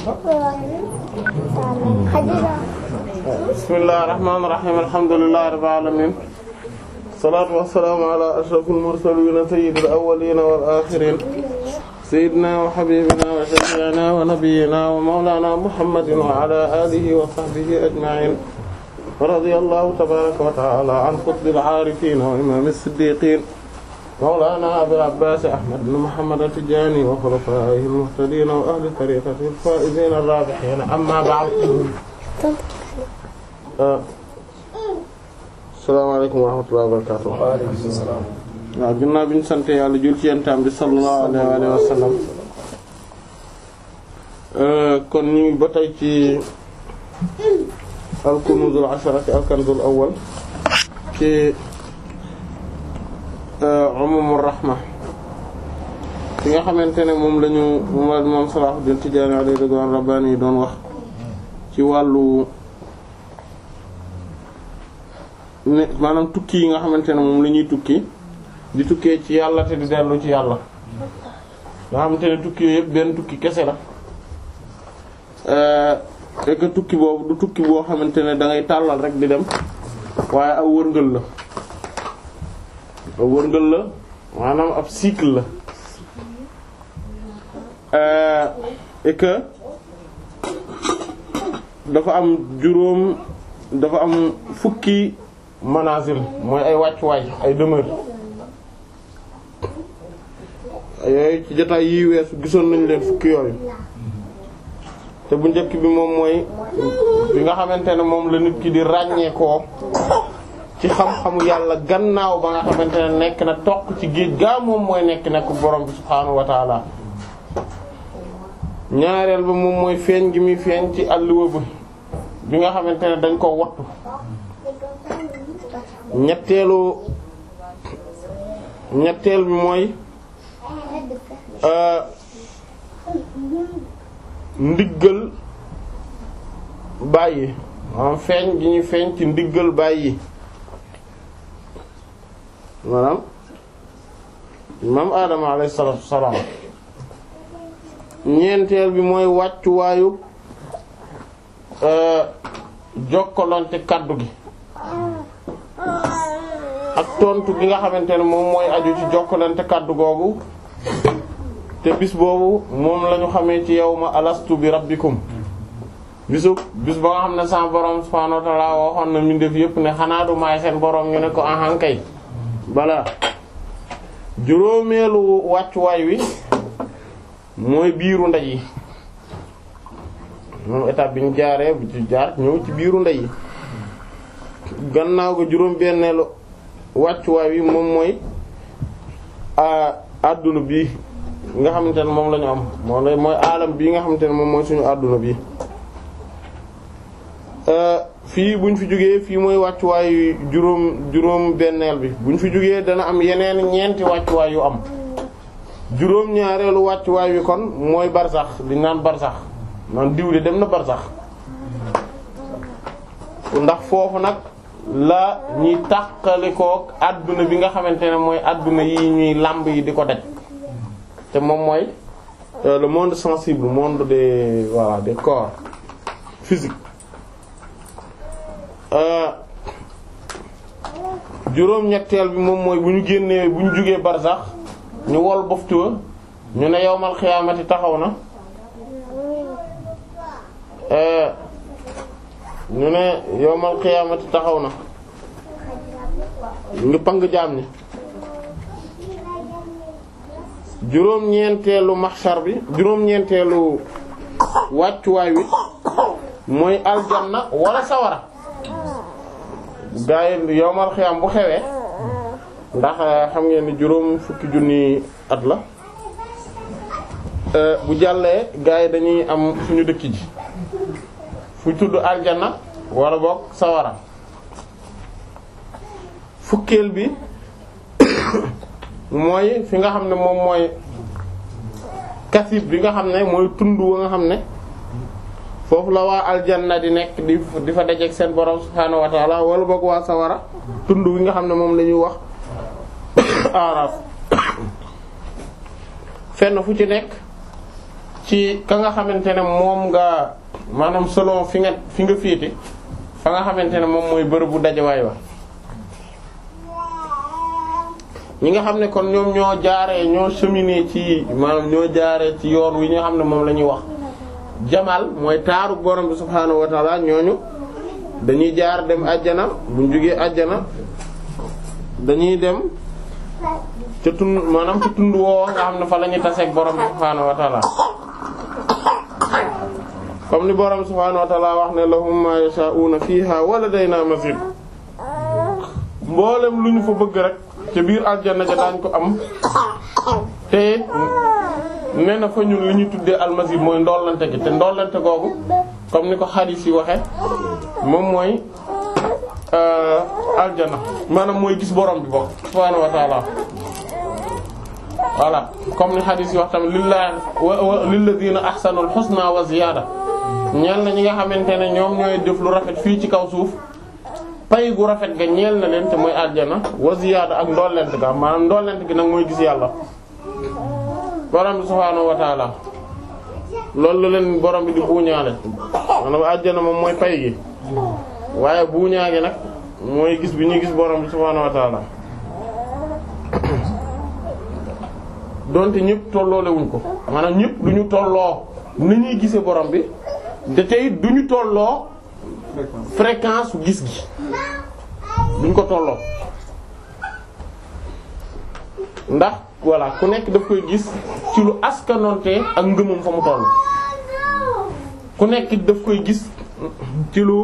bismillahir rahmanir rahim alhamdulillahi rabbil alamin salaatu wassalaamu ala ashrafil mursaliin sayyidil awwaliin wal aaxiriin sayyidinaa wa habiibinaa wa shafii'inaa wa nabiyinaa wa mawlaanaa muhammadin wa ala aalihi wa sahbihi ajma'iin wa radiyallahu tabaaraka wa ta'aalaa an qutbil aarifiin wa imaamil siddiiqiin mawlaana abil abbaas ahmad ibn muhammad at-tijaani wa xulafaa'ihi al wa ahli tariiqatihi al-faa'iziina ar-raabihiina ammaa ba'd assalaamu alaykum wa wa barakaatuh waaw ginnaaw bi ñu sant yàlla jul ci yentam wa sallam euh, kon ñu ngi ba tey Euh, umumur rahma fi nga xamante ne moom lañu moom moom Salahuddin Tijaani alayhi ridwaan rabbaani doon wax ci wàllu ne maanaam tukki yi nga xamante ne moom lañuy tukki di tukkee ci yàlla te di dellu ci yàlla nga xamante ne tukki yooyu yëpp benn tukki kese la fekk euh, tukki boobu du tukki boo xamante ne dangay tàllal rek di dem waaye aw wërngël la wërngal la maanaam ab cycle la euh, et dafa am juróom dafa am fukki manazil mooy ay wàccuwaay ay demeure yooyu ci jotaay yi weesu gisoon nañu leen fukki yooyu te bu njëkk bi moom mooy bi nga xamante ne moom la nit ki di ràññee ci xam-xamu yàlla gannaaw ba nga xamante ne nekk na toq ci géej gaa moom mooy nekk nekk borom bi subhaanahu wa taala ñaareel ba moom mooy feeñ gi muy feeñ ci àlluwa bi nga xamante ne dañ ko wattu bi mooy euh, ndiggal bàyyi feeñ gi ñuy feeñ ci ndiggal bàyyi maanaam maam Adama alayhi salaatu salaam ñeenteel bi mooy wàccuwaayu euh, jokkalante kàddu gi ak tontu gi nga xamante ne moom mooy aju ci jokkalante kaddu googu te bis boobu moom la ñu xamee ci yow ma alastu bi rabbikum bisu bis ba nga xam ne sa borom subhaanahu wa na mbindeef yépp ne xanaa du maay seen borom ñu ne ko ahankay balaa juróomeelu wàccuwaay wi mooy biiru ndey yi moom étape bi ñu jaaree bu ci jaar ñëw ci biiru ndey yi gannaaw ga juróom benneelu wàccuwaay wi moom mooy àdduna bi nga xamante ne moom lañu ñu am moom la mooy aalam bi nga xamante ne moom mooy suñu àdduna bi euh, fii buñ fi jógee fii mooy wàccuwaay juróom juróom benneel bi buñ fi jógee dana am yeneen ñeenti wàccuwaay yu am juróom ñaareelu wàccuwaay wi kon mooy barsax di naan barsax naan diw di dem na barsax ndax foofu nag la ñuy tàqalikook àdduna bi nga xamante ne mooy àdduna yi ñuy làmb yi di ko daj te moom mooy euh, le monde sensible monde des voilà des corps physiques Euh, juróom-ñetteel bi moom mooy bu ñu génnee bu ñu jugee barsax ñu wol boftu ñu ne yowmal xiyaamati taxaw na euh, ñu ne yowmal xiyaamati taxaw na ngi pang jaam ni juróom-ñeenteelu maxsar bi juróom-ñeenteelu wàccuwaay wi mooy aljanna wala sawara gaa yi yowmal bu xewee ndax eh, xam ngeen ni juróom fukki junni at la eh, bu jàllee gaa dañuy am suñu dëkk ji fu tudd aljana wala boog sawara fukkeel bi mooy fi nga xam ne moom mooy kasib bi nga xam ne mooy tund wa nga xam ne foofu la waa aljanna di nekk di di fa dajeek seen borom subhaanahu wa taala wala boog waa sawara tund wi nga xam ne moom la ñuy wax fenn fu ci nekk ci ka nga xamante ne moom nga maanaam selon fi nga fi nga féete fa nga xamante ne moom mooy bërëbu dajewaay wa ñi nga xam ne kon ñoom ñoo jaaree ñoo cheminer ci maanaam ñoo jaare ci yoon wi ñoo xam ne moom la ñuy wax jamaal mooy taaru borom bi subhaanahu wa ñooñu dañuy jaar dem àjjana buñ jógee àjjana dañuy dem ca tund maanaam ca tund woo nga xam ne fa la taseeg borom bi subhaanahu wa taala comme ni borom bi subhaanahu wa wax ne lahum ma yasha'una fiha wa ladayna mazid mboolem lu ñu fa bëgg rek ca biir àjjana ja daañ ko am te nee na fa ñun li ñu tuddee almasib mooy ndollante gi te ndollante googu comme ni ko xadiis yi waxe moom mooy euh, aljana maanaam mooy gis borom bi bokk subhaanahu wa ta'ala voilà comme ni xadiis yi wax tamit lillahi wa lilladina ahsanul husna wa ziyaada ñeel na ñi nga xamante ne ñoom ñooy def lu rafet fii ci kaw suuf pay gu rafet ga ñeel na leen te mooy aljana wa ziyaada ak ndollent ga maanaam ndollent gi nag mooy gis yàlla borom bi subhaanahu wa loolu la leen borom bi di buuñaale maanaam àjjana moom mooy pay gi waaye buuñaa gi nag mooy gis bi ñuy gis borom bi subhaanahu wa doonte donte ñëpp tolloole wuñ ko maanaam ñëpp du ñu tolloo ni gise gisee borom bi te tey du ñu tolloo fréquence gis gi duñ ko tolloo ndax voilà ku nekk daf koy gis ci lu askanonte ak ngëmam fa mu toll ku nekk daf koy gis ci lu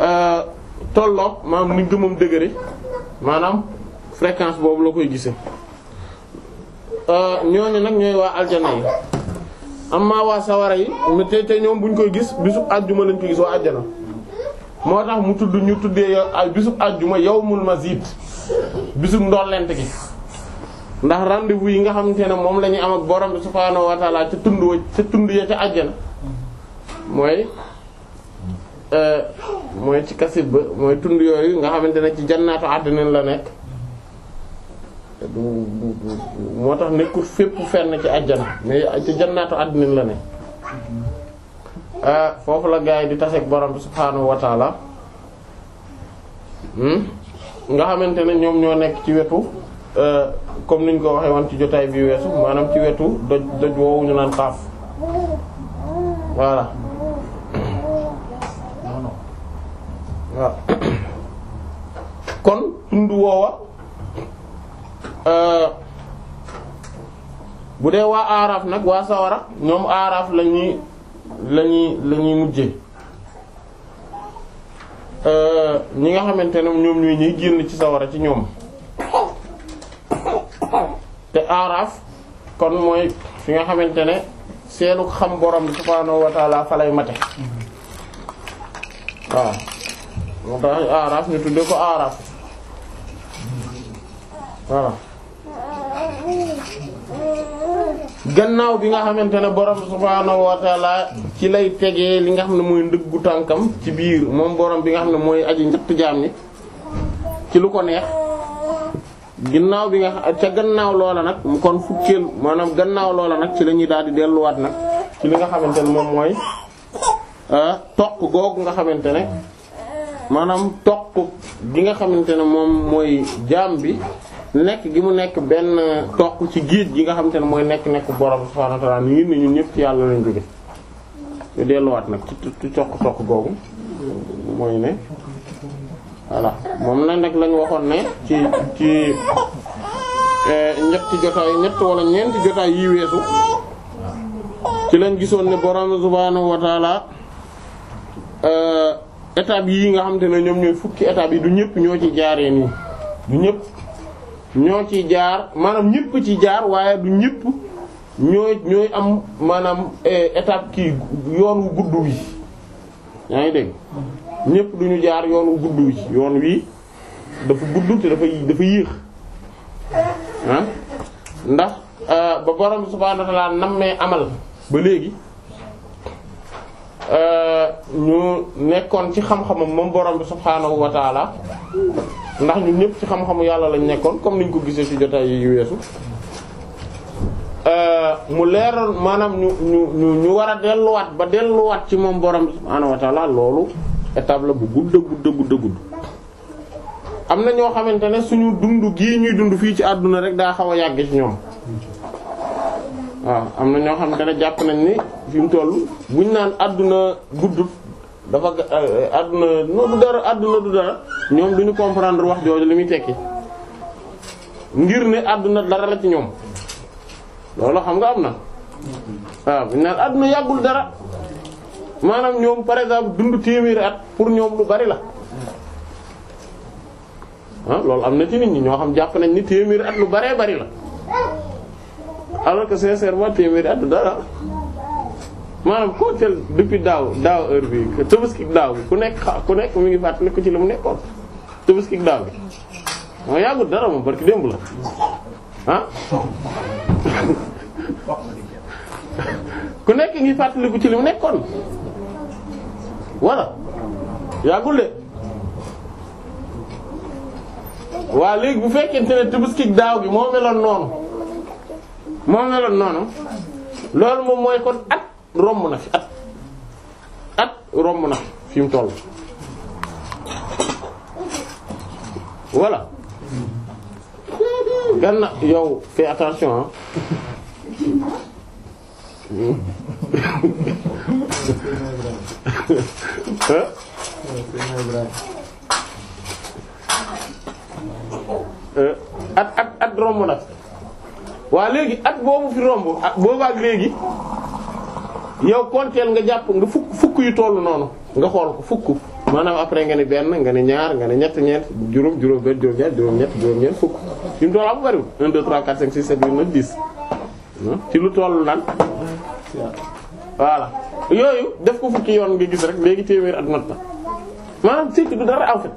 euh, tolloog maanaam ni ngëmam dëgëre maanaam fréquence boobu la koy gisee euh, ñooñu nag ñooy waa aljana yi amma waa sawara yi mais tey tey ñoom buñ koy gis bisub àjjuma lañ koy gis waa àjjana moo tax mu tudd ñu tuddee yow àjjuma ma mazid bisub ndollent gi ndax rendez-vous yi nga xamante ne moom la ñuy am ak borom bi subhaanahu wa ta'ala ca tund wa ca tund ya àjjana mooy euh, mooy ci kasib ba mooy tund yooyu nga xamante ne ci jannaatu àddina la nekk moo tax nekkul fépp ci àjjana mais ci jannaatu la nekk euh, foofu la gaa yi di taseeg borom bi subhaanahu wa ta'ala hmm? nga xamante ne ñoom ñoo nekk ci wetu Euh, comme niñ ko waxee woon ci jotaay bi weesu maanaam ci wetu doj doj woowu ñu naan xaaf voilà waaw kon tund woowa euh, bu dee waa aaraaf nag waa sawara ñoom aaraaf lañuy lañuy lañuy mujje euh, ñi nga xamante ne ñoom ñuy ñuy génn ci sawara ci ñoom te aaraaf kon mooy fi nga xamante ne seenu xam borom subhaanahu wa taala falay mate waaw moo tax aaraaf ñu tudde ko aaraaf voilà gannaaw bi nga xamante ne borom subhaanahu wa ci lay tegee li nga xam ne mooy ndëggu tànkam ci biir moom borom bi nga xam ne mooy aji njatt jaam ni ci lu ko neex ginnaaw bi nga xam ca gannaaw loola nag mu kon fukkeel maanaam gannaaw loola nag ci lañuy ñuy daal di delluwaat nag ci li nga xamante ne moom mooy euh, toq googu nga xamante ne maanaam toq gi nga xamante ne moom mooy jaam bi nekk gi mu nekk benn toq ci géej gi nga xamante ne mooy nekk nekk borom subhaanahu wa ta'aala ni ñun ñëpp yàlla lañ jóge ñu delluwaat nag ci toq toq googu mooy ne. voilà moom la nag lañ waxoon ne ci ci eh, ñetti jotaay ñett wala ñeenti jotaay yi weesu ci lañ gisoon ne borom subhaanahu wa taala eh, étapes yii nga xamante ne ñoom ñooy fukki étapes yi du ñëpp ñoo ci jaaree nii ñëpp ñoo ci jaar maanaam ñëpp ci jaar waaye du ñëpp ñooy ñooy am maanaam eh, étape kii yoon wu gudd wi yaa ngi dégg ñépp du ñu jaar yoonu gudd wi yoon wi dafa gudd te dafa dafa yéex ndax euh, ba borom subhaanahu wa ta'aala nammee amal ba léegi euh, ñu nekkoon ci xam moom borom bi subhaanahu wa ndax ñun ñëpp ci xam yàlla lañ nekkoon comme niñ ko gisee ci jotaay yi weesu euh, mu leeroon maanaam ñu ñu ñu war a delluwaat ba delluwaat ci moom borom bi subhaanahu wa loolu étape la bu gudd a gudd am na ñoo xamante ne suñu dund gii ñuy dund fii ci àdduna rek daa xaw a yàgg ci ñoom waaw am na ñoo xamante ne jàpp nañ ni fi mu toll buñ naan àdduna guddut dafa euh, àdduna no du dara àdduna du dara ñoom duñu comprendre wax jooju li muy tekki ngir ne àdduna dara la ci ñoom loolu xam nga am na waaw buñ naan àdduna yàggul dara maanaam ñoom par exemple dund téeméeri at pour ñoom lu bari la ah loolu am na ci nit ñi ñoo xam jàpp nañ ni téeméeri at lu baree bari la alors que sincèrement téeméeri at du dara maanaam koo teel depuis daaw daaw heure bi tabaski daaw bi ku nekk ku nekk mu ngi fàttali ko ci la mu nekkoon tabaski daaw bi moo yàggul dara moom barki démb la ah ku nekk ngi fàttaliku ci li mu nekkoon voilà yàggul de waaw léegi bu fekkente ne tabaski daaw bi moo meloon noonu moo meloon noonu loolu moom mooy kon at romb na fi at at romb na fi mu toll voilà ganna yow fais attention Eh? at at at romb nag waa léegi at boobu fi romb at boobaak léegi yow konteel nga jàpp nga fukk fukk yu tollu noonu nga xool ko fukk maanaam après nga ne benn nga ne ñaar nga ne ñett ñeent juróom juróom benn juróom ñaar juróom ñett juróom ñeent fukk fi mu toll bariwul 1 2 3 4 5 6 7 8 9 10 ci lu toll lan voilà yooyu def ko fukki yoon nga gis rek léegi téeméer ak mat na maanaam du dara en fait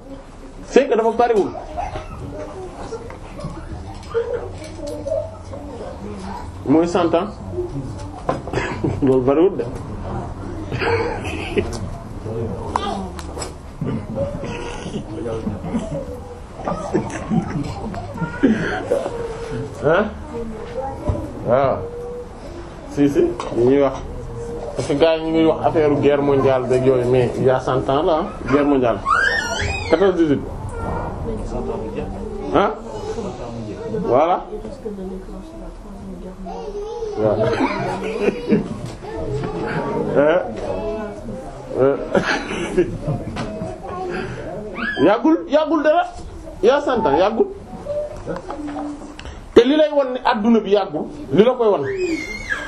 c'est que dafa bariwul mooy cent loolu bariwul de ah waaw si si li ñuy wax parce que gars yi ñu ngi wax affaire guerre mondiale beeg yooyu mais il y a cent guerre mondiale quatorze dix-huit ah voilà euh, euh. yàggul yàggul dara il y yàggul te li lay wan ne bi yàggul li la koy wan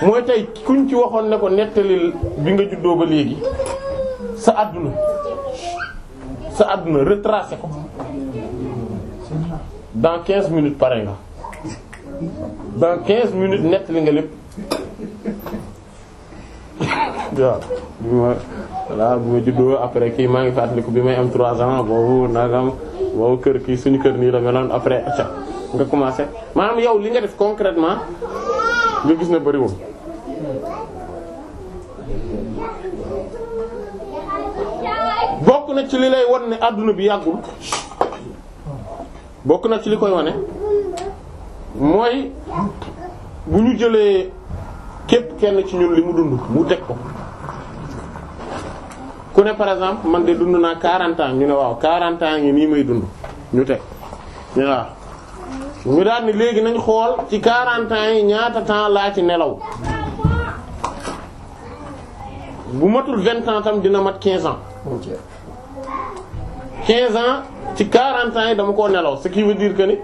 mooy tey kuñ ci waxoon ne ko nettalil bi nga juddoo ba léegi sa àdduna sa àdduna retracé ko dans quinze minutes pare nga dans quinze minutes nettali nga lépp waaw bi ma voilà bi ma juddoo après kii maa ngi fàttaliku bi may am trois ans boobu nagam boobu kër kii suñu kër nii la meloon après aca nga commencé maanaam yow li nga def concrètement nga gis ne bëriwul. bokk na ci li lay won ne àdduna bi yàggul bokk na ci li koy wane mooy bu ñu jëlee képp kenn ci ñun li mu dund mu teg ko ku ne par exemple man de dund naa 40 ans ñu ne waaw 40 ans ngi nii may dund ñu teg ñu ñu daal ni léegi nañ xool ci 40 ans yi ñaata temps laa ci nelaw bu matul 20 ans tam dina mat 15 ans 15 ans ci 40 ans yi dama koo nelaw ce qui veut dire que ni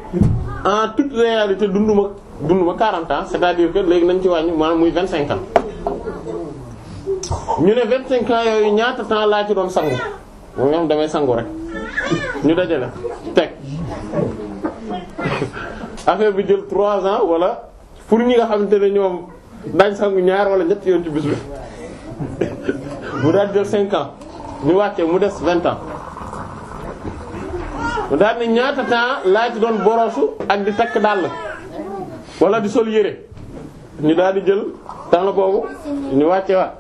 en toute réalité dunduma dunduma 40 ans c'est-à-dire que léegi nañ ci wàññi maanaam muy cinq ans ñu ne 25 ans yooyu ñaata temps laa ci doon sangu moom damay sangu rek ñu dajale teg. affaire bi jël trois ans wala pour ñi nga xamante ne ñoom daañ sangu ñaar wala ñett yoon ci bis bi mu daal jël cinq ans ñu wàccee mu des vingt ans mu daal ne ñaata temps laa doon borosu ak di takk dàll wala di sol yére ñu daal di jël temps boobu ñu wàcce waat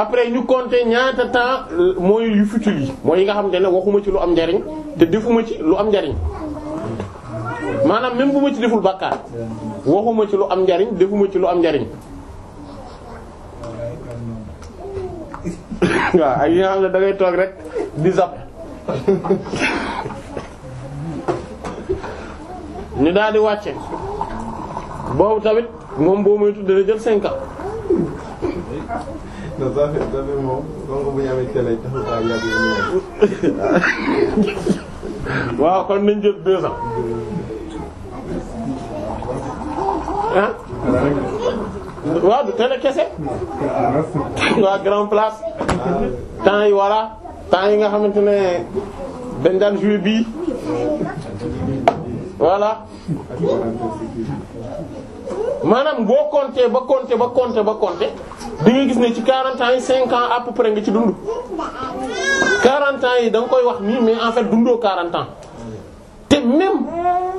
après ñu compter ñaata temps euh, mooy yu futile yi mooy yi nga xamante ne waxuma ci lu am njariñ te defuma ci lu am njariñ maanaam même bu ci deful bàkkaar waxuma ci lu am njariñ defuma ci lu am njariñ waaw ak yi nga xam ne da toog rek di zap ñu daal di wàcce boobu tamit moom boo moytu dana jël cinq ans waaw kon nañ jël deux ans. ah. waaw du kese. waa grand place. temps yi voilà temps yi nga xamante ne dañ daan jouer maanaam boo compter ba compter ba compter ba compter di nga gis ne ci 40 ans yi 5 ans à peu nga ci dund. quarante ans yi da nga koy wax nii mais en fait dundoo 40 ans te même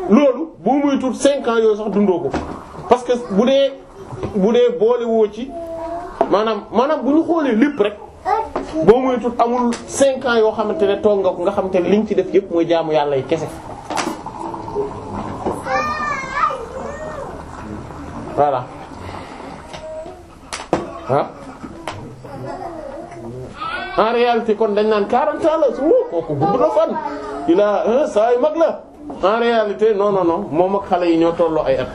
loolu bu muy tuut 5 ans yooyu sax dundoo ko parce que bu dee bu dee boole woo ci maanaam maanaam bu ñu xoolee lépp rek. boo muy tuut amul 5 ans yoo xamante ne toog nga ko nga xamante ne liñ ci def yëpp mooy jaamu yàlla yi kese. voilà ah en réalité kon dañ naan 40 ans la su kooku gudd na fan il a saa yu mag la en réalité non non non moom ak xale yi ñoo tolloo ay at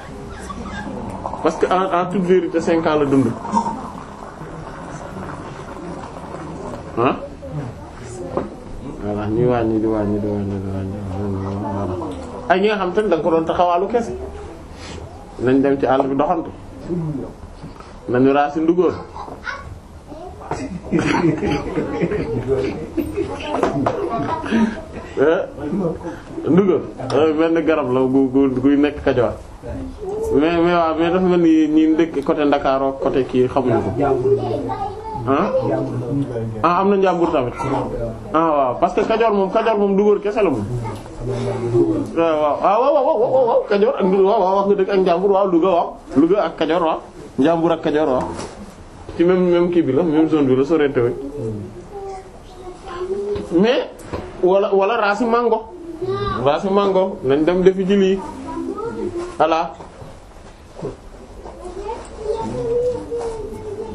parce que en en toute vérité cinq ans la dund ah voilà ñuy wàññi di wàññi di wàññi di wàññi ak ñi nga xam te ne da nga ko doon taxawaalu kese. nañ dem ci àll bi doxantu nañu raasi ndugóor eh, ndugóor benn eh, garab la gu gu guy nekk Kajoor mais mais waaw mais dafa mel ni ñi dëkk côté Ndakaaroo côté kii xamuñu ko ah am na njàmbur tamit ah waaw parce que Kajoor moom Kajoor moom ndugóor kese la moom waaw waaw waaw waaw waaw Kajoor ak waaw waaw wax nga dëgg ak Njàmbur waaw Louga waaw Louga ak Kajoor waaw Njàmbur ak Kajoor waaw ci même même kii bi la même zone bi la mais wala wala raasi mango raasi mango nañ dem defi ci lii voilà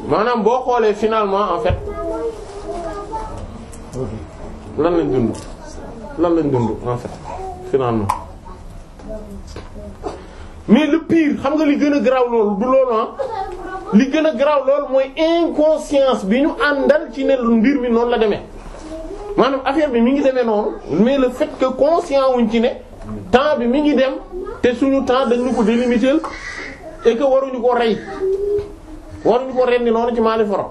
maanaam boo xoolee finalement en fait lan lañ dund lan lañ dund en fait finalement mais le xam nga li gën a garaaw loolu du loolu ah li gën a garaaw loolu mooy inconscience bi ñu ànd àndal ci ne mbir mi noonu la demee maanaam affaire bi mi ngi demee noonu mais le fait que conscient wuñ ci ne temps bi mi ngi dem te suñu temps dañu ko délimiter et que waruñu ko rey waruñu ko rendi noonu ci maali foro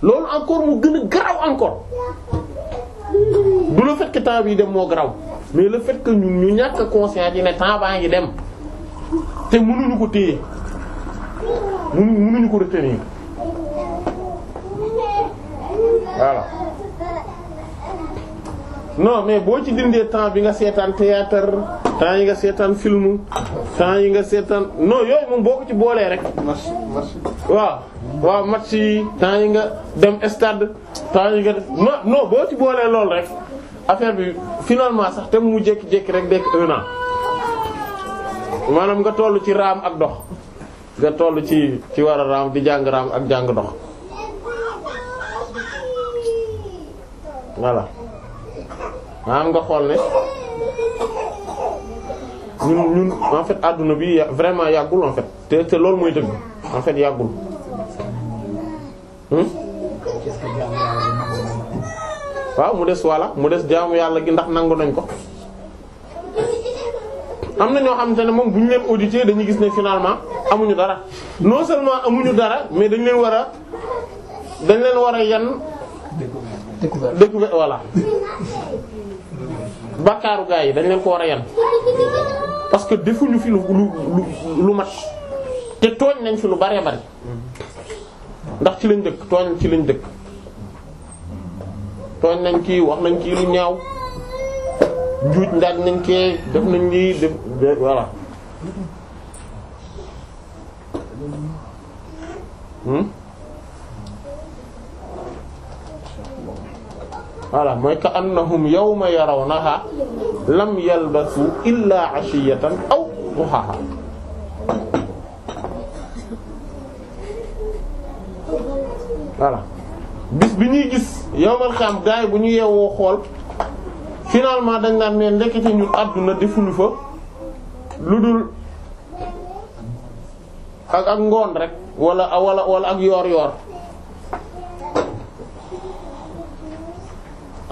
loolu encore mu gën a garaaw encore du la fait temps bi dem moo garaw mais le fait que ñun ñu ñàkk conscience yi ne temps baa ngi dem te mënuñu ko téye mënuñu ko retenir voilà non mais boo ci dindee temps bi nga seetaan théâtre temps yi nga seetaan film temps yi nga seetaan non yooyu moom boo ci boolee rek. match match waaw waaw match yi temps yi nga dem stade temps yi nga def boo ci boolee lool rek affaire bi finalement sax te mu jékki-jékki rek dekk un an maanaam nga tollu ci raam ak dox nga toll ci ci war a raam di jàng raam ak jàng dox maanaam nga xool ne ñun ñun en fait àdduna bi vraiment yàggul en fait te te loolu mooy dëgg en fait yàggul. Hmm? waaw mu des walla mu des jaamu yàlla gi ndax nangu nañ ko. am na ñoo xamante ne moom bu ñu leen audité dañuy gis ne finalement amuñu dara non seulement amuñu dara mais dañ leen war a dañ leen war a yan. découvert découvert voilà. bàkkaaru gaa yi dañ leen ko war a yan parce que defuñu fi lu lu lu mat te tooñ nañ fi lu bare bari ndax ci lañ dëkk tooñ ci lañ dëkk tooñ nañ kii wax nañ kii lu ñaaw njuuj ndaaj nañ kee def nañ lii def voilà hmm? voilà mooy ka annahum yawma yarawnaha lam yalbasu illa ashiyatan aw duhaha voilà bis bi ñuy gis yawmal xam gaay bu ñu yeewoo xool finalement dañ naan ne ndekete ñu àdduna defuñu fa lu dul ak ak ngoon rek wala wala wala ak yoor yoor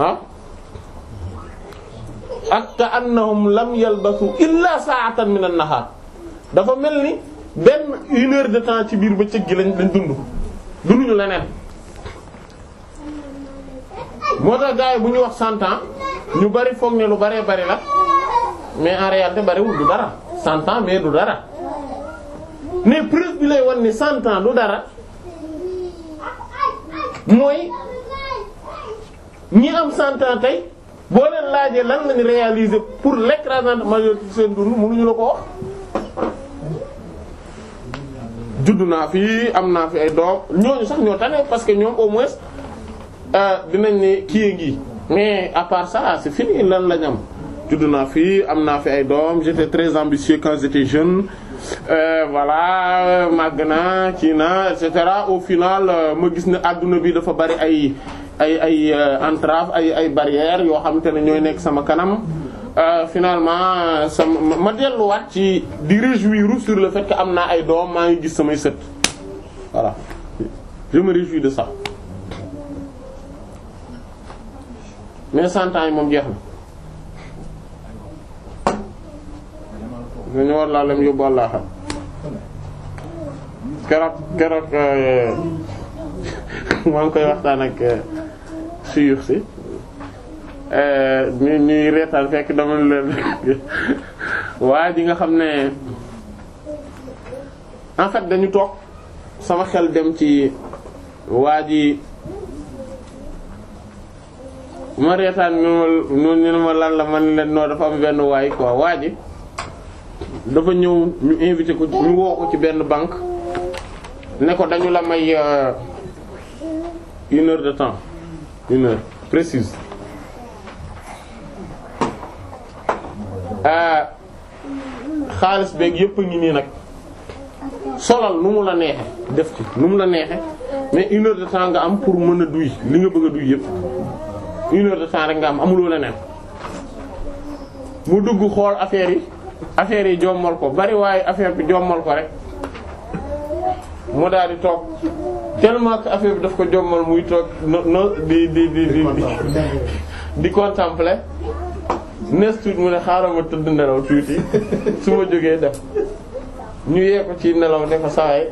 ah ak ka annahum lam yalbasu illa sa'atan min an-nahar dafa mel ni benn une heure de temps ci biir bëccëg gi lañ lañ dund dunduñu leneen moo tax gars bu ñu wax cent ñu bari foog ne lu baree bari la mais en réalité bariwul du dara cent ans mais du dara mais preuve bi lay wan ne cent du dara mooy ñi am cent ans tey boo laajee lan lañ réaliser pour l'écrasante majorité seen dund mënuñu la ko wax. judd naa fi am naa fi ay doom ñooñu sax ñoo tane parce que ñoom au moins euh, dinañ ne kii ngi mais à part ça c'est fini lan lañ am judd naa fi am naa fi ay doom j'étais très ambitieux quand j'étais jeune. Euh, voilà euh, màgg naa kii na et cetera au final euh, ma gis ni àdduna bi dafa bari ay ay ay entrave ay ay barrières yoo xamante ne ñooy nekk sama kanam finalement sama ma delluwaat ci di réjouir sur le fekk am naa ay doom maa ngi gis samay sët voilà je me réjouis de ça mais santaay moom jeex na. dañu war laa lem yóbbu àllaaxa keroog keroog euh, maa ngi koy waxtaan ak euh, suyux si euh, ñu ñuy reetaan fekk dama leen waa ji nga xam ne en dañu toog sama xel dem ci waa ji ma reetaan noonu ñu ne ma lan la man leen noo dafa am benn waay quoi waa ji dafa ñëw ñu invité ko ñu woo ko ci benn banque ne ko dañu la may euh, une heure de temps une heure précise euh, xaalis beeg yépp a ngi nii nag solal nu mu la neexe def ci nu mu la neexe mais une heure de temps nga am pour mën a duy li nga bëgg a duy yépp une heure de temps rek nga am amuloo leneen mu dugg xool affaire yi affaire yi jommal ko bari waaye affaire bi jommal ko rek mu daal di toog tellement que affaire bi daf ko jommal muy toog no no di di di di di contempler nees tuuti mu ne xaaral ma tëdd nelaw tuuti su ma jógee def ñu yee ko ci nelaw ne ko saay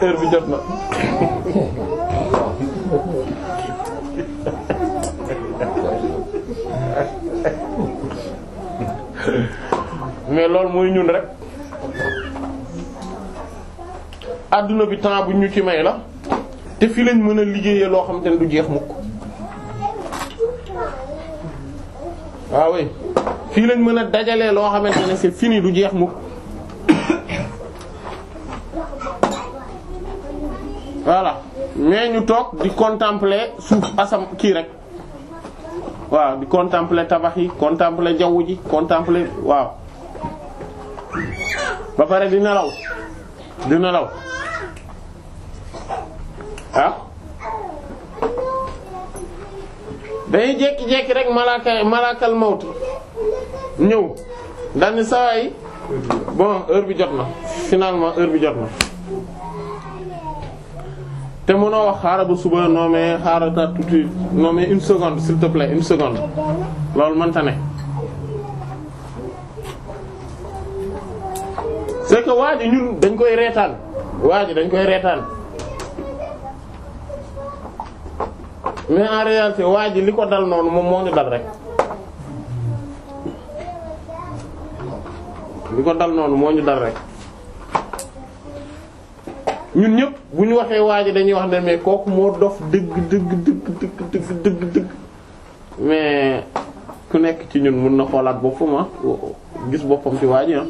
heure bi jot na mais loolu mooy ñun rek àdduna bi temps bu ñu ci may la te fi lañ mën a liggéeyee loo xam te ne du jeex mukk waaw ah oui fii lañ mën a dajalee loo xamante ne c'est fini du jeex mukk voilà mais ñu toog di contempler suuf asam kii rek waaw di contempler tabax yi contempler jaww ji contempler waaw ba pare di nelaw di nelaw ah dañuy jékki-jékki rek malaaka malaakal mawt ñëw daal ni bon heure bi jot na finalement heure bi jot na te mënoo wax xaaral ba suba non mais xaaral tuuti non mais une seconde si te plaît une seconde loolu mënta c'est que waa ji ñun dañ koy reetaan waa ji dañ koy reetaan mais en réalité waa ji li ko dal noonu moom moo ñu dal rek ko dal noonu moo ñu dal rek ñun ñëpp bu ñu waxee waa ji dañuy wax ne mais kooku moo dof dëgg dëgg dëgg dëgg dëgg dëgg mais ku nekk ci ñun mun na xoolaat boppam ah gis boppam ci waa ji ah.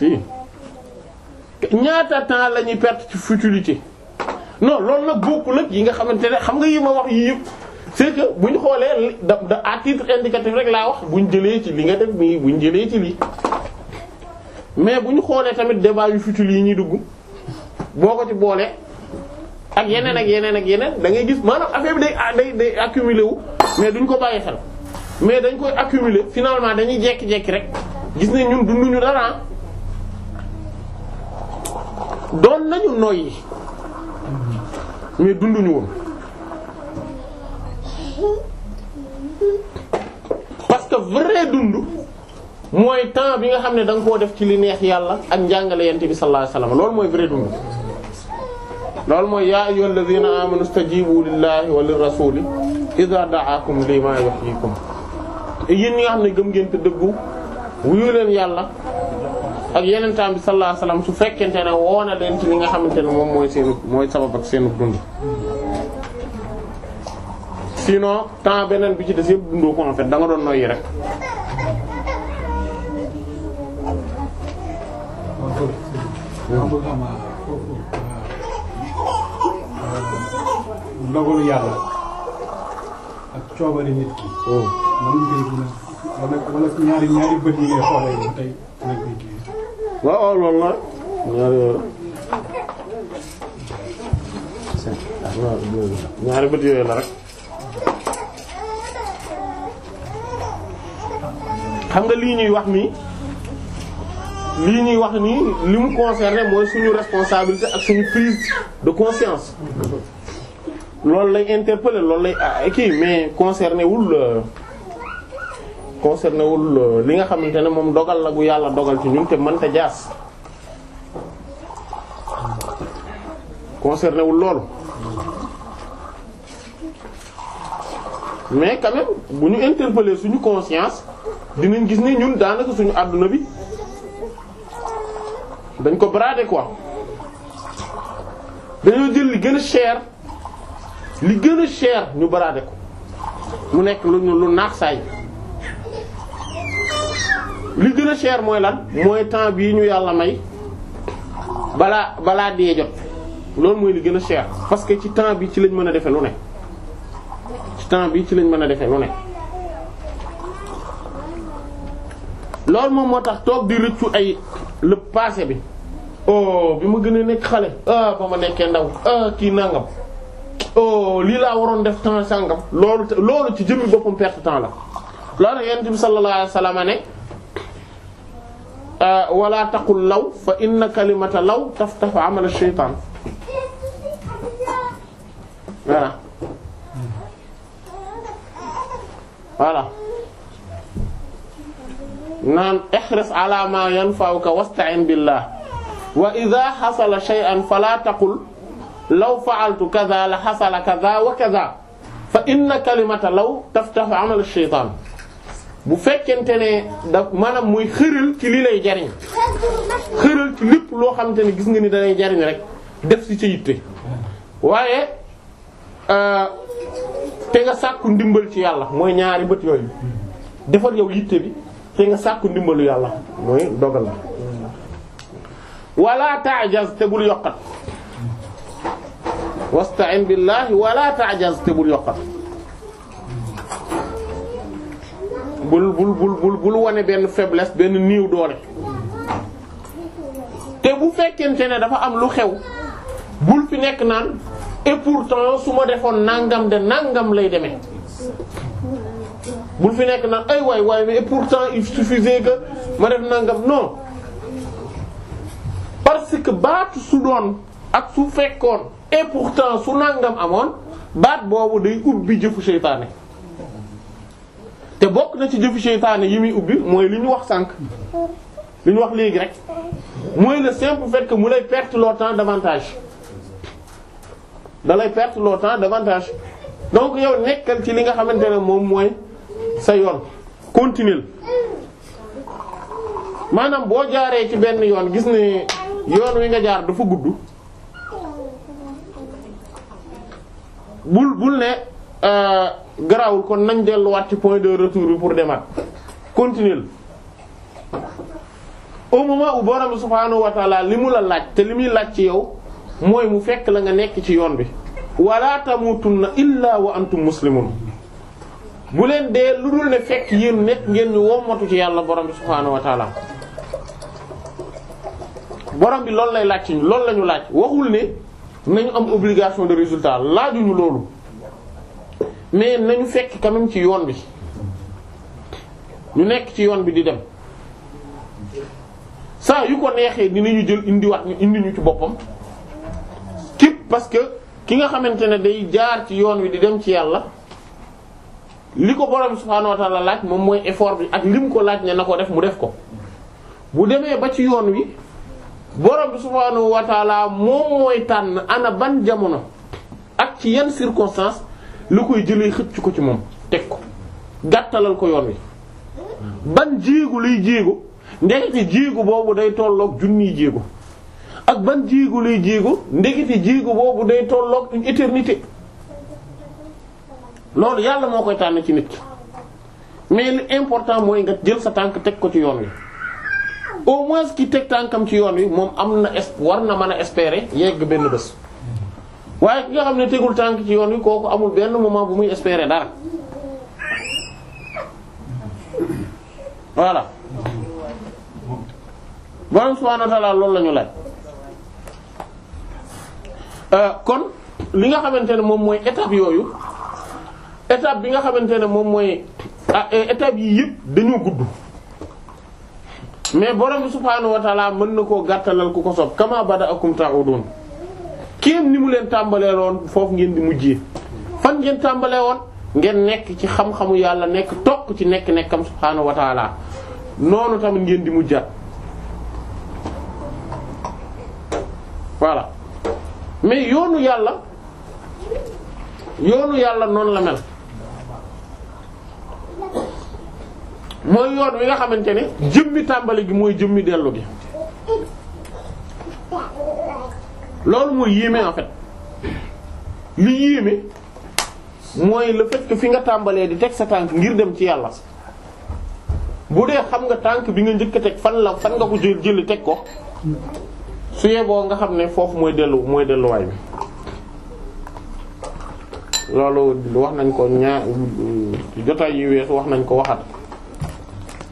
si ñaata temps la ñuy perte ci futilité non loolu nag bokkul ak yi nga xamante ne xam nga yi ma wax yii yëpp c'est que bu ñu xoolee da da à indicatif rek laa wax bu ñu jëlee ci li nga def nii bu ñu jëlee ci lii mais bu ñu xoolee tamit débat yu futile yi ñuy dugg boo ko ci boolee ak yeneen ak yeneen ak yeneen da ngay gis maanaam affaire bi day ah, day day accumulé wu mais duñ ko bàyyi mais dañ koy accumulé finalement dañuy jekki rek gis ne ñun dunduñu dara doon nañu noyyi mais dunduñu woon parce que vrai dund mooy temps bi nga xam ne danga koo def ci li neex yàlla ak njàngale yent bi sallallahu alayhi loolu mooy vrai dund loolu mooy yaa ayyuhal ladhina amanu stajibu lillahi wa lirrasuli idha da'akum lima yuhyikum yéen ñi nga xam ne gëm ngeen dëggu wuyu yàlla ak yenentaan bi sallallahu alayhi su fekkente ne woo na leen ci li nga xamante ne moom mooy seen mooy sabab ak seenu dund. sinon temps beneen bi ci des yëpp dundoo ko en fait da doon noyyi rek. ndogalu waaw loolu la ñaari yooyu ñaari bët yooyu la rek xam nga lii ñuy wax nii li ñuy wax nii li mu concerné mooy suñu responsabilité ak suñu prise de conscience loolu lay interpeller loolu lay ah, kii mais concerné wul euh, concerné wul euh, li nga xamante ne moom dogal la gu yàlla dogal ci ñun te mënta jaas concerné wul loolu mais quand bu ñu interpeller suñu conscience dinañ gis ni ñun daanaka suñu àdduna bi dañ ko brader ko dañoo jël li gën a cher li gën cher ñu baraade ko mu nekk lu ñu lu naax saay. li gën a cher mooy lan mooy temps bii ñu yàlla may balaa balaa dee jot loolu mooy li gën a cher parce que ci temps bi ci lañ mën a defe lu ne ci temps bi ci lañ mën a defe lu ne loolu moom moo tax toog di rëccu ay le passé bi oh bi ma gën a nekk xale ah ma nekkee ndaw ah, kii nangam oh lii laa waroon def temps sàngam loolu loolu ci jëmmi boppam perte temps la loolu yonent bi sallallahu alayhi wasallam ne Euh, wala taqul law fa inna kalimata law taftahu amala shaytaan voilà voilà naan ihris ala ma yanfa'uka wasta'in billah wa idha hasala shay'an fala taqul law fa'altu kadha la hasala kadha wa kadha fa inna kalimata law taftahu amala shaytaan bu fekkente ne da maanaam mooy xëral ci li lay jariñ xëral ci lépp loo xamante ne gis nga ni danay jariñ rek def ci sa yitte waaye euh, te nga sàkku ndimbal ci yàlla mooy ñaari bët yooyu defal yow yitte bi te nga sàkku ndimbalu yàlla mooy dogal la wala ta'jaz te bul yokkat wasta'in billahi wala ta'jaz te bul yokkat bul bul bul bul wane benn faiblesse benn niiw doole te bu fekkente ne dafa am lu xew bul fi nekk naan et pourtant su ma defoon nangam de nangam lay demee bul fi nekk naan ay waay waay mais et pourtant il suffisait que ma def nangam non parce que baat su doon ak su fekkoon et pourtant su nangam amoon baat boobu day ubbi jëfu seytaane te bokk na ci jëfu seytaane yi muy ubbi mooy li ñu wax sànq li ñu wax léegi rek mooy le simple fait mu lay perdre le temps davantage da lay perdre temps davantage donc yow nekkal ci li nga xamante ne moom mooy sa yoon continuer maanaam boo jaaree ci benn yoon gis ne yoon wi nga jaar dafa gudd bul bul ne. Euh, garaawul kon nañ delluwaat ci point de retour bi pour demaat continuer au moment où borom subhaanahu wa taala li mu la laaj te li muy laaj ci yow mooy mu fekk la nga nekk ci yoon bi walla wala tamutunna illa wa antum muslimun bu leen dee lu dul ne fekk yéen nekk ngeen ñu wommatu ci yàlla borom bi subhaanahu wa borom bi loolu lay laaj ci ñu loolu la ñu laaj waxul ne nañu am obligation de résultat laajuñu loolu mais nañu fekk quand même ci yoon bi ñu nekk ci yoon bi di dem saa yu ko neexee dinañu jël indiwaat ñu indi ñu ci boppam képp parce que ki nga xamante ne day jaar ci yoon wi di dem ci yàlla li ko borom subhaanahu wa laaj moom mooy effort bi ak lim ko laaj ne na ko def mu def ko bu demee ba ci yoon wi borom bi subhaanahu wa ta'ala moom mooy tànn ana ban jamono ak ci yan circonstance lu koy jëlee xëcc ko ci moom teg ko gàttalal ko yoon wi ban jéegu luy jéegu ndekete jéegu boobu day tolloog junniy jéegu ak ban jéegu luy jéegu ndekete jéegu boobu day tolloog une éternité loolu yàlla moo koy tànn ci nit mais li important mooy nga jël sa tànk teg ko ci yoon wi au moins ki teg tànkam ci yoon wi moom am na war na mën a espérer yegg benn bés waaye ki nga xam ne tegul tànk ci yoon wi kooku amul benn moment bu muy espérer dara voilà borom subhaanahu wa ta'aala loolu la ñu euh, kon li nga xamante ne moom mooy étape yooyu étape bi nga xamante ne moom mooy ah eh, étape yii yëpp dañoo gudd mais borom subhaanahu wa ta'aala mën na koo gàttalal ku ko sob kama bada'akum ta'udun kéem ni mu leen tàmbalee loon foofu ngeen di mujjee fan ngeen tàmbalee woon ngeen nekk ci xam-xamu yàlla nekk topp ci nekk nekkam subhaanahu wa noonu tamit ngeen di mujjaat voilà mais yoonu yàlla yoonu yàlla noonu la mel mooy yoon wi nga xamante ne jëmmi tàmbali gi mooy jëmmi dellu gi loolu mooy yéeme en fait li yéeme mooy le fait fi nga tàmbalee di teg sa tànk ngir dem ci yàlla bu dee xam nga tànk bi nga njëkk a teg fan la fan nga ko jël jëli teg ko su yeboo nga xam ne foofu mooy dellu mooy delluwaay bi. loolu wax nañ ko ñaa jotaay yi weesu wax nañ ko waxaat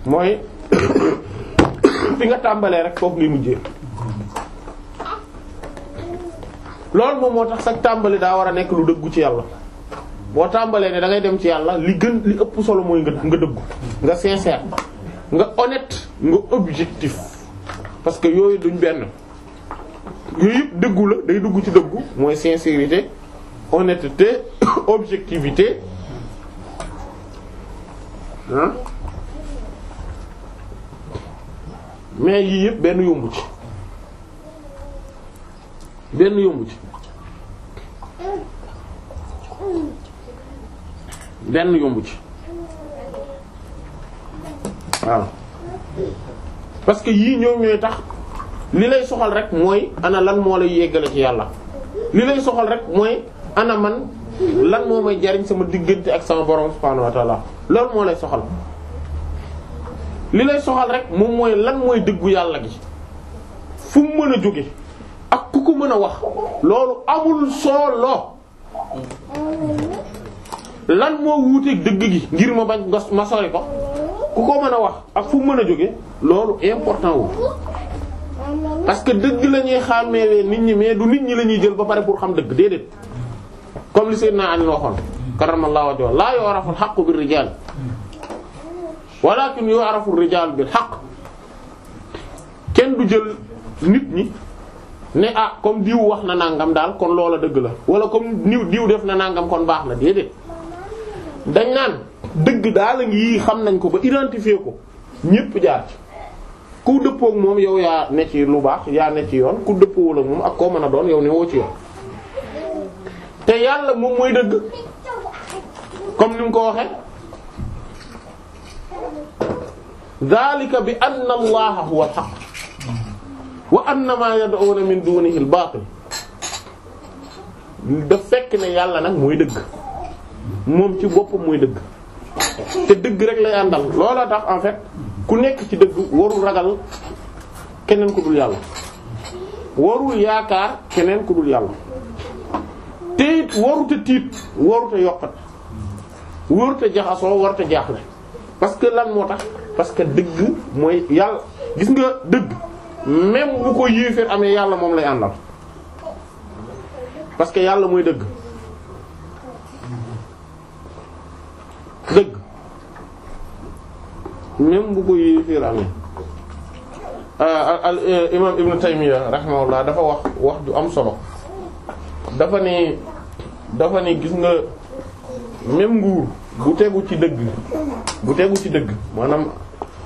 mooy fi nga tàmbalee rek foofu ngay mujjee. loolu moom moo tax sax tàmbali daa war a nekk lu dëggu ci yàlla boo tàmbalee ne da ngay dem ci yàlla li gën li ëpp solo mooy nga nga dëggu nga sincère nga honnête nga objectif parce que yooyu duñ benn yooyu yëpp dëggu la day dugg ci dëggu mooy sincérité honnêteté objectivité mais yii yëpp benn yombu ci benn yombu ci benn yombu ci waaw parce que yii ñoom ñooy tax li lay soxal rek mooy ana lan moo lay yeggale ci yàlla li lay soxal rek mooy ana man lan moo may jariñ sama diggante ak sama borom subhaanahu wa ta'ala loolu moo lay soxal li lay soxal rek moom mooy lan mooy dëggu yàlla gi fu mu mën a jóge ku ko mën a wax loolu amul solo lan moo wuuteeg dëgg gi ngir ma bañ ma sori ko ku ko mën a wax ak fu mën a jóge loolu important wu parce que dëgg la ñuy xàmmee nit ñi mais du nit ñi la ñuy jël ba pare pour xam dëgg déedéet comme li Seydina Ali waxoon karamallahu wajhahu laa yu'rafu al-haqqu bir-rijaal walaakin yu'rafu ar-rijaal bil-haqq kenn du jël nit ñi ne ah comme diw wax na nàngam daal kon loola dëgg la wala comme niw diw def na nàngam kon baax na déedéet dañ naan dëgg daal a ngi xam nañ ko ba identifier ko ñépp jaar ci ku dëppook moom yow yaa ne ci lu baax yaa ne ci yoon ku dëppoowul ak moom ak koo mën a doon yow ne woo ci yoon te yàlla moom mooy dëgg comme ni mu ko waxe dalika bi anna allaha huwa al haqq wa anna ma yad'una min dunihi al-batil da fekk ne yàlla nag mooy dëgg moom ci boppam mooy dëgg te dëgg rek lay àndal loola tax en fait ku nekk ci dëgg warul ragal keneen ku dul yàlla warul yaakaar keneen ku dul yàlla te warut a tiit warut a yokkat warut a jaxasoo warut a jaaxle parce que lan moo tax parce que dëgg mooy yàlla gis nga dëgg même bu ko yéeféer amee yàlla moom lay àndal parce que yàlla mooy dëgg dëgg même bu ko yéeféer amee ah, ah, al eh, imaam ibnu taymiya rahimahullah dafa wax wax ju am solo dafa ne dafa ne gis nga même nguur bu tegu ci dëgg bu tegu ci dëgg maanaam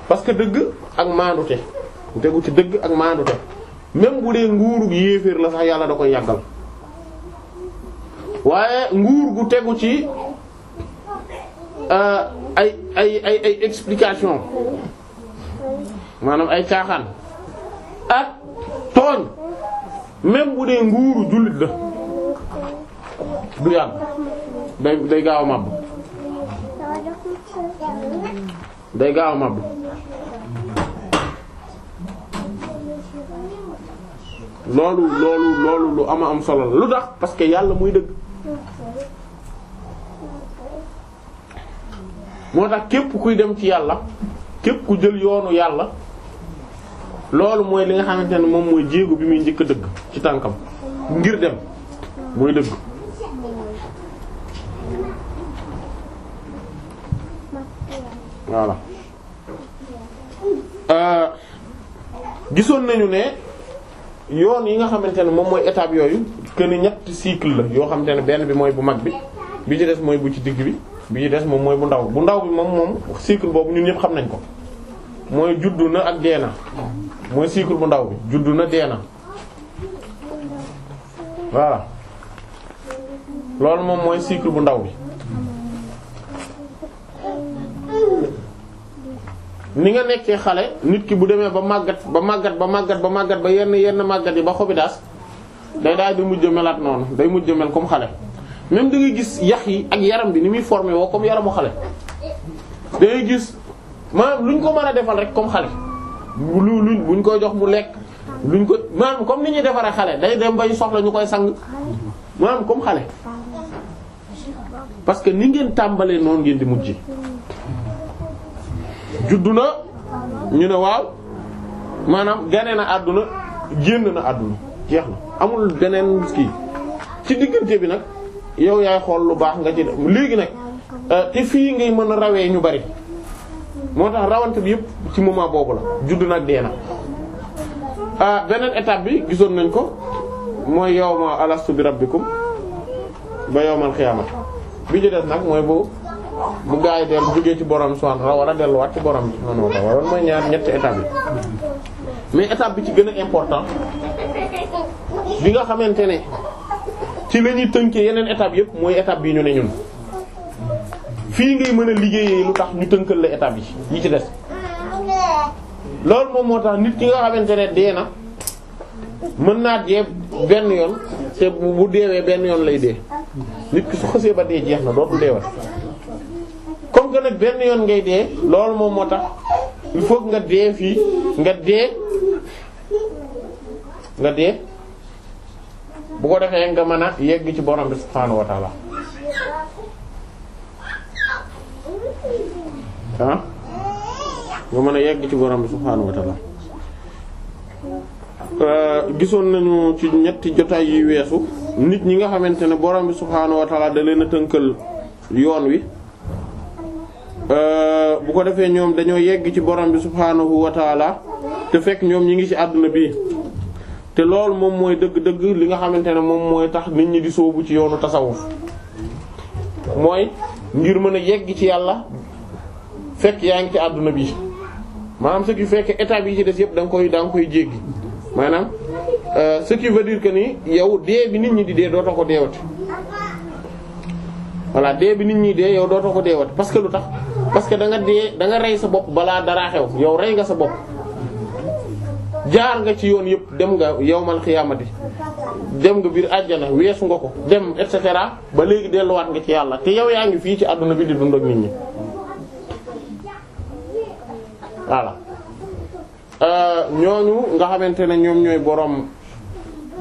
parce que dëgg ak maandute tegu ci dëgg ak maandu te même bu dee nguuru yéeféer la sax yàlla da koy yàggal waaye nguur gu tegu ci euh, ay ay explication maanaam ay caaxaan ak tooñ même bu dee nguuru jullit la du yàgg day day gaaw a màbb day gaaw a màbb loolu loolu loolu lu ama am solo lu tax parce que yàlla muy dëgg moo tax képp kuy dem ci yàlla képp ku jël yoonu yàlla loolu mooy li nga xamante ne moom mooy jéego bi muy njëkk a dëgg ci tànkam ngir dem mooy dëgg voilà euh, gisoon nañu ne yoon yi nga xamante ne moom mooy étape yooyu que ni ñetti cycle la yoo xamante ne benn bi mooy bu mag bi bi ci des mooy bu ci digg bi bi ci des moom mooy bu ndaw bu ndaw bi moom moom cycle boobu ñun ñëpp xam nañ ko mooy juddu na ak dee mooy cycle bu ndaw bi juddu na dee na loolu moom mooy cycle bu ndaw bi. ni nga nekkee xale nit ki bu demee ba màggat ba màggat ba màggat ba màggat ba yenn yenn màggat yi ba xobi daas day daal di mujj melaat noonu day mujj mel comme xale. même da gis yax yi ak yaram bi ni muy formé woo comme yaramu xale da gis maanaam luñ ko mën a defal rek comme xale lu luñ buñ koy jox mu lekk luñ ko maanaam comme ni ñuy defaree xale day dem bay soxla ñu koy sang maam comme xale parce que ni ngeen tàmbalee noonu ngeen di mujj. juddu na ñu ne waaw maanaam gane na àdduna génn na àdduna jeex na amul beneen kii ci diggante bi nag yow yaay xool lu baax nga ci def léegi nag euh, te fii ngay mën a rawee ñu bari moo tax rawante bi yëpp ci moment boobu la juddu nag dee na ah, beneen étape bi gisoon nañ ko mooy yawma alastu bi rabbikum ba yawmal xiyaama bi ñu des nag mooy boobu bu gaa yi dellu jógee ci borom subhanahu wa ta'ala war a delluwaat ci borom bi subhanahu wa ta'ala loolu mooy ñaar ñetti étape bi mais étape bi ci gën a important bi nga xamante ne ci la ñuy tënkee yeneen étape yépp mooy étape bi ñu ne ñun fii ngay mën a liggéeyee lu tax ñu tënkal la étape yi yi ci des loolu moom moo tax nit ki nga xamante ne dee na mën naa dee benn yoon te bu deewee benn yoon lay dee nit ki su xësee ba dee jeex na dootul deewal. que benn yoon ngay dee loolu moom moo tax il faut nga dee fii nga dee nga dee bu ko defee nga mën a yegg ci borom bi subhaanahu wa mën a yegg ci borom bi subhaanahu euh, gisoon nañu ci ñetti jotaay yi weesu nit ñi nga xamante ne borom bi subhaanahu wa ta'ala da leen a tënkal yoon wi Euh, bu ko defee ñoom dañoo yegg ci borom bi subhaanahu wa taala te fekk ñoom ñi ngi ci àdduna bi te loolu moom mooy dëgg-dëgg li nga xamante ne moom mooy tax nit ñi di sóobu ci yoonu tasawuf mooy ngir mën a yegg ci yàlla fekk yaa ngi ci àdduna bi maanaam ce qui fait que état bi ci des yëpp da koy da koy jéggi maanaam euh, ce qui veut dire que ni yow dee bi nit ñi di dee dootoo ko deewati voilà dee bi nit ñi dee yow dootoo ko deewat parce que lu tax. parce que da nga dee da rey sa bopp balaa dara xew yow rey nga sa bopp jaar nga ci yoon yëpp dem nga yowmal xiyaamati dem nga biir àjjana weesu nga ko dem et cetera ba léegi delluwaat nga ci yàlla te yow yaa ngi fii ci àdduna bi di dund ak nit ñi voilà euh, ñooñu nga xamante ne ñoom ñooy boroom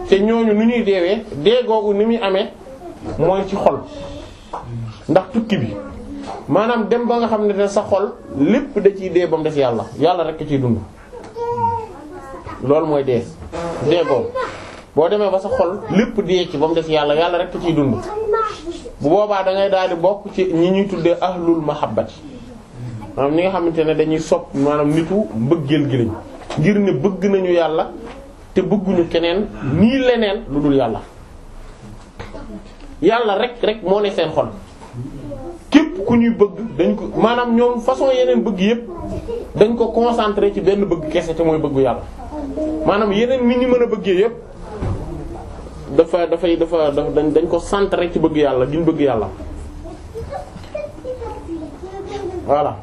te ñooñu ni ñuy deewee dee googu ni muy amee mooy ci xol ndax tukki bi. maanaam dem ba nga xam ne sa xol lépp da ciy dee ba mu def yàlla yàlla rek ciy dund loolu mooy dee dee boobu boo demee ba sa xol lépp dee ci ba mu def yàlla yàlla rek ciy dund bu boobaa dangay ngay daal di bokk ci ñi ñuy tuddee ahlul mahabbati maanaam ñi nga xamante ne dañuy sopp maanaam nitu mbëggeel gi ngir ne bëgg nañu yàlla te bëgguñu keneen nii leneen lu dul yàlla yàlla rek rek moo ne seen xol. ku ñuy bëgg dañ ko maanaam ñoom façon yeneen bëgg yépp dañ ko concentré ci benn bëgg kese te mooy bëggu yàlla maanaam yeneen ni ñu mën a bëggee yépp dafa dafay dafa dañ dañ ko centré ci bëgg yàlla gi bëgg yàlla voilà.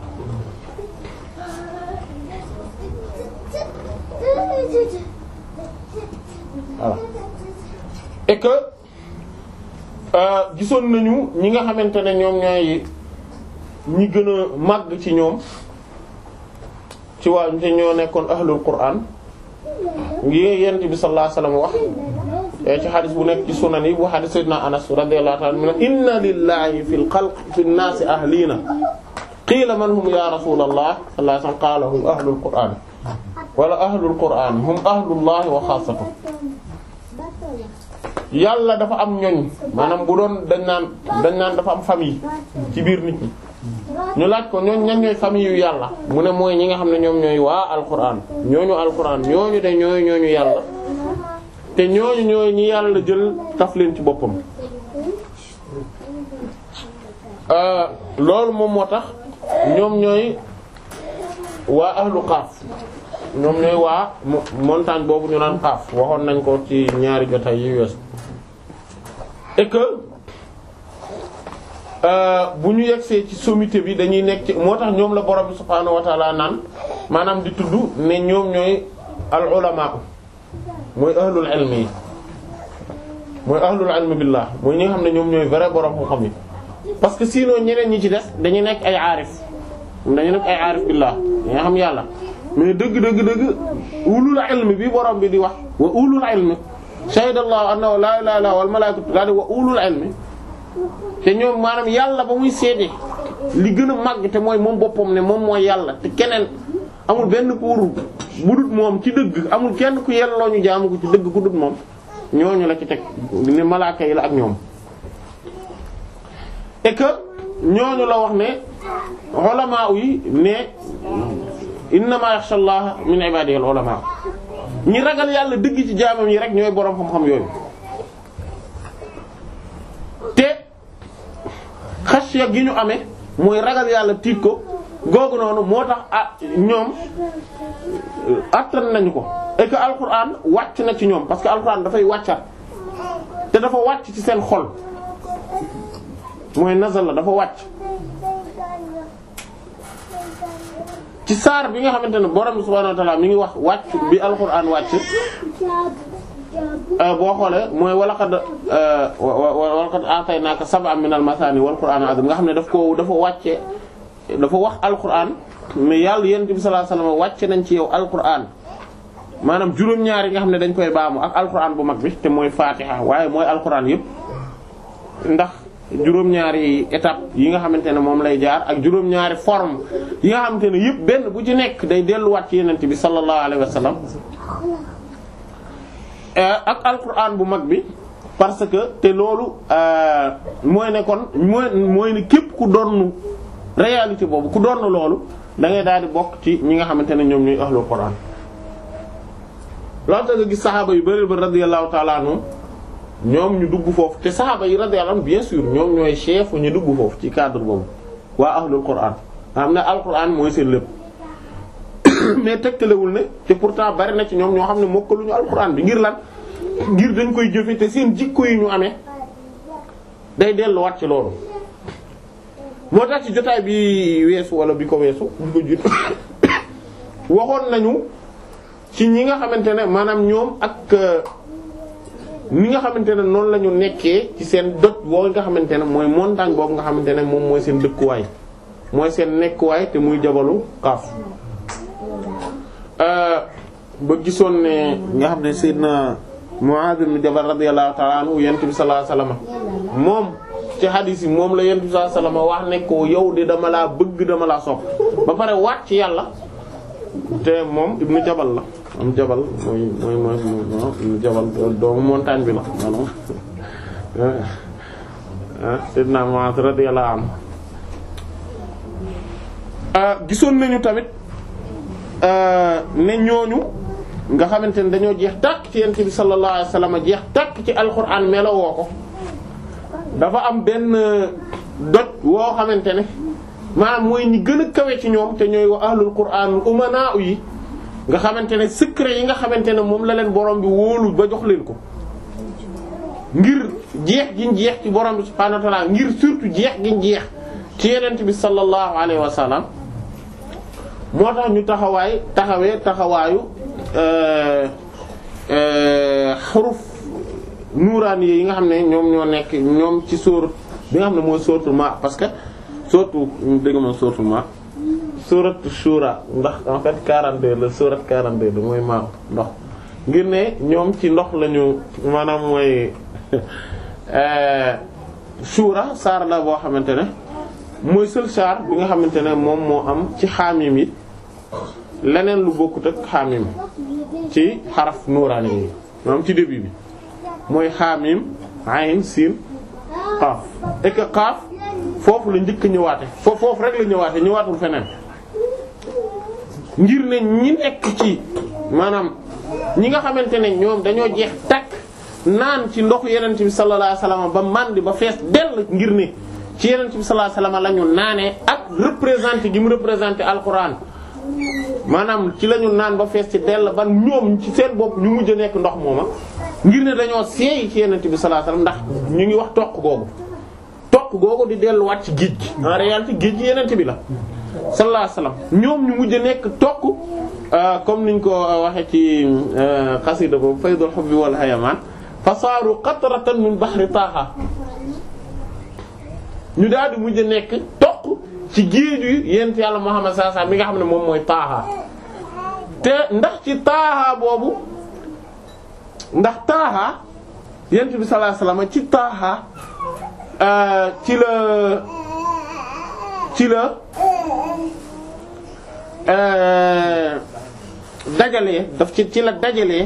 voilà euh, gisoon nañu ñi nga xamante ne ñoom ñooy. ñi gën màgg ci ñoom ci waa ci ñoo nekkoon ahlul qur'an ngi yent bi sallallahu alayhi wasallam wax eh, ci xadis bu nekk ci sunan yi bu xadis sayyidina anas radiyallahu ta'ala anhu inna lillahi fil xalq fi nnaasi ahliina qiila man hum ya rasulallah sallallahu alayhi qaala hum ahlul qur'an wala ahlul qur'an hum ahlullah wa xaasatuhu yàlla dafa am ñoñ maanaam bu doon dañ naan dañ dafa am famille ci biir nit ñi ñu laaj ko ñooñ ñan ñooy famille yu yàlla mu ne mooy ñi nga xam ne ñoom ñooy waa alquran ñooñu alquran ñooñu de ñooy ñooñu yàlla te ñooñu ñooy ñi yàlla jël taf leen ci boppam euh, loolu moom moo tax ñoom ñooy waa ahlu xaaf ñoom ñooy waa montagne boobu ñu naan xaaf waxoon nañ ko ci ñaari jotaay yi wees et Euh, bu ñu yegsee ci sommité bi dañuy nekk ci moo tax ñoom la borom subhaanahu wa taala naan maanaam di tudd ne ñoom ñooy al ulama mooy ahlul ilmi mooy ahlul ilmi billah mooy ñi nga xam ne ñoom ñooy vrai borom xam parce que sinon ñeneen ñi ci des dañuy nekk ay aarif dañuy nekk ay aarif billah nga xam yàlla mais dëgg dëgg dëgg ulul ilmi bi borom bi di wax wa ulul ilmi shahidallahu annahu la ilaha illa huwa wal malaikatu wa ulul ilmi te ñoom maanaam yàlla ba muy seede li gën a màgg te mooy moom boppam ne moom mooy yàlla te keneen amul benn kuur bu dut moom ci dëgg amul kenn ku yelloo ñu jaamu ko ci dëgg ku dut moom ñooñu la ci teg ne malaaka yi la ak ñoom et que ñooñu la wax ne ulama yi ne innama yaxsha Allah min ibadihi al ulama ñi ragal yàlla dëgg ci jaamam yi rek ñooy boroom xam-xam yooyu te xasiya gi ñu amee mooy ragal yàlla tiit ko googu noonu moo tax ah ñoom euh, attan nañu ko et que wàcc na ci ñoom parce que alquran dafay wàccar te dafa wàcc ci seen xol mooy nazal la dafa wàcc ci saar bi nga xamante ne borom subhanahu wa ta'ala mi ngi wax wàcc bi alquran wàcc Euh, boo xoolee mooy walaqad euh, walaqad aataynaaka sab'an minal masaani wal qur'aanal aziim nga xam ne daf ko dafa wàcce dafa wax alquran mais yàlla yonent bi sallallahu alayhi wasallam nañ ci yow alquran maanaam juróom-ñaar yi nga xam ne dañ koy baamu ak alquran bu mag bi te mooy faatiha waaye mooy alquran yëpp ndax juróom-ñaari yi nga xamante ne moom lay jaar ak juróom-ñaari yi nga xamante ne yëpp benn bu ci nekk day delluwaat ci yonent bi sallallahu alayhi wasallam Euh, ak alquran bu mag bi parce que te loolu euh, mooy ne kon mooy mooy ne képp ku doon réalité boobu ku doon loolu dangay ngay daal di bokk ci ñi nga xamante ne ñoom ñuy ahlul quran loolu tax nga gis saxaaba yu bari ba radiyallahu ta'ala anhu ñoom ñu dugg foofu te saxaaba yi radiyallahu anhu bien sûr ñoom ñooy chef ñu dugg foofu ci cadre boobu waa ahlul quran nga xam ne alquran mooy seen lépp. mais tegtalewul ne te pourtant bari na ci ñoom ñoo xam ne mokkaluñu alxuraan bi ngir lan ngir dañ koy jëfe te seen jikko yi ñu amee day delluwaat ci loolu. moo tax ci jotaay bi weesu wala bi ko weesu bu waxoon nañu ci ñi nga xamante ne maanaam ñoom ak euh, ni nga xamante ne noonu la nekkee ci seen doj boobu nga xamante ne mooy montagne boobu nga xamante ne moom mooy seen dëkkuwaay mooy seen nekkuwaay te muy jabalu kaaf Euh, ba gisoon ne nga xam ne Seydina Mu'adh ibn Jabal radiyallahu ta'ala anhu yent bi sallallahu alayhi wasallam moom ci hadis yi moom la yent bi sallallahu alayhi wasallam wax ne ko yow de dama laa bëgg dama laa sopp ba pare waat ci yàlla te moom ibnu Jabal la am Jabal mooy mooy mooy ibnu Jabal doomu montagne bi la maanaam euh, euh, Seydina Mu'adh radiyallahu anhu gisoon nañu tamit Euh, ne ñooñu nga xamante ne dañoo jeex tàkk ci yonent bi sallallahu alayhi wasallam jeex tàkk ci alxuraan melo woo ko dafa am benn euh, doj woo xamante ne maanaam mooy ñi gën a kawe ci ñoom te ñooy wa ahlul qur'aan umanaa yi nga xamante ne secret yi nga xamante ne moom la leen borom bi wóolu ba jox leen ko ngir jeex giñ jeex ci borom bi subhaanahu wa ta'aala ngir surtout jeex giñ jeex ci yonent bi sallallahu alayhi wasallam moo tax ñu taxawaay taxawee taxawaayu euh, euh, xuruf nuuraan yi nga xam ne ñoom ñoo nekk ñoom ci sóor bi nga xam ne mooy sóortu ma parce que sóortu dégg ma sóortu ma sóoratu shura ndax en fait 42 la sóorat 42 la mooy ma ndox ngir ne ñoom ci ndox lañu maanaam mooy euh, shura saar boo xamante ne mooy seul char bi nga xamante ne moom moo am ci xaamim yi leneen lu bokkut ak xaamim ci xaraf nuuraani yi maanaam ci début bi mooy xaamim ayn siin xaaf et xaaf foofu la njëkk ñëwaate foofu foofu rek la ñëwaate ñëwaatul feneen ngir ne ñi nekk ci maanaam ñi nga xamante ne ñoom dañoo jeex takk naan ci ndox yeneen bi sallallahu alayhi ba màndi ba fees dell ngir ne ci yeneen bi sallallahu alayhi wasallam la ñu naanee ak représenté gi mu représenté alquran maanaam ci lañu naan ba fees ci dell ban ñoom ci seen boobu ñu mujj a nekk ndox mooma ngir ne dañoo seey ci yeneen bi salaa alayhi ndax ñu ngi wax toq googu toq googu di delluwaat ci géej gi en réalité géej gi bi la sallallahu alayhi wasallam ñoom ñu mujj a nekk toq euh, comme niñ ko euh, waxee ci xasida euh, boobu faydul hubbi wal hayaman fasaaru qatratan min bahri taaha ñu daal di mujj nekk toq ci géeju yent yàlla Muhammad sallallahu alayhi wasallam mi nga xam ne moom mooy taaha te ndax ci taaha boobu ndax taaha yent bi sallallahu alayhi wasallam ci taaha euh, ci la ci la euh, dajale daf ci ci la dajale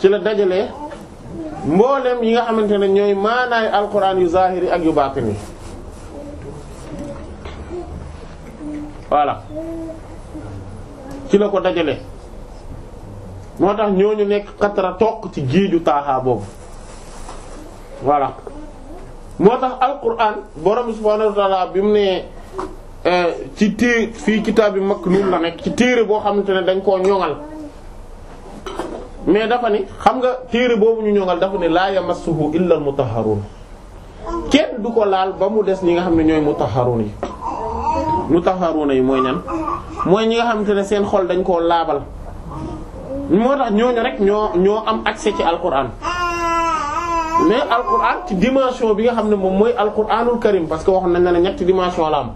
ci la dajale mboolem yi nga xamante ne ñooy maanaay alquran yu zahiri ak yu baatini voilà ci la ko dajale moo tax ñooñu nekk xatara toq ci géeju taaxaa boobu voilà moo tax alquran borom subhaanahu wa ta'aala bi mu ne eh, ci tée fii kitaab bi maknuun la nekk ci téere boo xamante ne dañ koo ñoŋal mais dafa ni xam nga téere boobu ñu ñoŋal dafa ne laa yamassuhu illa al mutahharun kenn du ko laal ba mu des ñi nga xam ne ñooy mutahharun yi mutahharun yi mooy ñan mooy ñi nga xamante ne seen xol dañ koo laabal moo tax ñooñu rek ñoo ñoo am accès ci alquran mais alquran ci dimension bi nga xam ne moom mooy alquranul karim parce que waxoon nañ ne ñetti dimension laa am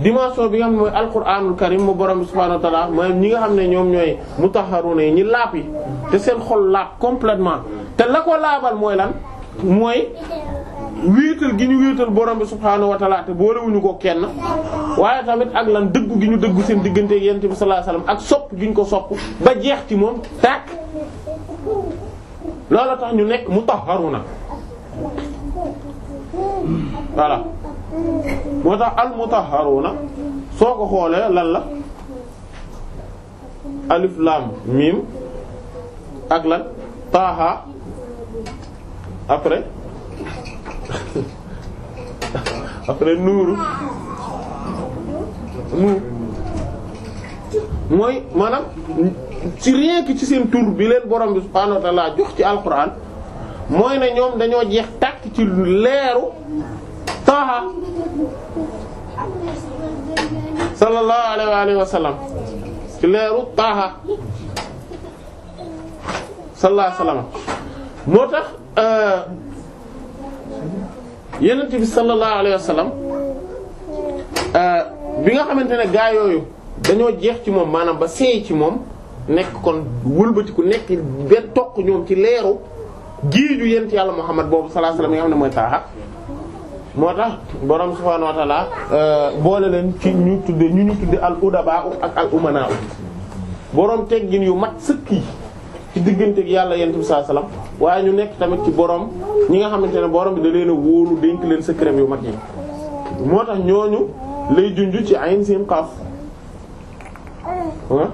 dimension bi nga xam ne mooy alquranul karim mu borom bi subhaanahu wa ta'ala maanaam ñi nga xam ne ñoom ñooy mutahharuna ñi laab yi te seen xol laab complètement te la ko laabal mooy lan mooy wéetal gi ñu wéetal borom bi subhaanahu wa ta'ala te boolewuñu ko kenn waaye tamit ak lan dëggu gi ñu dëggu seen diggante yonent bi sallallahu alayhi ak sopp gi ñu ko sopp ba jeex ci moom tàkk loolu tax ñu nekk mutahharuna voilà moo tax al na soo ko xoolee lan la alif lam mim ak lan taaha après après nuuru nuur mooy maanaam si rien que ci seen tur bi leen borom bi subhaanahu wa jox ci alquran mooy na ñoom dañoo jeex tàkk ci leeru Taaha sallallahu alayhi wa sallam ci leeru Taaha sallallahu alayhi moo tax euh, yonent bi sallallahu alayhi wa euh, bi nga xamante ne gaa yooyu dañoo jeex ci moom maanaam ba seey ci moom nekk kon wëlbatiku nekk benn toq ñoom ci leeru géeju yonent yàlla Muhammad boobu sallallahu alayhi wa sallam yi nga xam ne mooy Taaha moo tax borom subhaanahu wa ta'ala euh, boole leen ci ñu tudde ñu ñu tudde al udaba ak al umana borom teggin yu mat sëkk yi ci digganteeg yàlla yonent bi sallallahu alayhi waaye ñu nekk tamit ci borom ñi nga xamante ne borom bi da leen a wóolu dénk leen secret yu mat yi moo tax ñooñu lay junj ci ayn sin qaaf ah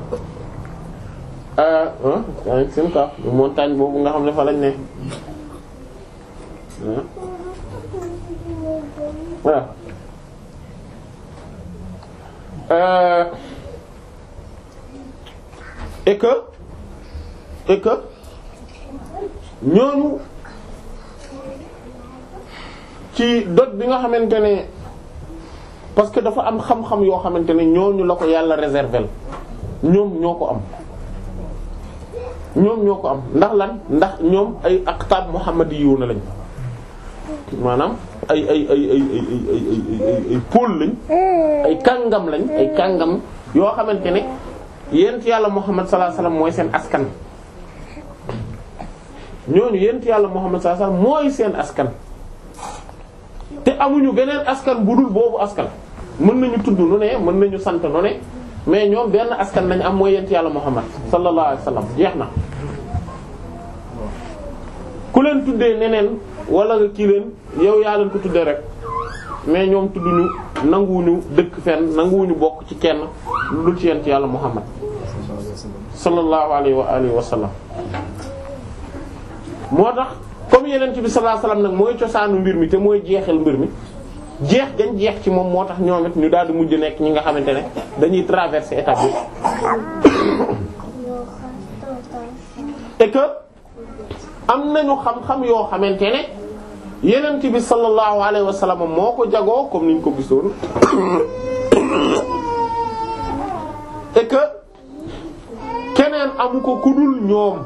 boobu nga xam ne fa lañ ne waaw euh, et que et que ñooñu ci dot bi nga xamante ne parce que dafa am xam-xam yoo xamante ne ñooñu la ko yàlla réserver ñoom ñoo ko am ñoom ñoo ko am ndax lan ndax ñoom ay aqtaab muhammadi yiw na lañ maanaam ay ay ay ay ay ay ay lañ ay kàngam lañ ay kàngam yoo xamante ne yent yàlla Muhammad sallallahu alayhi wasallam mooy seen askan ñooñu yent yàlla Muhammad sallallahu alayhi wasallam mooy seen askan te amuñu beneen askan bu dul boobu askan mën nañu tudd nu ne mën nañu sant nu ne mais ñoom benn askan lañ am mooy yent yàlla Muhammad sallallahu alayhi wasallam jeex na ku leen tuddee neneen wala nga kii leen yow yaa leen ko tuddee rek mais ñoom tudduñu nanguwuñu dëkk fenn nanguwuñu bokk ci kenn lu dul ci yent yàlla Muhammad sallallahu alayhi wa alihi wa sallam moo tax comme yenent bi sallallahu alayhi nag mooy cosaanu mbir mi te mooy jeexal mbir mi jeex gañ jeex ci moom moo tax ñoom ñu daal di mujj nekk ñi nga xamante ne dañuy traverser étape bi et am nañu xam-xam yoo xamante ne yenent bi sallallahu alayhi wa moo ko jagoo comme niñ ko gisoon et que keneen amu ko kudul ñoom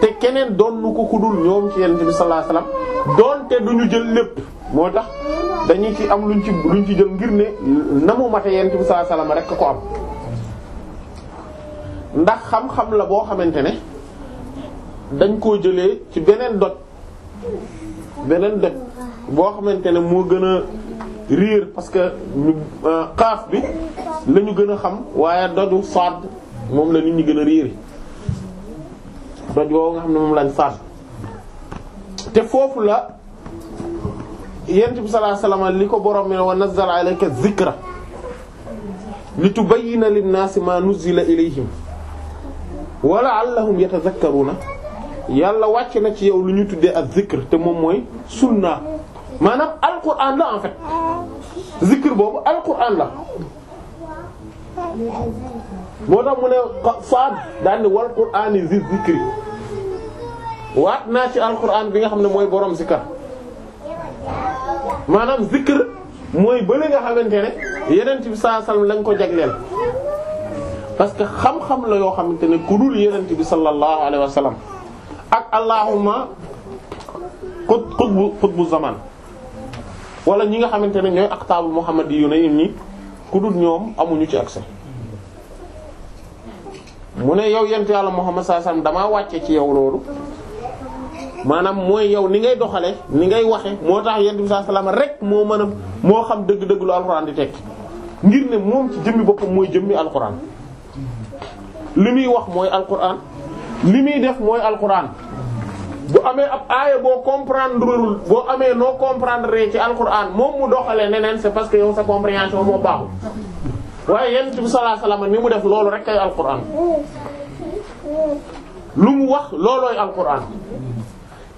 te keneen doonu ko kudul ñoom ci yenent bi sallallahu alayhi wa sallam doonte jël lépp moo tax dañu ci am luñ ci luñ ci jël ngir ne na mu mate yenent bi sallallahu alayhi wa ko am ndax xam-xam la boo xamante ne dañ koo jëlee ci beneen dot beneen dot boo xamante ne moo gën a riir parce que ñu euh, xaaf bi lañu gën a xam waaye doju fadd moom lañu nit gën a riiri doj boobu nga xam ne moom lañ fadd te foofu la yent bi sallallahu alayhi li ko borom mi ne wa nazzala alayka dhikra li tubayyina lin-naasi maa nuzzila ilayhim wa la'allahum yatadhakkaruna yàlla wàcc na ci yow lu ñu tuddee ak zikr te moom mooy sunna maanaam alquran la en fait zikr boobu alquran la moo tax mu ne Saad daan ne wal qur'aani zi zikri waat naa ci alquran bi nga xam ne mooy borom zikar maanaam zikr mooy bële nga xamante ne yeneen bi sallallahu alayhi lañ ko jagleel parce que xam-xam la yoo xamante ne ku dul yeneen bi sallallahu alayhi wasallam ak allahumma qut qutbu qutbu zaman wala ñi nga xamante ne ñooy aqtaabul muhammad yu ne ñi ku dul ñoom amuñu ci accès mu ne yow yent yàlla muhammad sallallahu alayhi wasallam damaa wàcce ci yow loolu maanaam mooy yow ni ngay doxale ni ngay waxe moo tax yent bi sallallahu alayhi rek moo mën moo xam dëgg-dëgg lu alxuraan di tekki ngir ne moom ci jëmmi boppam mooy jëmmi alxuraan li muy wax mooy alxuraan li muy def mooy alquran bu amee ab aaya boo comprendreul boo amee noo comprendre ci alquran moom mu doxalee neneen c'est parce que yow sa compréhension moo baaxul waaye yonent bi sallallahu alayhi wasallam ni mu def loolu rek kay alquran lu mu wax loolooy alquran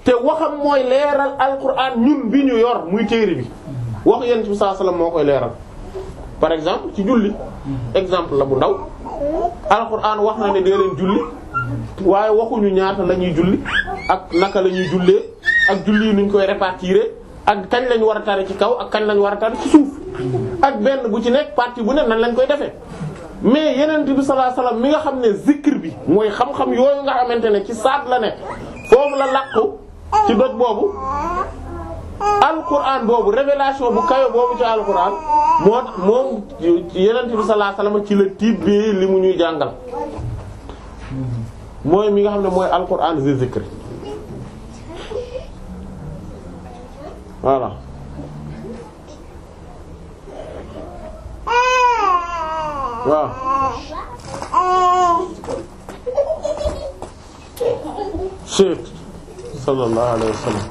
te waxam mooy leeral alquran ñun bi ñu yor muy téere bi wax yonent bi sallallahu alayhi moo koy leeral par exemple ci julli exemple la bu ndaw alquran wax na ne dee leen julli waaye waxuñu ñaata lañuy ñuy julli ak naka la ñuy jullee ak julli yi nuñ koy répartir ak kañ lañu war a tare ci kaw ak kañ lañ war a tare ci suuf ak benn bu ci nekk partie bu ne nan lañ koy defee. mais yeneen bi sallallahu alayhi mi nga xam ne zikr bi mooy xam-xam yooyu nga xamante ne ci saat la ne foofu la làqu ci doj boobu alquran boobu révélation bu kayo boobu ci alquran moo moom yeneen bi sallallahu alayhi ci la tibbee li mu ñuy jàngal mooy mi nga xam ne mooy alquran zi zikr voilà waaw Cheikh sallallahu alayhi wa sallam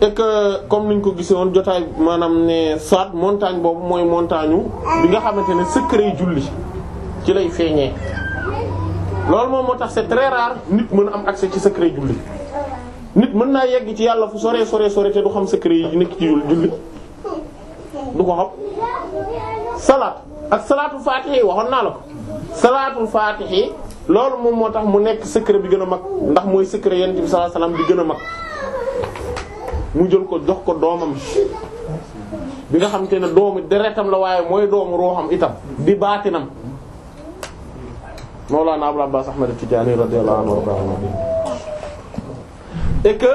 et que comme niñ ko gisee woon jotaay maanaam ne soit montagne boobu mooy montagne bi nga xamante ne secret julli ci lay feeñee loolu moom moo tax c'est très nit mën a am accès ci secret julli nit mën naa yegg ci yàlla fu sore sore sore te du xam secret yi nekk ci julli du ko xam salaat ak salaatul faatihi waxoon naa la ko salaatul faatihi loolu moom moo tax mu nekk secret bi gën a mag ndax mooy secret yonent bi salaam bi gën a mag mu jël ko jox ko doomam bi nga xam te ne doomu deretam la waaye mooy doomu ruuxam itam di baatinam moom laa Mawlana Abul Abbas Ahmad Tijaani radiyallahu anhu et que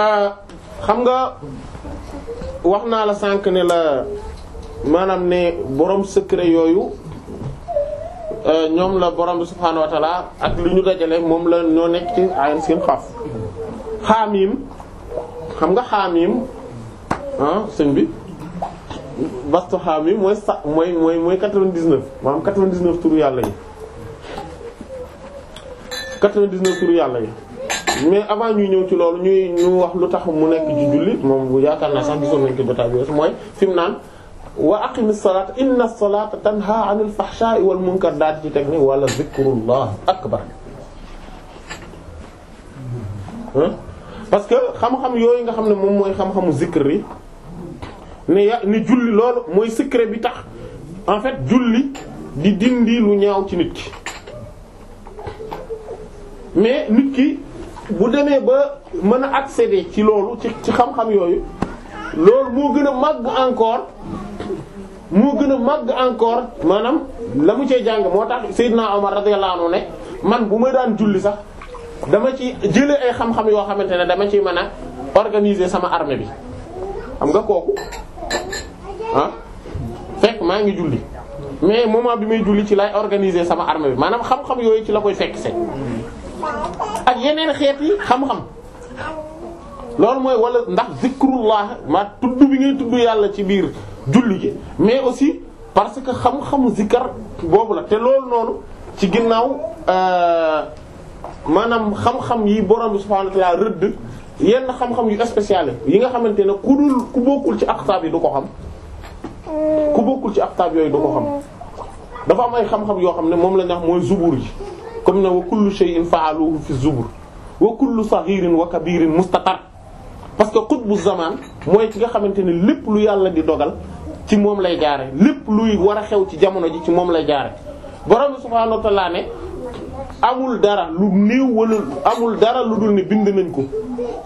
euh, xam nga wax naa la sànq ne la maanaam ne borom secret yooyu euh, ñoom la borom bi subhaanahu wa ak lu ñu dajale moom la ñoo nekk ci ayn sin xaamim xam nga xaamim ah bi bastoxaam yi mooy sa mooy mooy mooy quatre-vingt-dix-neuf maanaam quatre-vingt-dix-neuf turu yàlla yi mais avant ñuy ñëw ci loolu ñuy ñu wax lu tax mu nekk ci julli moom yaakaar naa sax gisoon nañ ko jotaay bi mooy fi mu naan wa aqimi salata inna salata tanha anil fahsha'i wal munkar daal ci teg ni wala zikrullah akbar parce que xam-xam yooyu nga xam ne moom mooy xam-xamu zikr yi ne ya ni julli loolu mooy secret bi tax en fait julli di dindi lu ñaaw ci nit ki mais nit ki bu demee ba mën a ak accéder ci loolu ci ci xam-xam yooyu loolu moo gën a màgg encore moo gën a màgg encore maanaam la mu cee jàng moo tax Seydina naa radiyallahu anhu ne man bu ma daan julli sax dama ci jëlee ay xam-xam yoo xamante ne dama ci mën a organiser sama armée bi xam nga kooku ah fekk maa ngi julli mais moment bi may julli ci lay organiser sama armée bi maanaam xam-xam yooyu ci la koy fekk se ak yeneen xeeti xam-xam loolu mooy wala ndax zikrullah ma tudd bi ngay tudd yàlla ci biir julli gi mais aussi parce que xam-xamu zikar boobu la te loolu noonu ci ginnaaw euh, maanaam xam-xam yi borom bi subhaanahu wa rëdd yenn xam-xam yu spécial yi nga xamante ne ku dul ku bokkul ci aqtaab yi du ko xam ku bokkul ci aqtaab yooyu du ko xam dafa am ay xam-xam yoo xam ne moom la ñu mooy zubur ji comme ne wa kullu shay'in fa'aluhu fi zubur wa kullu saghirin wa kabirin mustatar parce que bu zaman mooy ki nga xamante ni lépp lu yàlla di dogal ci moom lay jaare lépp luy war a xew ci jamono ji ci moom lay jaare borom bi subhaanahu wa ne amul dara lu néew wala amul dara lu dul ni bind nañ ko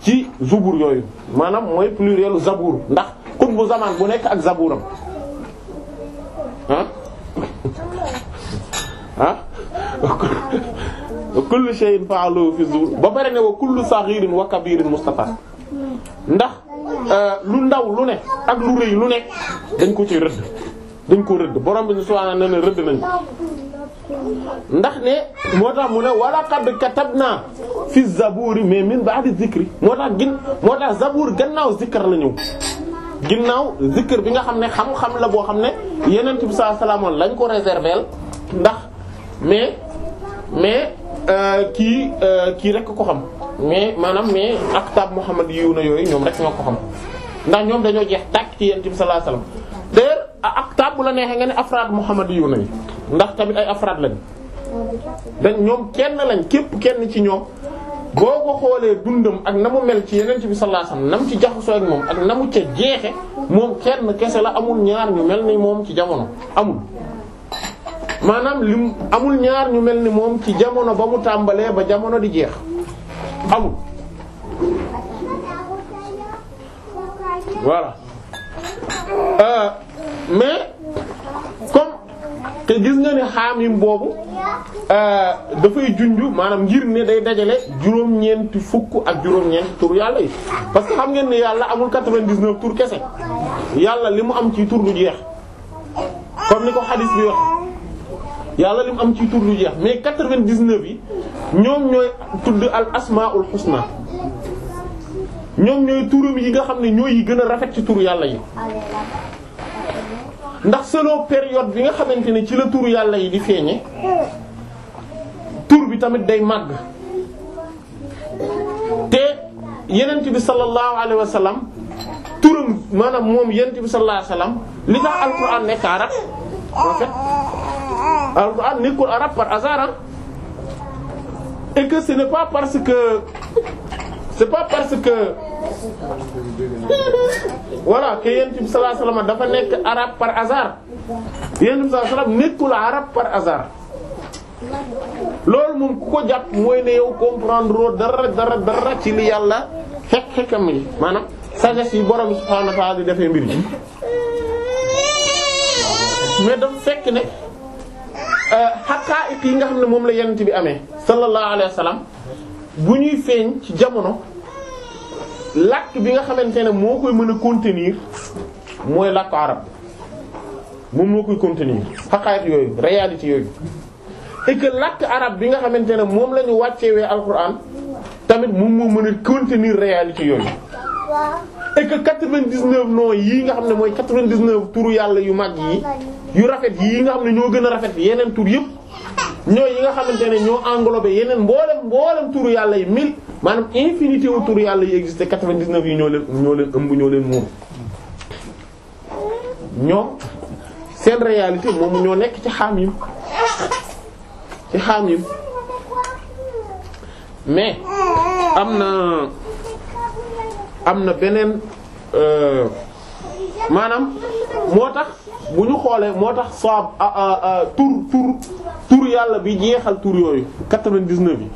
ci zubur yooyu maanaam mooy plurielu zabur ndax qutbu zaman bu nekk ak zaburam ah ah kullu shay'in fa'aluhu fi zubur ba bari ne wa kullu saghirin wa kabirin mustafa ndax euh, lu ndaw lu ne ak lu rëy lu ne dañ ko ci rëdd dañ ko rëdd borom bi subhaanahu ne ne rëdd nañ ndax ne moo tax mu ne wala qad katabna fi zaburi mais min ba'di zikri moo tax gin moo tax zabur gannaaw zikr la ñëw ginnaaw zikr bi nga xam ne xam-xam la boo xam ne yeneen bi saa salaamoon lañ ko réserver ndax mais mais euh, kii euh, kii rek ko xam mais maanaam mais aktaab Muhammad yiw na yooyu ñoom rek ñoo ko xam ndax ñoom dañoo jeex tàkk ci yeneen bi sallallahu alayhi wasallam d'ailleurs aktaab bu la neexee nga ne afraad Muhammad yiw na yi ndax tamit ay afraad lañ dañ ñoom kenn lañ képp kenn ci ñoom. boo ko xoolee dundam ak na mu mel ci yeneen ci bi sallallahu alayhi wasallam na mu ci jaxasoo ak moom ak na mu ca jeexe moom kenn kese la amul ñaar ñu mel ni moom ci jamono amul. maanaam amul ñaar ñu mel ni moom ci jamono ba mu tàmbalee ba jamono di jeex amul. voilà euh, mais comme. te gis nga ne xaamim boobu euh, dafay junju maanaam ngir ne day dajale juróom-ñeenti fukk ak juróom-ñeent tur yàlla yi parce que xam ngeen ne yàlla amul 99 tur kese yàlla li mu am ci tur du jeex comme ni ko xadis bi wax yàlla li mu am ci tur lu jeex mais 99 yi ñoom ñooy tudd al asmaul xusna ñoom ñooy turam yi nga xam ne ñooy yi gën a rafet ci tur yàlla yi ndax solo période bi nga xamante ne ci la tur yàlla yi di feeñe tur bi tamit day màgg te yenent bi sallallahu alayhi wa sallam turam maanaam moom yenent bi sallallahu alayhi wa sallam li tax alquran arab en fait alquran nekkul par hasard et que ce n'est parce que c'est pas parce que voilà que yonent bi sallallahu alayhi dafa nekk arabe par hasard yonent bi sallallahu alayhi nekkul arabe par hasard loolu moom ku ko jàpp mooy ne yow comprendre dara dara ci li yàlla xeq xeqam yi maanaam sagesse yi borom subhaanahu wa ta'aala di defee dafa fekk ne xaqaa'iq euh, yi nga xam moom la yonent bi amee sallallahu alayhi wasallam bu ñuy feeñ ci jamono làkk bi nga xamante ne moo koy mën a contenir mooy làkku arab moom moo koy contenir xaqaayat yooyu réalité yooyu et que làkk arab bi nga xamante ne moom la ñu wàccewee alquran tamit moom moo mën a contenir réalité yooyu et que 99 noms yii nga xam ne mooy 99 turu yàlla yu mag yi yu rafet yii nga xam ne ñoo gën a rafet yeneen tur yëpp. ñooy yi nga xamante ne ñoo englobé yeneen mboolem mboolem turu yàlla yi mille maanaam infinité wu turu yàlla yi existé quatre-vingt-dix-neuf yi ñoo leen ñoo leen ëmb ñoo leen moom ñoom seen réalité moom ñoo nekk ci Hamim ci Hamim mais am na am na beneen euh, maanaam moo tax bu ñu xoolee moo tax saab tur tur tur yàlla bi jeexal tur yooyu 99 yi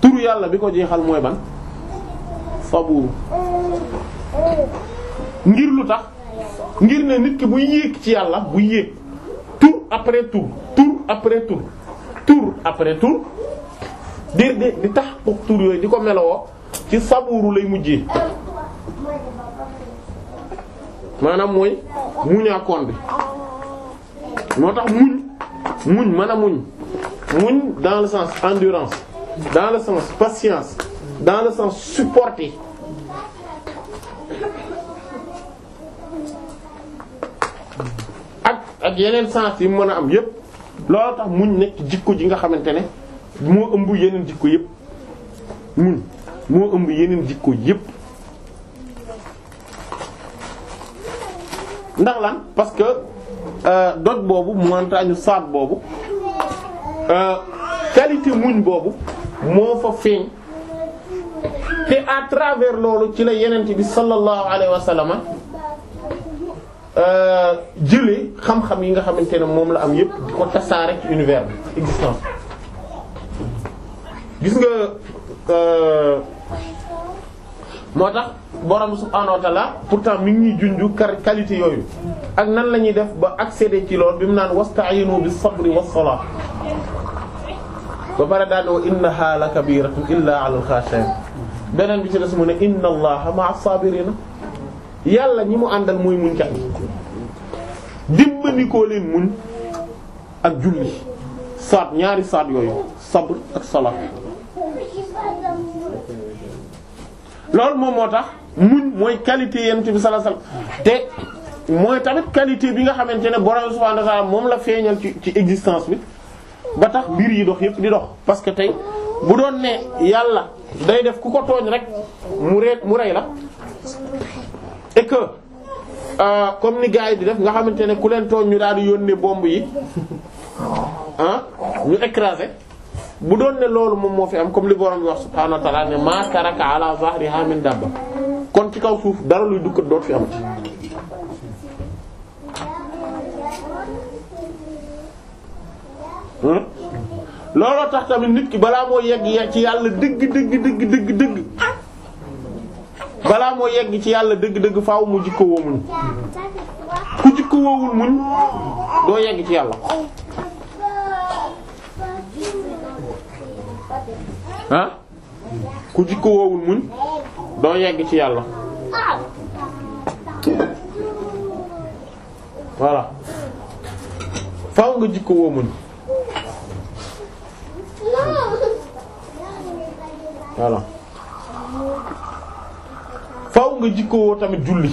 tur yàlla bi ko jeexal mooy ban sabuur ngir lu tax ngir ne nit ki buy yéeg ci yàlla bu yéeg tur après tur tur après tur tur après tur di di di tax pour tur yooyu di ko melowoo ci sabuuru lay mujjee maanaam mooy muñaakoon bi moo tax muñ muñ mën a muñ muñ dans le sens endurance dans le sens patience dans le sens supporter ak ak yeneen sens yi mën a am yépp loolu tax muñ nekk jikko ji nga xamante ne moo ëmb yeneen jikko yépp muñ moo ëmb yeneen jikko yépp ndax lan parce que euh, doj boobu montagne saat boobu euh, qualité muñ boobu moo fa feeñ te à loolu ci la yenent bi sallallahu alayhi wa sallam euh, jëlee xam-xam yi nga xamante ne moom la am yépp di ko tasaare ci univers existence gis nga moo tax borom subhaanahu wa ta'ala pourtant mi ngi junju kar qualité yooyu ak nan la ñuy def ba accéder ci lool bi mu naan wasta'inu bis sabri was salat ba pare daal di wa innaha la kabiratun illa 'alal khashi'in beneen bi ci des mu ne inna allaha ma'as sabirina yàlla ñi mu àndal muy muñkat yi dimbandikoo leen muñ ak julli saat ñaari saat yooyu sabr ak salat loolu moom moo tax muñ mooy qualité yonent bi sallallahu te mooy tamit qualité bi nga xamante ne borom subhanahu wa moom la feeñal ci ci existence bi ba tax biir yi dox yépp di dox parce que tey bu doon ne yàlla day def ku ko tooñ rek mu rey mu rey la et que euh, comme ni gars yi di def nga xamante ne ku leen tooñ ñu daal di yónnee bomb yi ah ñu écraser. bu doon ne loolu moom moo fi am comme li borom wax subhaanahu wa ta'ala ne ma taraka ala zahriha kon ci kaw suuf dara luy dukkat doot fi am ci hmm? looloo tax tamit nit ki balaa moo yegg ci yàlla dëgg dëgg dëgg dëgg balaa moo yegg ci yàlla dëgg dëgg faaw mu jikko woo muñ ku jikko woowul muñ doo yegg ci yàlla ah ku jikko woowul muñ doo yegg ci yàlla voilà faaw nga jikko woo muñ voilà faaw nga jikko woo tamit julli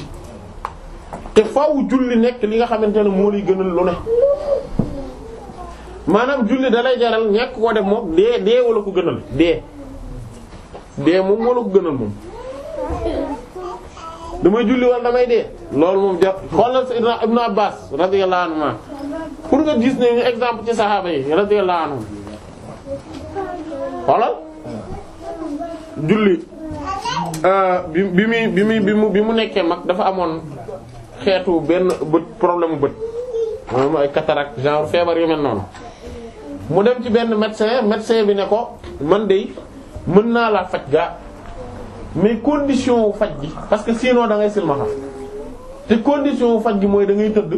te faaw julli nekk li nga xamante ne moo lay gënal lu ne maanaam julli da lay jaral ñàkk koo def moom dee dee wala ko gënal dee dee moom wala ko gënal moom damay julli wala damay dee loolu moom jàpp xoolal sayyidina Ibn Abbas radiyallahu anhu pour nga gis exemple ci saxaaba yi radiyallahu anhu xoolal julli euh, bi bi muy bi mu bi mu bi mu nekkee mag dafa amoon xeetu benn bët problème mu bët moom ay cataracte genre feebar yu mel noonu mu dem ci benn médecin médecin bi ne ko man de mën naa laa faj gaa mais condition wu faj gi parce que sinon da ngay silmaxa te condition wu faj gi mooy da ngay tëdd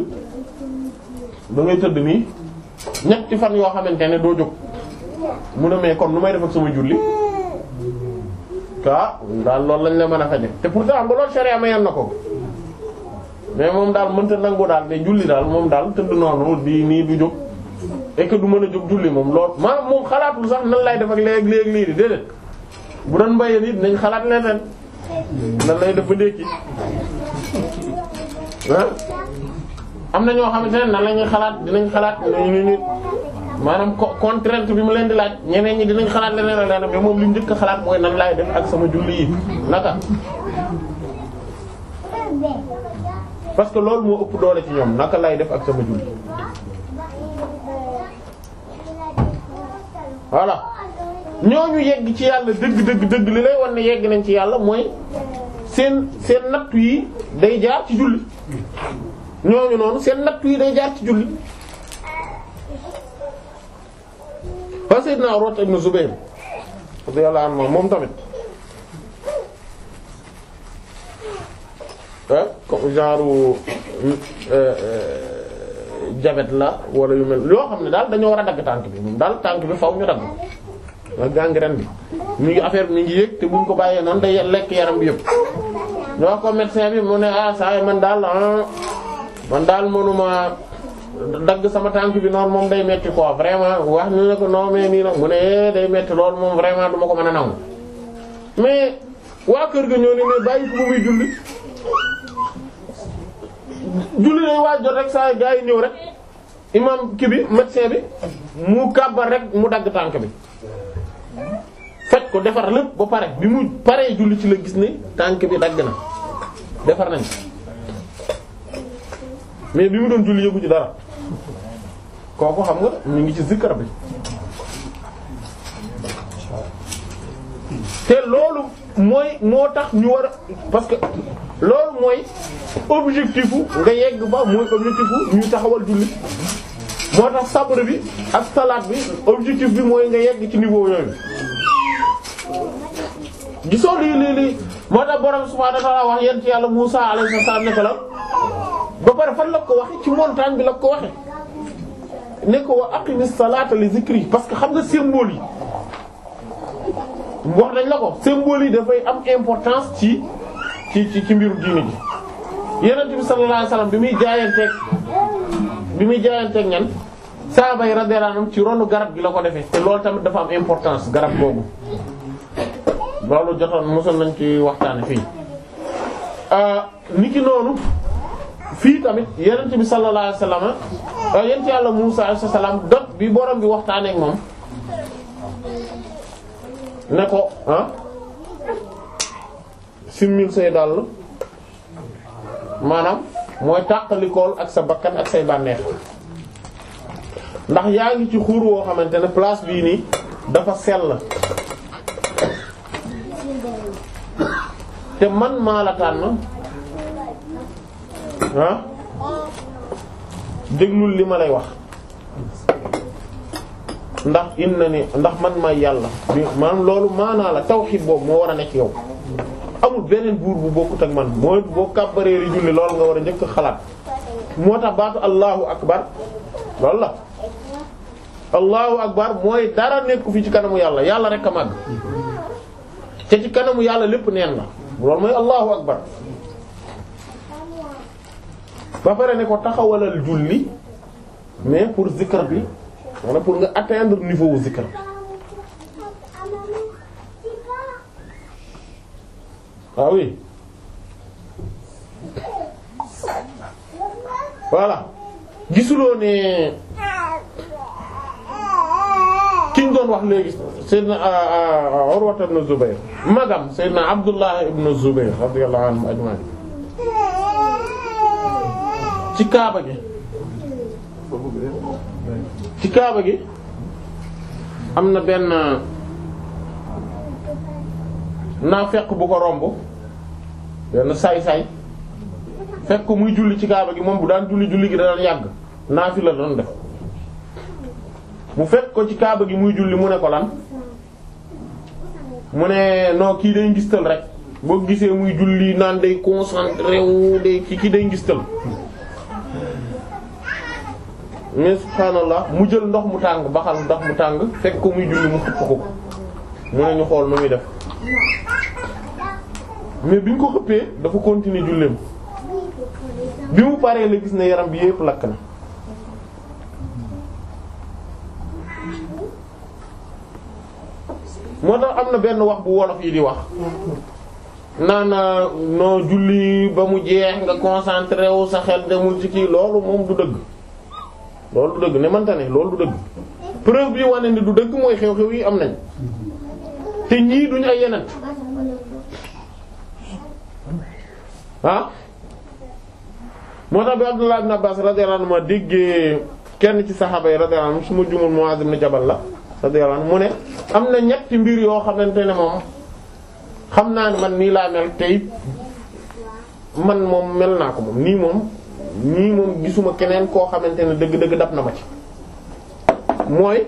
da ngay tëdd nii ñetti fan yoo xamante ne doo jóg mu ne kon nu may def ak sama julli ah daal loolu lañ la mën a faj faje te pourtant am nga loolu sharia mayoon na ko mais moom daal mënta nangu daal ne julli daal moom daal tëdd noonu di nii du jóg. et du mën a jóg julli moom lool maanaam moom xalaatul sax nan lay def ak léeg léeg lii di bu doon mbayeen it nañ xalaat leneen nan def ba ndékki am na ñoo xamante ne nan la ñuy xalaat dinañ xalaat ñu nit maanaam contrainte bi mu leen di laaj ñeneen ñi dinañ xalaat leneen ak leneen mais moom li mu njëkk xalaat mooy nan laay def ak sama julli yi naka parce que loolu moo ëpp doole ci ñoom naka lay def ak sama julli voilà ñooñu yegg ci yàlla dëgg dëgg dëgg li lay wan ne yegg nañ ci yàlla mooy seen seen nattu yi day jaar ci julli ñooñu noonu seen nattu yi day jaar ci julli fa sayyidna Urwa ibn Zubayr radiyallahu anhu moom tamit comme genre euh, euh, jabet la wala yu mel yoo xam ne daal dañoo war a dagg tànk bi moom daal tànk bi faw ñu dagg la bi mu ngi affaire bi mi ngi yëg te buñ ko bàyyee noonu day lekk yaram bi yëpp ñoo ko médecin bi mu ne ah daal ah, man daal mënuma dagg sama tànk bi noonu moom day metti quoi wax ñu ne nag mu ne eh, day metti loolu moom vraiment du ko mën a nangu mais waa kër ga ñoo ne mais bàyyi ko muy julli julli lay waaj jot rek saa gaa yi ñëw rek imam ki bi médecin bi mu kàbbar rek mu dagg tànk bi faj ko defar lépp ba pare bi mu paree julli ci la gis ni tànk bi dagg na defar nañ mais bi mu doon julli yëgu ci dara kooku xam nga ñu ngi ci zikkar bi te loolu mooy moo tax ñu war a parce que loolu mooy objectif nga yegg ba mooy objectif ñuy taxawal julli moo tax sabr bi ak salaat bi objectif bi mooy nga yegg ci niveau yooyu gisoo lii lii lii moo tax borom subhaanahu wa ta'aala wax yent yàlla Muusaa alayhi salaam ne ko la ba pare fan la ko waxe ci montagne bi la ko waxe ne ko wa aqimis salaata li zikri parce que xam nga symbole yi wax nañ la ko symbole yi dafay am importance ci ci ci ci mbiru diini ji yonent bi sallallahu alayhi bi muy jaayanteeg bi muy jaayanteeg ñan saaba yi radiyallahu ci ronu garab gi la ko defee te lool tamit dafa am importance garab googu loolu jotoon mosoon nañ ci waxtaane fii ah, niki noonu fii tamit yonent bi sallallahu alayhi wasallam ah, yonent yàlla Muusaa alayhi salaam dot bi borom bi waxtaanee ak moom ne ko ah, simmil say dàll maanaam mooy tàqalikool ak sa bakkan ak say bànneex ndax yaa ngi ci xuur woo xamante ne place bii nii dafa sell te man maa la tànn ah déglul li ma lay wax ndax na ni ndax man may yàlla maanaam loolu maanaa la taw boobu moo war a nekk yow amul beneen buur bu bokkut ak man mooy boo kàbbareeri julli loolu nga war a njëkk xalaat moo tax baatu allahu akbar lool la allahu akbar mooy dara nekku fi ci kanamu yàlla yàlla rek a màgg te ci kanamu yàlla lépp neen la loolu mooy allahu akbar ba pare ne ko taxawalal julli mais pour zikr bi wala pour nga atteindre niveau wu ah oui voilà gisuloo ne ki ñu doon wax léegi Seydina ah, ah, Urwa ibn Zubayr magam Seydina Abdullah ibn Zubayr radiyallahu anhum ajma'in ci kaaba gi ci kaaba gi am na benn naa fekk bu ko romb benn saay-saay fekk muy julli ci kaaba gi moom bu daan julli julli gi da daan yàgg naa fi la doon def mu fekk ko ci kaaba gi muy julli mu ne ko lan mu ne non kii day ngistal rek boo gisee muy julli naan day concentré wu day ki kii day ngistal mais subhaanallah mu jël ndox mu tàng baxal ndox mu tàng fekk ko muy julli mu xëpp ko mu ne ñu xool nu muy def mais bi ñu ko xëppee dafa continuer julleem bi mu paree la gis ne yaram bi yépp lakk na moo tax am na benn wax bu wolof yi di wax naan noo julli ba mu jeex nga concentré wu sa xel demul ci kii loolu moom du dëgg loolu du dëgg ne manta ne loolu du dëgg preuve bi wane ni du dëgg mooy xew-xew yi am nañ te ñii duñu ay yeneen ah moo tax bi Abdullah ibn Abbas radiyallahu anhu déggee kenn ci saxaaba yi radiyallahu anhu su ma jumul Muaz ibn Jabal la radiyallahu mu ne am na ñetti mbir yoo xamante ne moom xam naa ne man nii laa mel tey man moom mel naa ko moom nii moom nii moom gisuma keneen koo xamante ne dëgg-dëgg dab na ma ci mooy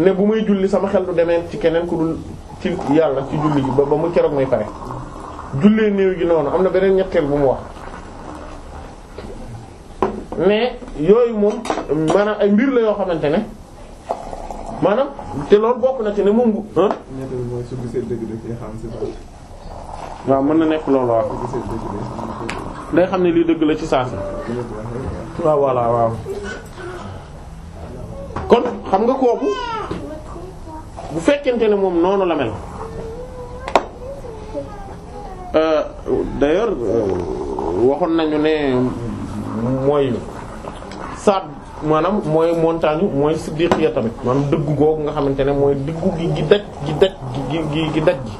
ne bu may julli sama xel du demee ci keneen ku dul ci yàlla ci julli gi ba ba mu keroog muy pare jullee néew gi noonu am na beneen ñetteel bu mu wax mais yooyu moom maanaam ay mbir la yoo xamante ne maanaam te loolu bokk na ci ne moom bu ah. waaw mën na nekk loolu waaw. day xam ne lii dëgg la ci saa si. waaw voilà waaw. kon xam nga kooku bu fekkente ne moom noonu la mel euh, d'ailleurs euh, waxoon nañu ne mooy saat maanaam mooy montagne mooy siddiqiya tamit maanaam dëggu googu nga xamante ne mooy dëggu gi gi daj gi daj gi gi gi daj gi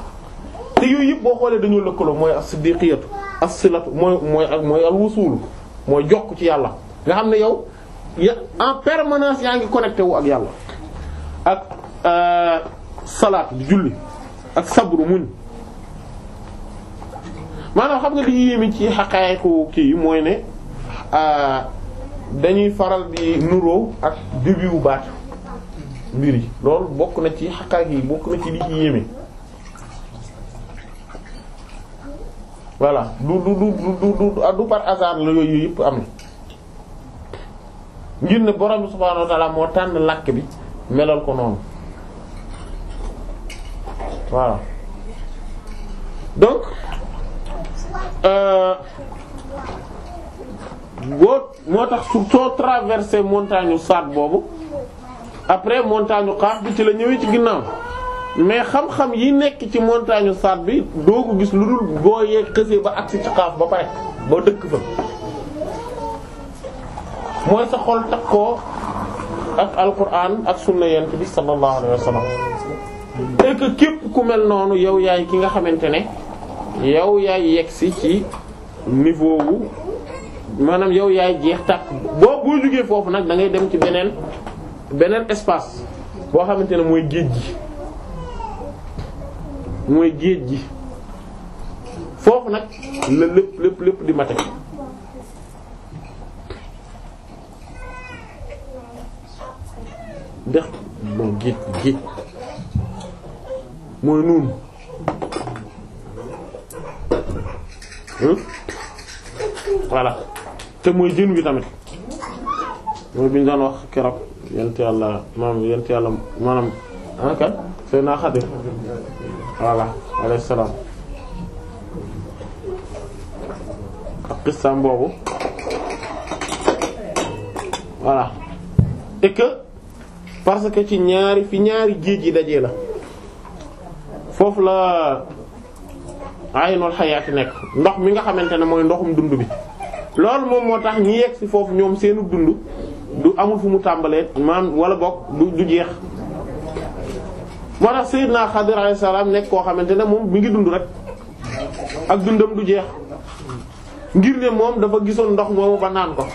te yooyu yëpp boo xoolee dañoo lëkkaloo mooy as-siddiqiyatu as-silatu mooy mooy ak mooy al-wusul mooy jokk ci yàlla nga xam ne yow ya en permanence yaa ngi connecté wu ak yàlla ak salaat di julli ak sabru muñ maanaam xam nga li yéeme ci xaqaayiku kii mooy ne dañuy faral di nuroo ak début wu baat mbir yi loolu bokk na ci xaqaay yi bokk na ci li ci yéeme voilà du du du du du par hasard la yooyu yëpp am na ngir ne borom bi subhaanahu wa moo tànn làkk bi melal ko noonu voilà donc boo euh, moo tax su soo traversé montagne saat boobu après montagne Qaaf bi ci la ñëwee ci ginnaaw mais xam-xam yi nekk ci montagne Saad bi doo ko gis lu dul boo yee xësee ba agsi ci Qaaf ba pare ba dëkk fa. mooy sa xol takkoo ak alquran ak sunna yent bi sallallahu wa sallam et que képp ku mel noonu yow yaay ki nga xamante ne yow yaay yegsi ci niveau wu maanaam yow yaay jeex tàkk boo boo jógee foofu nag dangay dem ci beneen beneen espace boo xamante ne mooy géej gi mooy géej gi foofu nag la lépp lépp lépp di mate dex bon géej géej mooy nuun hmm? voilà te mooy jën wi tamit mooy bi ñu daan wax keroog yent yàlla maanaam yent ah, yàlla maanaam ankat seen naa Xadir voilà alayhi salaam ak qissam boobu voilà et parce que ci ñaari fi ñaari géej yi dajee la foofu la noonu xayaati nekk ndox mi nga xamante ne mooy ndoxum dund bi loolu moom moo tax ñi yegg ci foofu ñoom seenu dund du amul fu mu tàmbalee maam wala bokk du du jeex moo tax Seydina Xadir alayhi salaam nekk koo xamante ne moom mi ngi dund rek ak dundam du jeex ngir ne moom dafa gisoon ndox moomu ba naan ko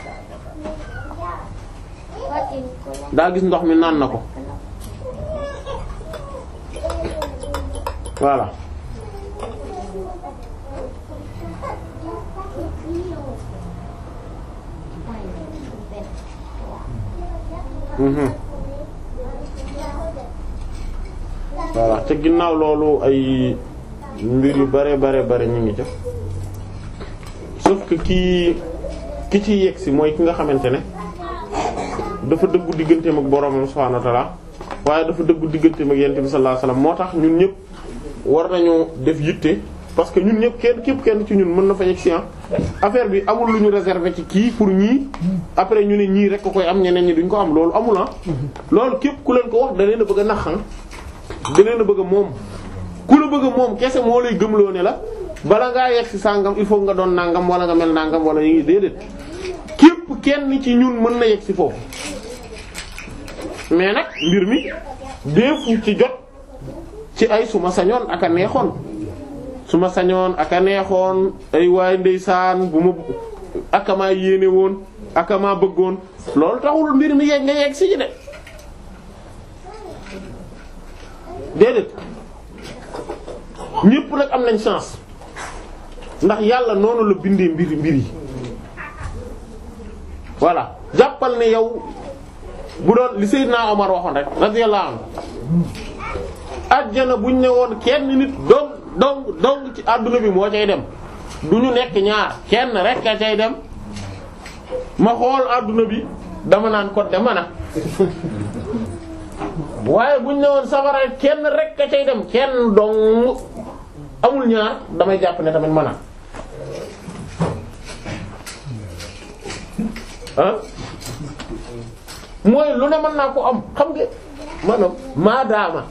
daa gis ndox mi naan na ko mhm. voilà te ginnaaw loolu ay mbir yu bare bare bare ñu ngi ca sauf ki ki ci yegg si mooy ki nga xamante ne dafa dëggu digganteem ak boroomam subhaanahu wa ta'aala waaye dafa dëggu digganteem ak yonent bi sallallahu alayhi wasallam moo tax ñun ñëpp war nañu def yitte parce que ñun ñëpp kenn képp kenn ci ñun mën na fa yegg si ah. affaire bi amul lu ñu réserver ci kii pour ñii après ñu ne ñii rek ko koy am ñeneen ñi duñ ko am loolu amul ah. loolu képp ku leen ko wax da leen a bëgg a nax ah. da leen a bëgg a moom ku la bëgg a moom kese moo lay gëm loo ne la bala ngaa yegg si sàngam il faut nga doon nangam wala nga mel nangam wala yi déedéet. képp kenn ci ñun mën na yegg si foofu mais nag mbir mi deefu ci jot ci ay suma sañoon ak a neexoon suma sañoon ak a neexoon ay waay ndeysaan bu ma akamaa yéene woon akamaa bëggoon loolu taxul mbir mi yegg nga yegg si de déedéet ñépp nag am nañ chance ndax yàlla noonu la bindee mbir mbir yi voilà jàppal ne yow bu doon li Seydina Omar waxoon rek radiyallahu anhu ajjana buñ ne woon kenn nit dong dong dong ci àdduna bi moo cay dem du ñu nekk ñaar kenn rek a cay dem ma xool àdduna bi dama naan ko dema na waaye buñ ne woon safara kenn rek a cay dem kenn dong amul ñaar damay jàpp ne tamit ma na ah mooy lu ne mën naa ko am xam nga maanaam maadaama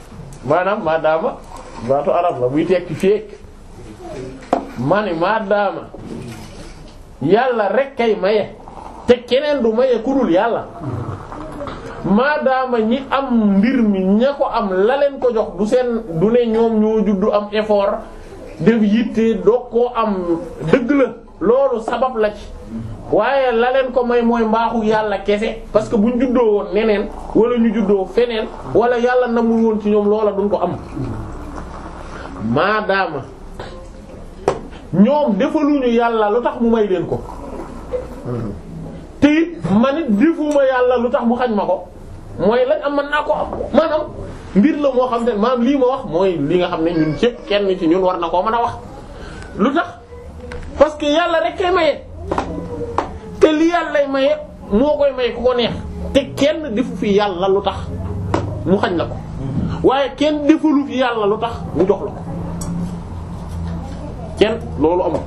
maanaam maadaama baatu arab la buy tekki feek ma ne maadaama yàlla rek kay maye te keneen du maye ku dul yàlla maadaama ñi am mbir mi ña ko am la leen ko jox du seen du ne ñoom ñoo juddu am effort def yitte doo koo am dëgg la loolu sabab la ci waaye la leen ko may mooy mbaaxu yàlla kese parce bu buñ juddoo woon neneen wala ñu juddoo feneen wala yàlla namul woon ci ñoom loola duñ ko am maadaama ñoom defaluñu yàlla lu tax mu may leen ko te it man yàlla lu tax mu xañ ma ko mooy lañ am man naa ko am maanaam mbir la moo xam ne maanaam lii ma wax mooy li nga xam ne ñun cëpp kenn ci ñun war na koo mën a wax lu tax parce yàlla rek kay maye te li yàllay maye moo koy may ku ko neex te kenn defu fi yàlla lu tax mu xañ la ko waaye kenn defalu fi yàlla lu tax mu jox la ko kenn loolu amul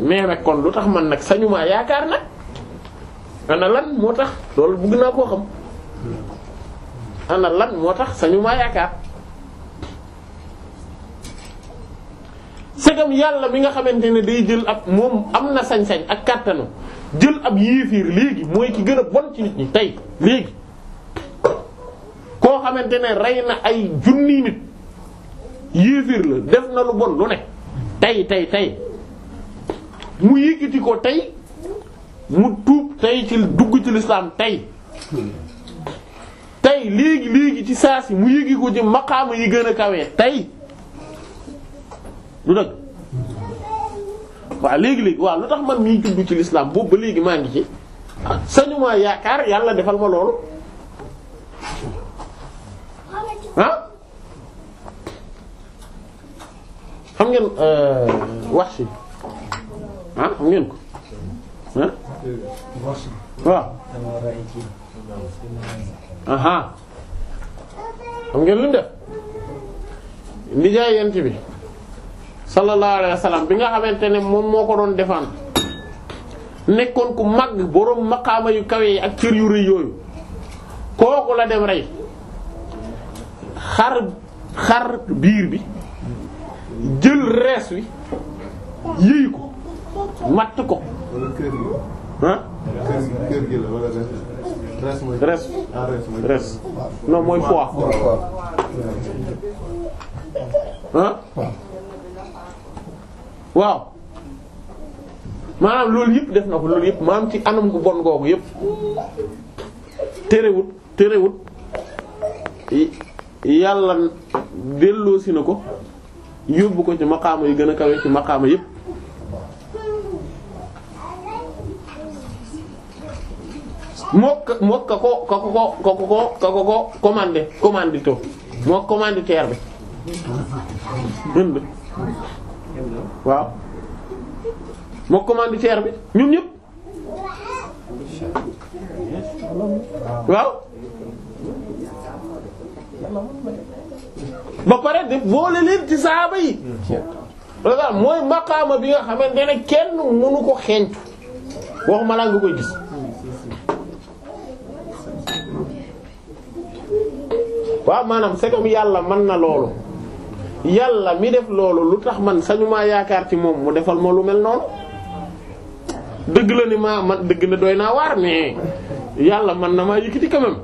mais nag kon lu tax man nag sañu maa yaakaar nag ana lan moo tax loolu bëgg naa koo xam ana moo tax sañu yaakaar segam yàlla bi nga xamante ne day jël ab moom am na sañ-sañ ak kàttanu jël ab yéefiir léegi mooy ki gën a bon ci nit ñi tey léegi koo xamante ne rey na ay junni nit yéefiir la def na lu bon lu ne tey tey tey mu yëkkati ko tey mu tuub tey ci dugg ci lislaam tey tey léegi léegi ci saa si mu yëgi ko ci maqaama yi gën a kawee tey du dëgg waaw léegi-léegi waaw lu tax man mii juddu ci lislaam boobu ba léegi maa ngi ci ah, sañuma yaakaar yàlla defal ma loolu ah xam ngeen euh, wax si ah xam ngeen ko ah waaw xam ngeen lu mu def nijaay yent bi sallallahu alayhi wa bi nga xamante ne moom moo ko doon defaan nekkoon ku mag boroom maqaama yu kawe yi ak cër yu rëy yooyu kooku la dem rey xar xar biir bi jël rees wi yëy ko matt ko. ah. kër gi la wala mooy. res ah. waaw maanaam loolu yëpp def na ko loolu yëpp maanaam ci anam gu bon googu yëpp terewut terewut yàlla delloosi na ko yóbbu ko ci maqaama yi gën a kawe ci maqaama yëpp mokk mokk ka ko ka ko ko ko ka ko ko commandé commandito moo commanditaire bi waaw moo commanditaire bi ñun ñëpp waaw ba pare def boole leen ci saaba yi mooy maqaama bi nga xamante ne kenn mënu ko xeeñtu waxuma laa nga koy gis waaw maanaam c'est yàlla mën na loolu yàlla mi def loolu lu tax man sañu yaakaar ci moom mu defal ma lu mel noonu dëgg la ni maa man dëgg na doy naa waar mais yàlla man na maa yëkkati quand même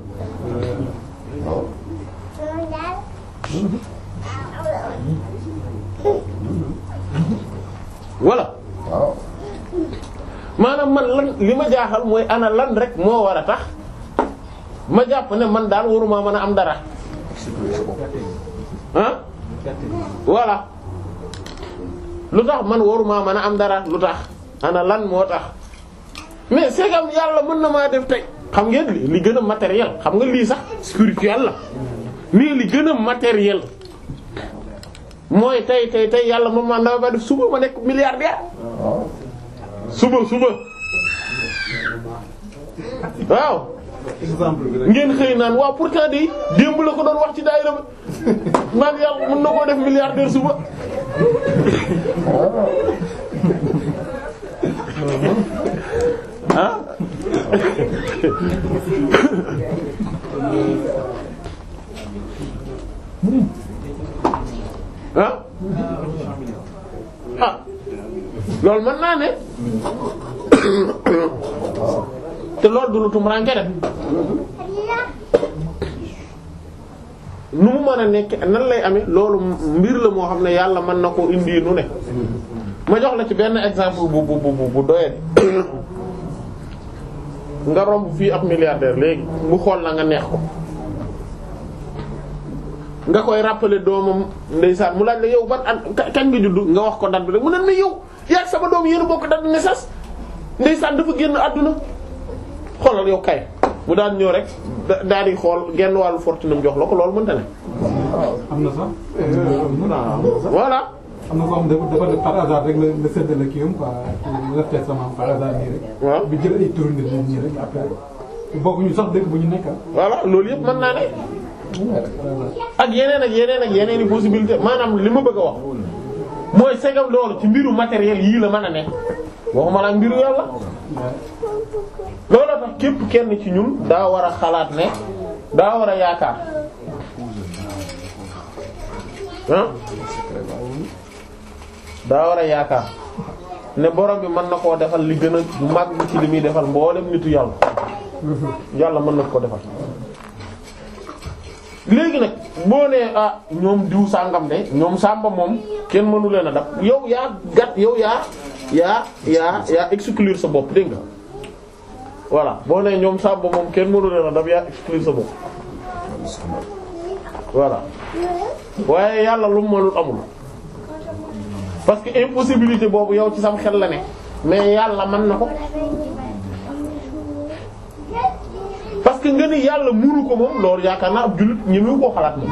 voilà maanaam man lan li ma jaaxal mooy ana lan rek moo war a tax ma jàpp ne man daal waruma mën a am dara ah voilà lu tax man waruma mën a am dara lu tax ana lan moo tax mais segam yàlla mën na maa def tey xam ngeen li li gën a matériel xam nga lii sax spirituel la lii li gën a matériel mooy tey tey tey yàlla moom man dama ba def suba ma nekk milliardaire ah. suba suba waaw ngeen xëy naan waaw pourtant de démb la ko doon wax ci daayira ba maa mën na koo def milliardaire suba. ah. ah. ah. loolu mën naa ne. te loolu du lu tumuraanke de nu mu mën a nekk nan lay amee loolu mbir la moo xam ne yàlla mën na ko indi ne ma jox la ci benn exemple bu bu bu bu doyee nga romb fii ab milliardaire léegi mu xool la nga neex ko nga koy rappeler doomam ndeysaan mu laaj la yow ban at kañ nga juddu nga wax ko date bi rek mu ne ma yow yaa sama doom yéen a bokk date de naissance ndeysaan dafa génn àdduna xoolal yow kay bu daan ñëw rek daal di xool genn wàllu fortune am jox la ko loolu mënta ne. am na sax. voilà. am na koo xam dafa rek la séddale kii am quoi la teg sama waaw bi jël ay tournée nii rek après dëkk bu ñu nekk voilà loolu yëpp mën naa ne. ak yeneen ak yeneen ak yeneen i possibilité maanaam li ma bëgg a wax. mooy segam loolu ci mbiru matériel yii la mën a ne waxuma la mbiru yàlla loolu tax képp kenn ci ñun daa war a xalaat ne daa war a yaakaar daa war a yaakaar ne borom bi mën na koo defal li gën a màgg ci li muy defal mboolem nitu yàlla yàlla mën na ko defal léegi nag boo nee ah ñoom diw sàngam de ñoom sàmba moom kenn mënu leen a dab yow yaa gat yow yaa yaa yaa yaa sa bopp dégg nga voilà boo nee ñoom sàmba moom kenn mënu leen a dab yaa exclure sa bopp voilà waaye yàlla lu mu amul parce que impossibilité boobu yow ci sam xel la ne mais yàlla mën na ko parce que nga ne yàlla munu ko moom loolu yaakaar naa ab jullit ñemewu koo xalaat moom.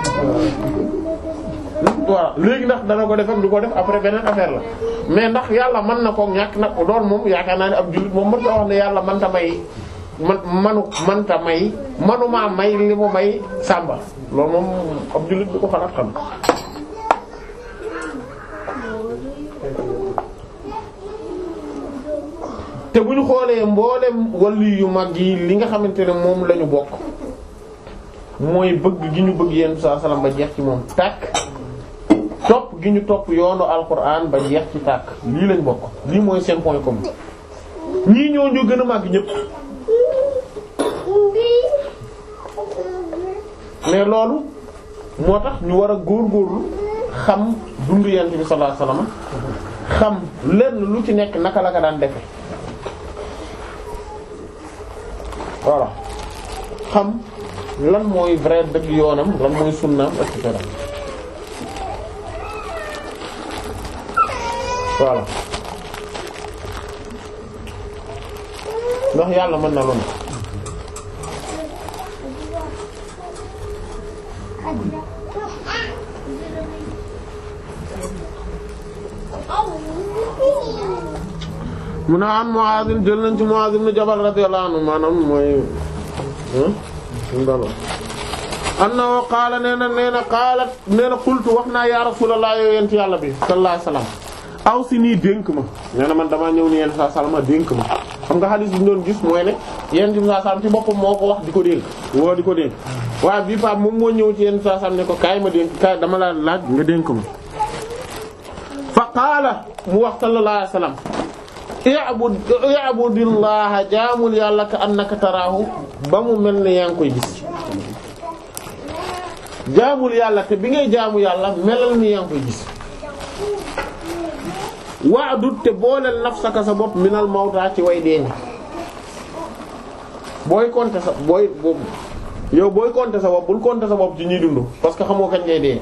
voilà léegi ndax dana ko def ak du ko def après beneen affaire la mais ndax yàlla mën na ko ñàkk nag loolu moom yaakaar naa ni ab jullit moom mën ta wax ne yàlla mën ta may man manu manta may manumaa may li mu may sàmba loolu moom ab jullit du ko xalaat xam. te bu ñu xoolee mboolem wàllu yu mag yi li nga xamante ne moom lañu bokk mooy bëgg gi ñu bëgg yenn saa salaam ba jeex ci moom tàkk topp gi ñu topp yoonu alquran ba jeex ci tàkk lii lañ bokk lii mooy seen point commun ñii ñoo ñu gën a màgg ñépp mais loolu moo tax ñu war a góor góorgóorlu xam dundu yent bi sallallahu xam lenn lu ci nekk naka la ka daan defe voilà xam lan mooy vrai dëgg yoonam lan mooy sunnaam et cetera voilà ndax yàlla mën na lu mu ne an ah Muaaz jël nañ ci Muaaz ibn Jabal radiyallahu anhu maanaam mooy um dala na nee na qaalat nee na qultu wax naa ya rasulullah yow yent yàlla bi sallallahu alayhi wasallam aw si nii dénk ma nee na man damaa ñëw ni yent saa salama dénk ma xam nga xaalis bi ñu doon gis mooy ne yent bi saa ci boppam moo ko wax di ko dénk di ko dénk waaye bii fa moom moo ñëw ci yenn saa salam ne ko kaay ma dénk kaay dama la laaj nga dénk ma fa qaala mu wax sallallahu alayhi i'bud i'budillaha jaamul yàlla ka annaka taraahu ba mu mel ne yaa ngi koy gis jaamul yàlla te bi ngay jaamu yàlla melal ni yaa ngi koy gis wa'dud te booleel nafsaka sa bopp minal mawta ci way deeñi booy compter booy yow booy compter sa bopp bul compter sa bopp ci ñuy dund parce que xamoo kañ ngay dee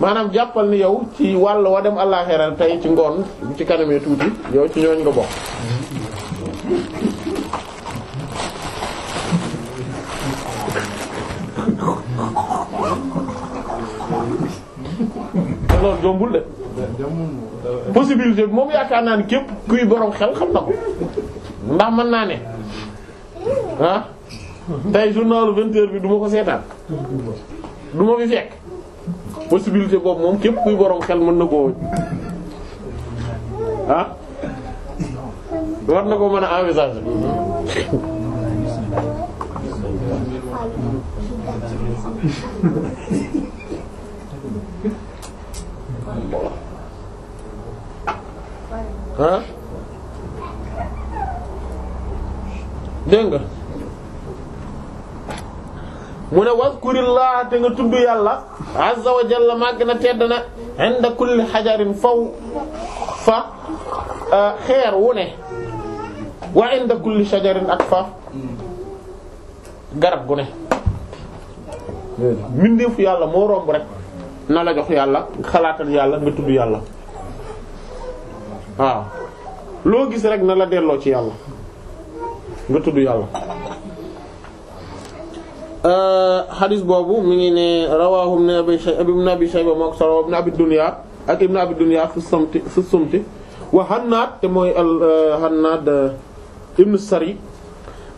maanaam jàppal ni yow ci wàll wa dem àllaaxira tey ci ngoon ci kanamee tuuti yow ci ñooñ nga bokk loolu jombul de possibilité bi moom yaakaar naa ne képp kuy borom xel xam na ko ndax mën naa ne ah tey journalu vingt heures bi du ma ko seetaan du ma fekk possibilité boobu moom képp kuy boroom xel mën na koo ah war na ko mën a envisager ah dégg mu ne wazkurillaha te nga tudd yàlla azza wa màgg na tedd na inda kulli xajarin faw fa euh, xeer wu ne wa inda kulli shajarin ak fa garab gu ne mbindeefu yàlla moo romb rek na la jox yàlla nga xalaatal yàlla nga tudd yàlla waaw loo gis rek na la delloo ci yàlla nga tudd yàlla xadis euh, boobu mu ngi ne rawaahu ibn abi shayba ibn solo ibn abi dunya ak ibn abi dunya fi sumti fi sumti wa hannaad te mooy al euh, hannaad euh, ibn sari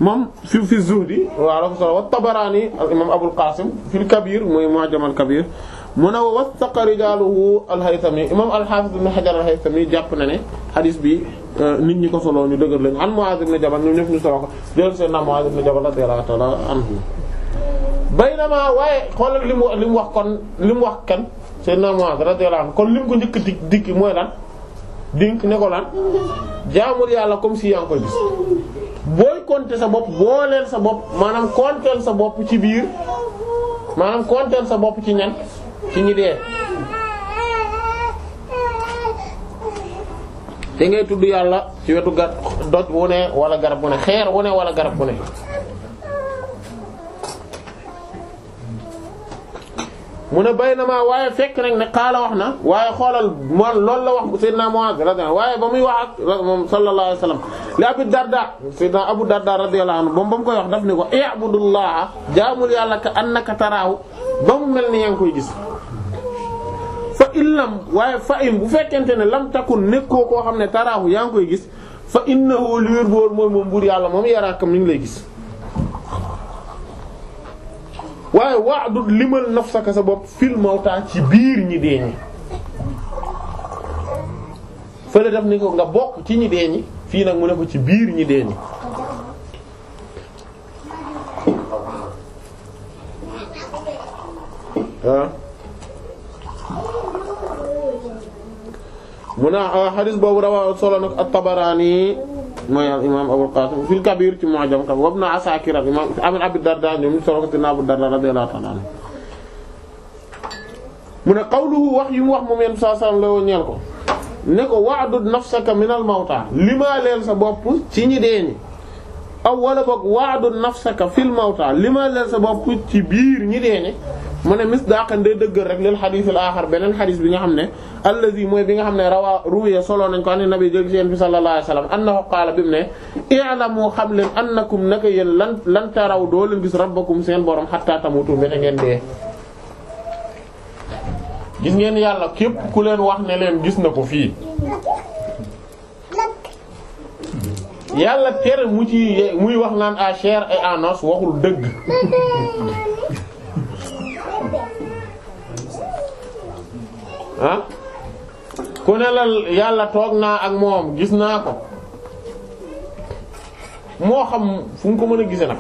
moom fi fi zuhdi waaw la ko solo wa tabaraani al imaam abul qaasim fil kabir mooy mu'jam al kabir mu ne wasaqa rijaaluhu alhaytami imam alxaafis ibn xajar alhaytami jàpp na ne xadis bi nit ñi ko solo ñu dëgër leen an muaz ibn jabal ñoom ñëpp ñu solo ko jël seen na muaz ibn jabal radiyallahu ta'ala anhu bay baynama waaye xoolal li mu li mu wax kon li mu wax kan Seydina Muhammad kon lim ko njëkk dikk dikki mooy lan dink ne ko lan jaamul yàlla comme si yaa ngi koy gis booy compter sa bopp booleel sa bopp maanaam compter sa bopp ci biir maanaam compter sa bopp ci ñan ci ñi dee te ngay tudd yàlla ci wetu gar doj wu ne wala garab wu ne xeer wu ne wala garab wu ne mu ne bay na maa waaye fekk nag ne xaala wax na waaye xoolal moom loolu la wax Seydina Muaz radiyallahu waaye ba muy wax ak moom sallallahu alayhi wasallam li Abu Darda Seydina Abu Darda radiyallahu anhu moom ba mu koy wax daf ni ko i'budullaha jaamul yàlla ka annaka taraahu ba mu mel ni yaa ngi koy gis fa in lam waaye fa in bu fekkente ne lam takun nekkoo koo xam ne taraahu yaa ngi koy gis fa innahu liur boor mooy moom buur yàlla moom yaraakam ni ngi lay gis waaye waa wa'dud limal nafsaka sa bopp fil mawta ci biir ñi dee ñi fële def ni ko nga bokk ci ñi dee ñi fii nag mu ne ko ci biir ñi dee ñi mu ne xadis ah, boobu rawaa solo nag at-Tabarani mooy al imaam Abul Qaasim fil Kabiir ci Mu'jam tam wabna Asakir al imaam amin Abi Darda ñoom ñu solo ko ci Abu Darda radiyallahu ta'ala anhu mu ne qawluhu wax yu wax moom yenn saa la woon ñeel ko ne ko wa'dud nafsaka minal mawta limaa sa bopp ci ñi dee aw wala boog waadu nafsaka fil mawta li ma leen sa bopp ci biir ñi dee ne mu ne misdaaqan day dëggal rek lil xadiis al aaxar beneen xadiis bi nga xam ne allazi mooy bi nga xam ne rawaa ruya solo nañ ko an nabi jóg seen bi sallallahu alayhi wasallam annahu qaala bi mu ne i'lamu xam leen annakum naka yéen lan lan taraw doo leen gis rabbakum seen borom hatta tamutu mbete ngeen dee gis ngeen yàlla képp ku leen wax ne leen gis na ko fii yàlla tere mu ci muy wax naan à chair et à os waxul dëgg ah ku ne yàlla toog naa ak moom gis naa ko moo xam fu mu ko mën a gise nag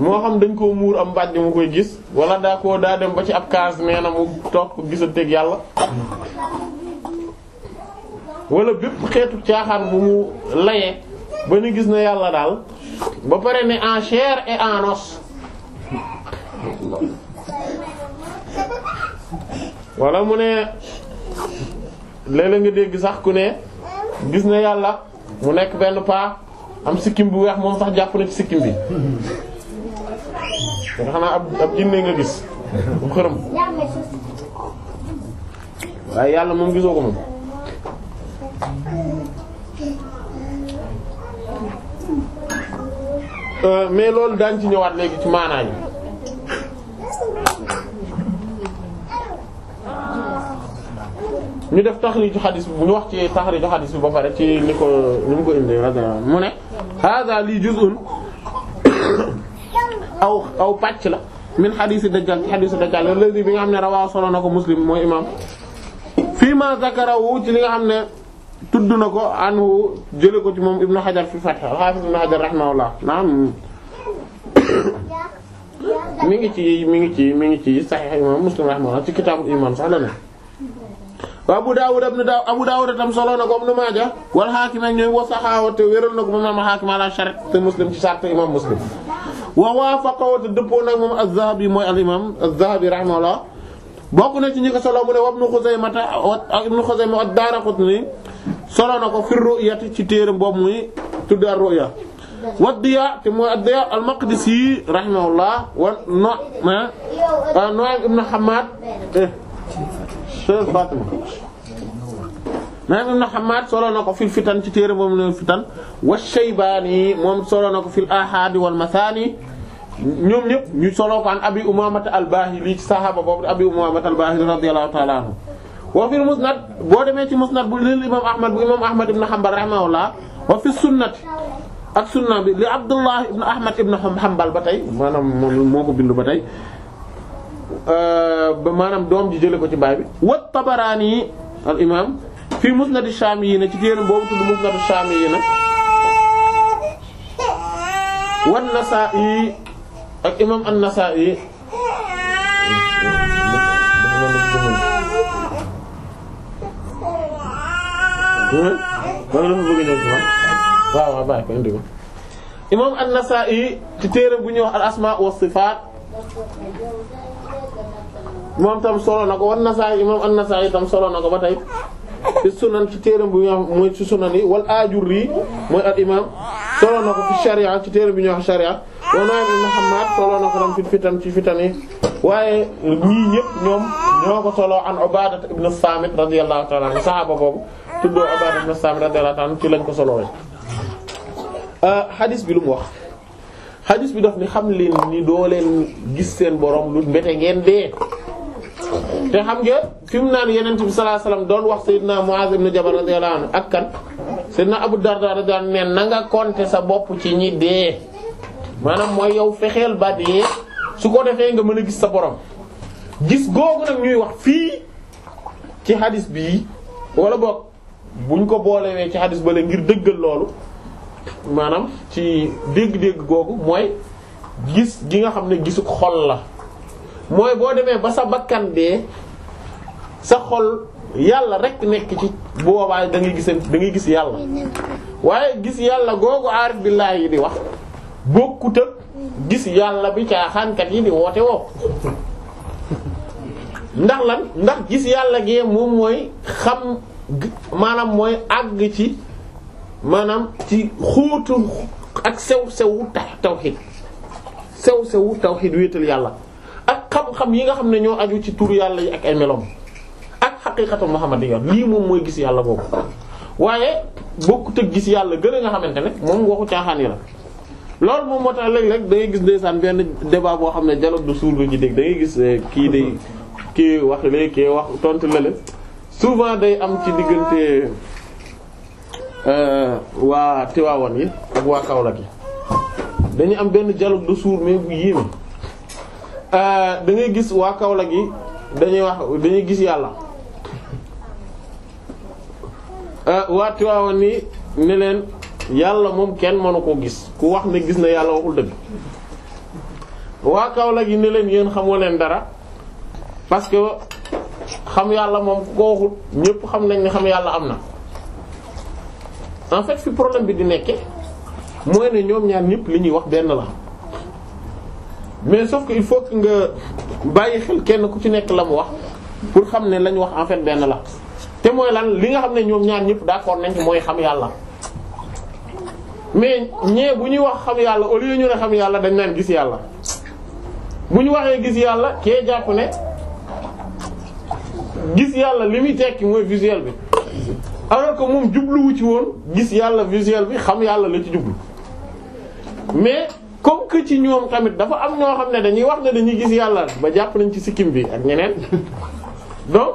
moo xam dañ koo muur am mbàjj mu koy gis walla daa koo daa dem ba ci ab kaas nee na mu toog ko gisanteeg yàlla wala bépp xeetu caaxaan bu mu layee ba ñu gis na yàlla daal ba pare ne en chair et en os wala mu ne léeg-léeg nga dégg sax ku ne gis na yàlla mu nekk benn paa am sikkim bu weex moom sax jàpp na ci sikkim bi nga xanaa ab ab jinne nga gis bu xërëm waaye yàlla moom gisoo ko moom Euh, mais loolu daañ ci ñëwaat léegi ci maanaa yi ñu def taxriiju xadis bi bu ñu wax ci taxriiju xadis bi ba pare ci ni ko ni mu ko indee mu ne hada lii juz'un aw aw pàcc la min xadisi dajjal ci xadisi dajjal la bi nga xam ne rawaa solo na ko muslim mooy imam fii ma zakarawu ci li nga xam ne tudd na ko anhu jële ko ci moom ibnu Hajar fi Fath al-Hafiz ibnu ngi ci mi ngi ci mi ngi ci Sahih imam Muslim rahimahullah ci kitaabul iman sax la ne wa Abu Dawud ibn Dawud Abu Dawud tam solo na ko Ibn Maaja wal Haakim ak ñoom wa te wéral na moom imaam Haakim ala shart Muslim ci sart imam Muslim wa waafaqahu te dëppoo nag moom az-Zahabi mooy al imam az-Zahabi rahimahullah bokk na ci ñi ko solo mu ne wa Ibn Khuzaymah ak Ibn Khuzaymah ad solo na ko fi ru'yati ci téere boobu muy tudd ar-ru'ya wa ad-diya te mooy ad-diya al-maqdisi rahimahullah wa no ah, Nu'aym ibn Hammad eh, Fatima Nu'aym ibn Hammad solo na ko fil fitan ci téere boobu muy fitan wa Shaybani moom solo na ko fil ahad wal mathani ñoom ñëpp ñu solo ko an Abi Umamata al-Bahili ci saxaaba boobu Abi Umamata al-Bahili radiyallahu ta'ala anhu wa fil musnad boo demee ci musnad bu lil imam ahmad bu imam ahmad ibn hanbal rahimahullah wa fi sunnati ak sunna bi li abdullah ibn ahmad ibn hanbal ba tey maanaam moo ko bindu ba tey euh, maanaam doom ji jële ko ci baay bi wa tabaraani al imam fii musnad ash-shaamiyiina ci téere boobu tudd musnad ash-shaamiyiina wa an-nasaa'i ak imam an-nasaa'i dama dafa bëgg an-Nasa'i ci bu ñuy wax al asma tam solo na ko wan Nasa'i imam an-Nasa'i tam solo na ko ba tey ci sunan ci téere bu ñuy wax mooy ci sunan yi mooy al imam solo na ko fi sharia ci téere bu ñuy wax sharia tam fi fitan ci fitan yi waaye ñii ñëpp ñoom ñoo ko solo an Ubaada ibn Samit radiyallahu ta'ala anhu saxaaba boobu tuddoo Ubaada ibn Saamit radiyallahu ci lañ ko solowe xadis euh, bi lu mu wax xadis bi daf ni xam leen ni doo leen gis seen borom lu mbete ngeen dee te xam nga fi mu naan Yonent bi sallallahu alayhi wasallam doon wax Seydina Muaz ibn Jabal radiyallahu anhu ak kan Seydina Abu Darda radiyallahu anhu na nga sa bopp ci ñi dee maanaam mooy yow fexeel ba dee su ko defee nga mën a gis sa borom gis googu nag ñuy wax fii ci xadis bii wala boog buñ ko boolewee ci xadis bale ngir dëggal loolu maanaam ci dégg-dégg googu mooy gis gi nga xam ne gisuk xol la mooy boo demee ba sa bakkan dee sa xol yàlla rek nekk ci bu boobaa da ngay gis yàlla waaye gis yàlla googu aarif billaahi yi di wax bokkut ak gis yàlla bi caaxaankat yi di woote woo ndax lan ndax gis yàlla gee moom mooy xam maanaam mooy àgg ci maanaam ci xóotu ak sew-sewu tawhid sew-sewu tawhid wéetal yàlla ak xam-xam yi nga xam ne ñoo aju ci tur yàlla yi ak ay melom ak xaqiiqatul muhammadiyya lii moom mooy gis yàlla boobu waaye bokkut ak gis yàlla gën a nga xamante ne moom waxu caaxaan yi la loolu moom moo tax léeg-léeg dangay gis ndeysaan benn débat boo xam ne dialogue de sourds ji dégg da ngay gis eh, kii day kii wax léegi kii wax tontu la leen souvent day am ci diggante euh, waa Tiwaawan yi ak waa kawla gi dañuy am benn dialogue de sourds mais bu yéeme euh, da ngay gis waa kawla gi dañuy wax dañuy gis yàlla euh, waa Tiwaawan yi ne leen yàlla moom kenn mënu koo gis ku wax ne gis na yàlla waxul dëgg waa Kaolack yi ne leen yéen xamoo leen dara parce xam yàlla moom ku ko ñépp xam nañ ne xam yàlla am na en fait fi problème bi di nekke mooy ne ñoom ñaan ñépp li ñuy wax benn la mais sauf que il faut nga bàyyi xel kenn ku ci nekk la mu wax pour xam ne la wax en benn la te mooy lan li nga xam ne ñoom ñaan ñépp d'accord nañ ci mooy xam yàlla mais ñee bu ñuy wax xam yàlla au lieu ñu ne xam yàlla dañ naan gis yàlla bu ñu waxee gis yàlla kee jàpp ne. gis yàlla li muy tekki mooy visuel bi alors ko moom jubluwu ci woon gis yàlla visuel bi xam yàlla la ci jublu mais comme que ci ñoom tamit dafa am ñoo xam ne dañuy wax ne dañuy gis yàlla ba jàpp nañ ci sikkim bi ak ñeneen donc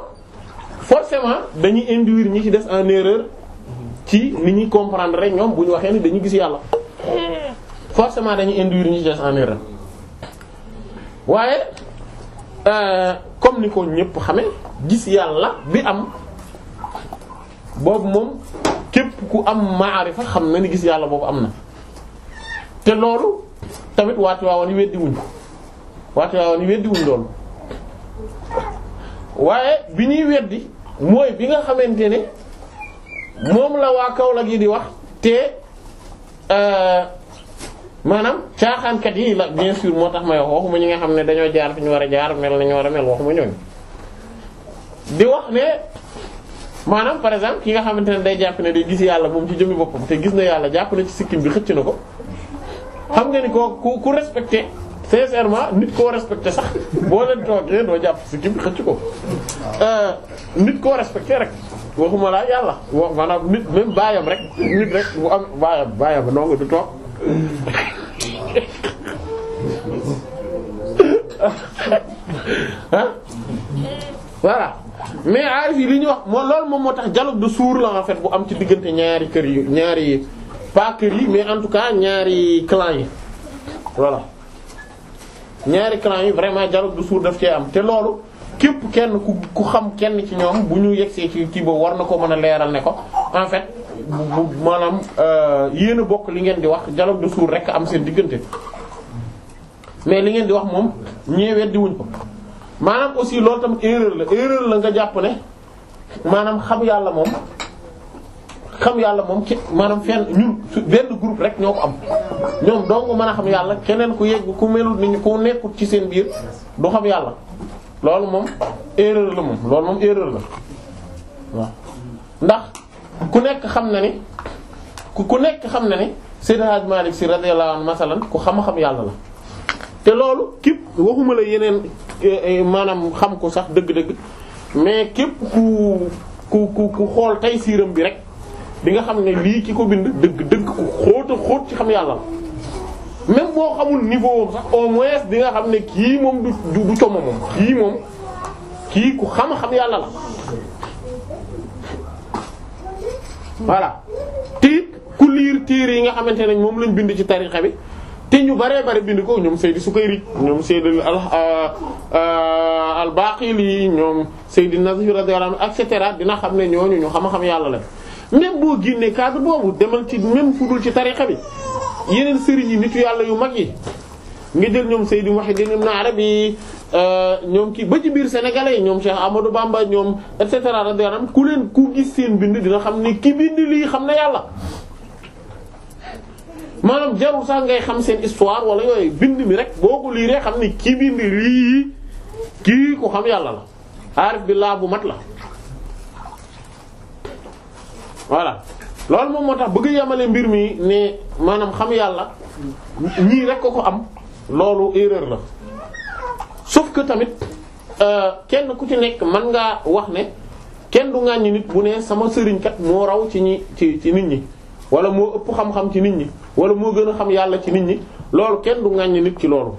forcément dañuy induire ñi ci des en erreur ci ni ñuy comprendre rek ñoom bu ñu waxee ni dañuy gis yàlla forcément dañuy induire ñi ci des en erreur waaye Euh, comme ni ko ñëpp xame gis yàlla bi am boobu moom képp ku am maarifa xam na ni gis yàlla boobu am na te loolu tamit waati waawoon yi weddi wuñ waati waawoon yi weddi loolu waaye bi ñuy weddi mooy bi nga xamante ne moom la waa kaw Kaolack yi di wax te euh, maanaam caaxaankat yi la bien sûr moo tax may wax waxuma ñi nga xam ne dañoo jaar fi ñu war a jaar mel nañu war a mel waxuma ñooñu di wax ne maanaam par exemple ki nga xamante ne day jàpp ne day gis yàlla moom ci jëmmi boppam te gis na yàlla jàpp na ci sikkim bi xëcc na ko xam nga ni ko ku ku respecté nit koo respecté sax boo leen toogee doo jàpp sikkim bi xëcc ko euh, nit koo respecté rek waxuma laa yàlla wax maanaam nit même baayam rek nit rek bu am baayam baayam nonga ah voilà mais aarif yi li ñu wax moom loolu moom moo tax dialogue de suur la en bu am ci diggante ñaari kër yi ñaari pas kër yi mais en tout cas ñaari clan yi voilà ñaari clans yi vraiment dialogue de suur daf cee am te loolu képp kenn ku ku xam kenn ci ñoom bu ñu yegsee ci kii boobu war na ko mën a leeral ne ko en fait. maanaam euh, yéen a bokk li ngeen di wax dialogue de sourds rek am seen diggante mais li ngeen di wax moom ñee weddi wuñ ko maanaam aussi loolu tam erreur la erreur la nga jàpp ne maanaam xam yàlla moom xam yàlla moom ci maanaam fenn ñun benn groupe rek ñoo ko am ñoom dong mën a xam yàlla keneen ku yegg ku melut ni ko nekkut ci seen biir du xam yàlla loolu moom erreur la moom loolu moom erreur la waaw ndax. ku nekk xam na ni ku ku nekk xam na ni Seydi Hadj Malick Sy radiyallahu masalan ku xam-xam yàlla la te loolu képp waxuma la yeneen e, e, maanaam xam ko sax dëgg-dëgg mais képp ku ku ku ku xool tey siiram bi rek di nga xam ne lii ci ko bind dëgg dëgg ku xóot xóot ci xam yàlla la même boo xamul niveau sax au moins di nga xam ne kii moom du du como moom kii moom kii ku xam-xam yàlla la voilà te ku liir téere yi nga xamante ne moom lañ bind ci tarixa bi te ñu baree bari bind ko ñoom Seydi Sukayri ñoom Seydi al-Baqili ñoom Seydi Nazir radiyallahu anhu et cetera dina xam ne ñooñu ñu xam-xam yàlla la même boo génnee cadre boobu demal ci même fudul ci tarixa bi yeneen sëriñ yi nitu yàlla yu mag yi nga jël ñoom Seydi Muhyiddin Ibn Arabi Euh, ñoom kii ba ci biir sénégalais ñoom Cheikh Amadou Bamba ñoom et cetera radiyallahu anhum ku leen ku gis seen bind dina xam ni kii bind lii xam na yàlla maanaam jarul sax ngay xam seen histoire wala yooyu bind mi rek boo ko liiree xam ni kii bind lii kii ku xam yàlla la aarif bi laa bu mat la voilà loolu moom moo tax bëgg yemale mbir mi ne maanaam xam yàlla ñii rek ko ko am loolu erreur la sauf que tamit euh, kenn ku ci nekk mën ngaa wax ne kenn du ŋàññi nit bu ne sama sëriñ kat moo raw ci ñi ci ci nit ñi wala moo ëpp xam-xam ci nit ñi wala moo gën a xam yàlla ci nit ñi loolu kenn du ŋàññi nit ci loolu.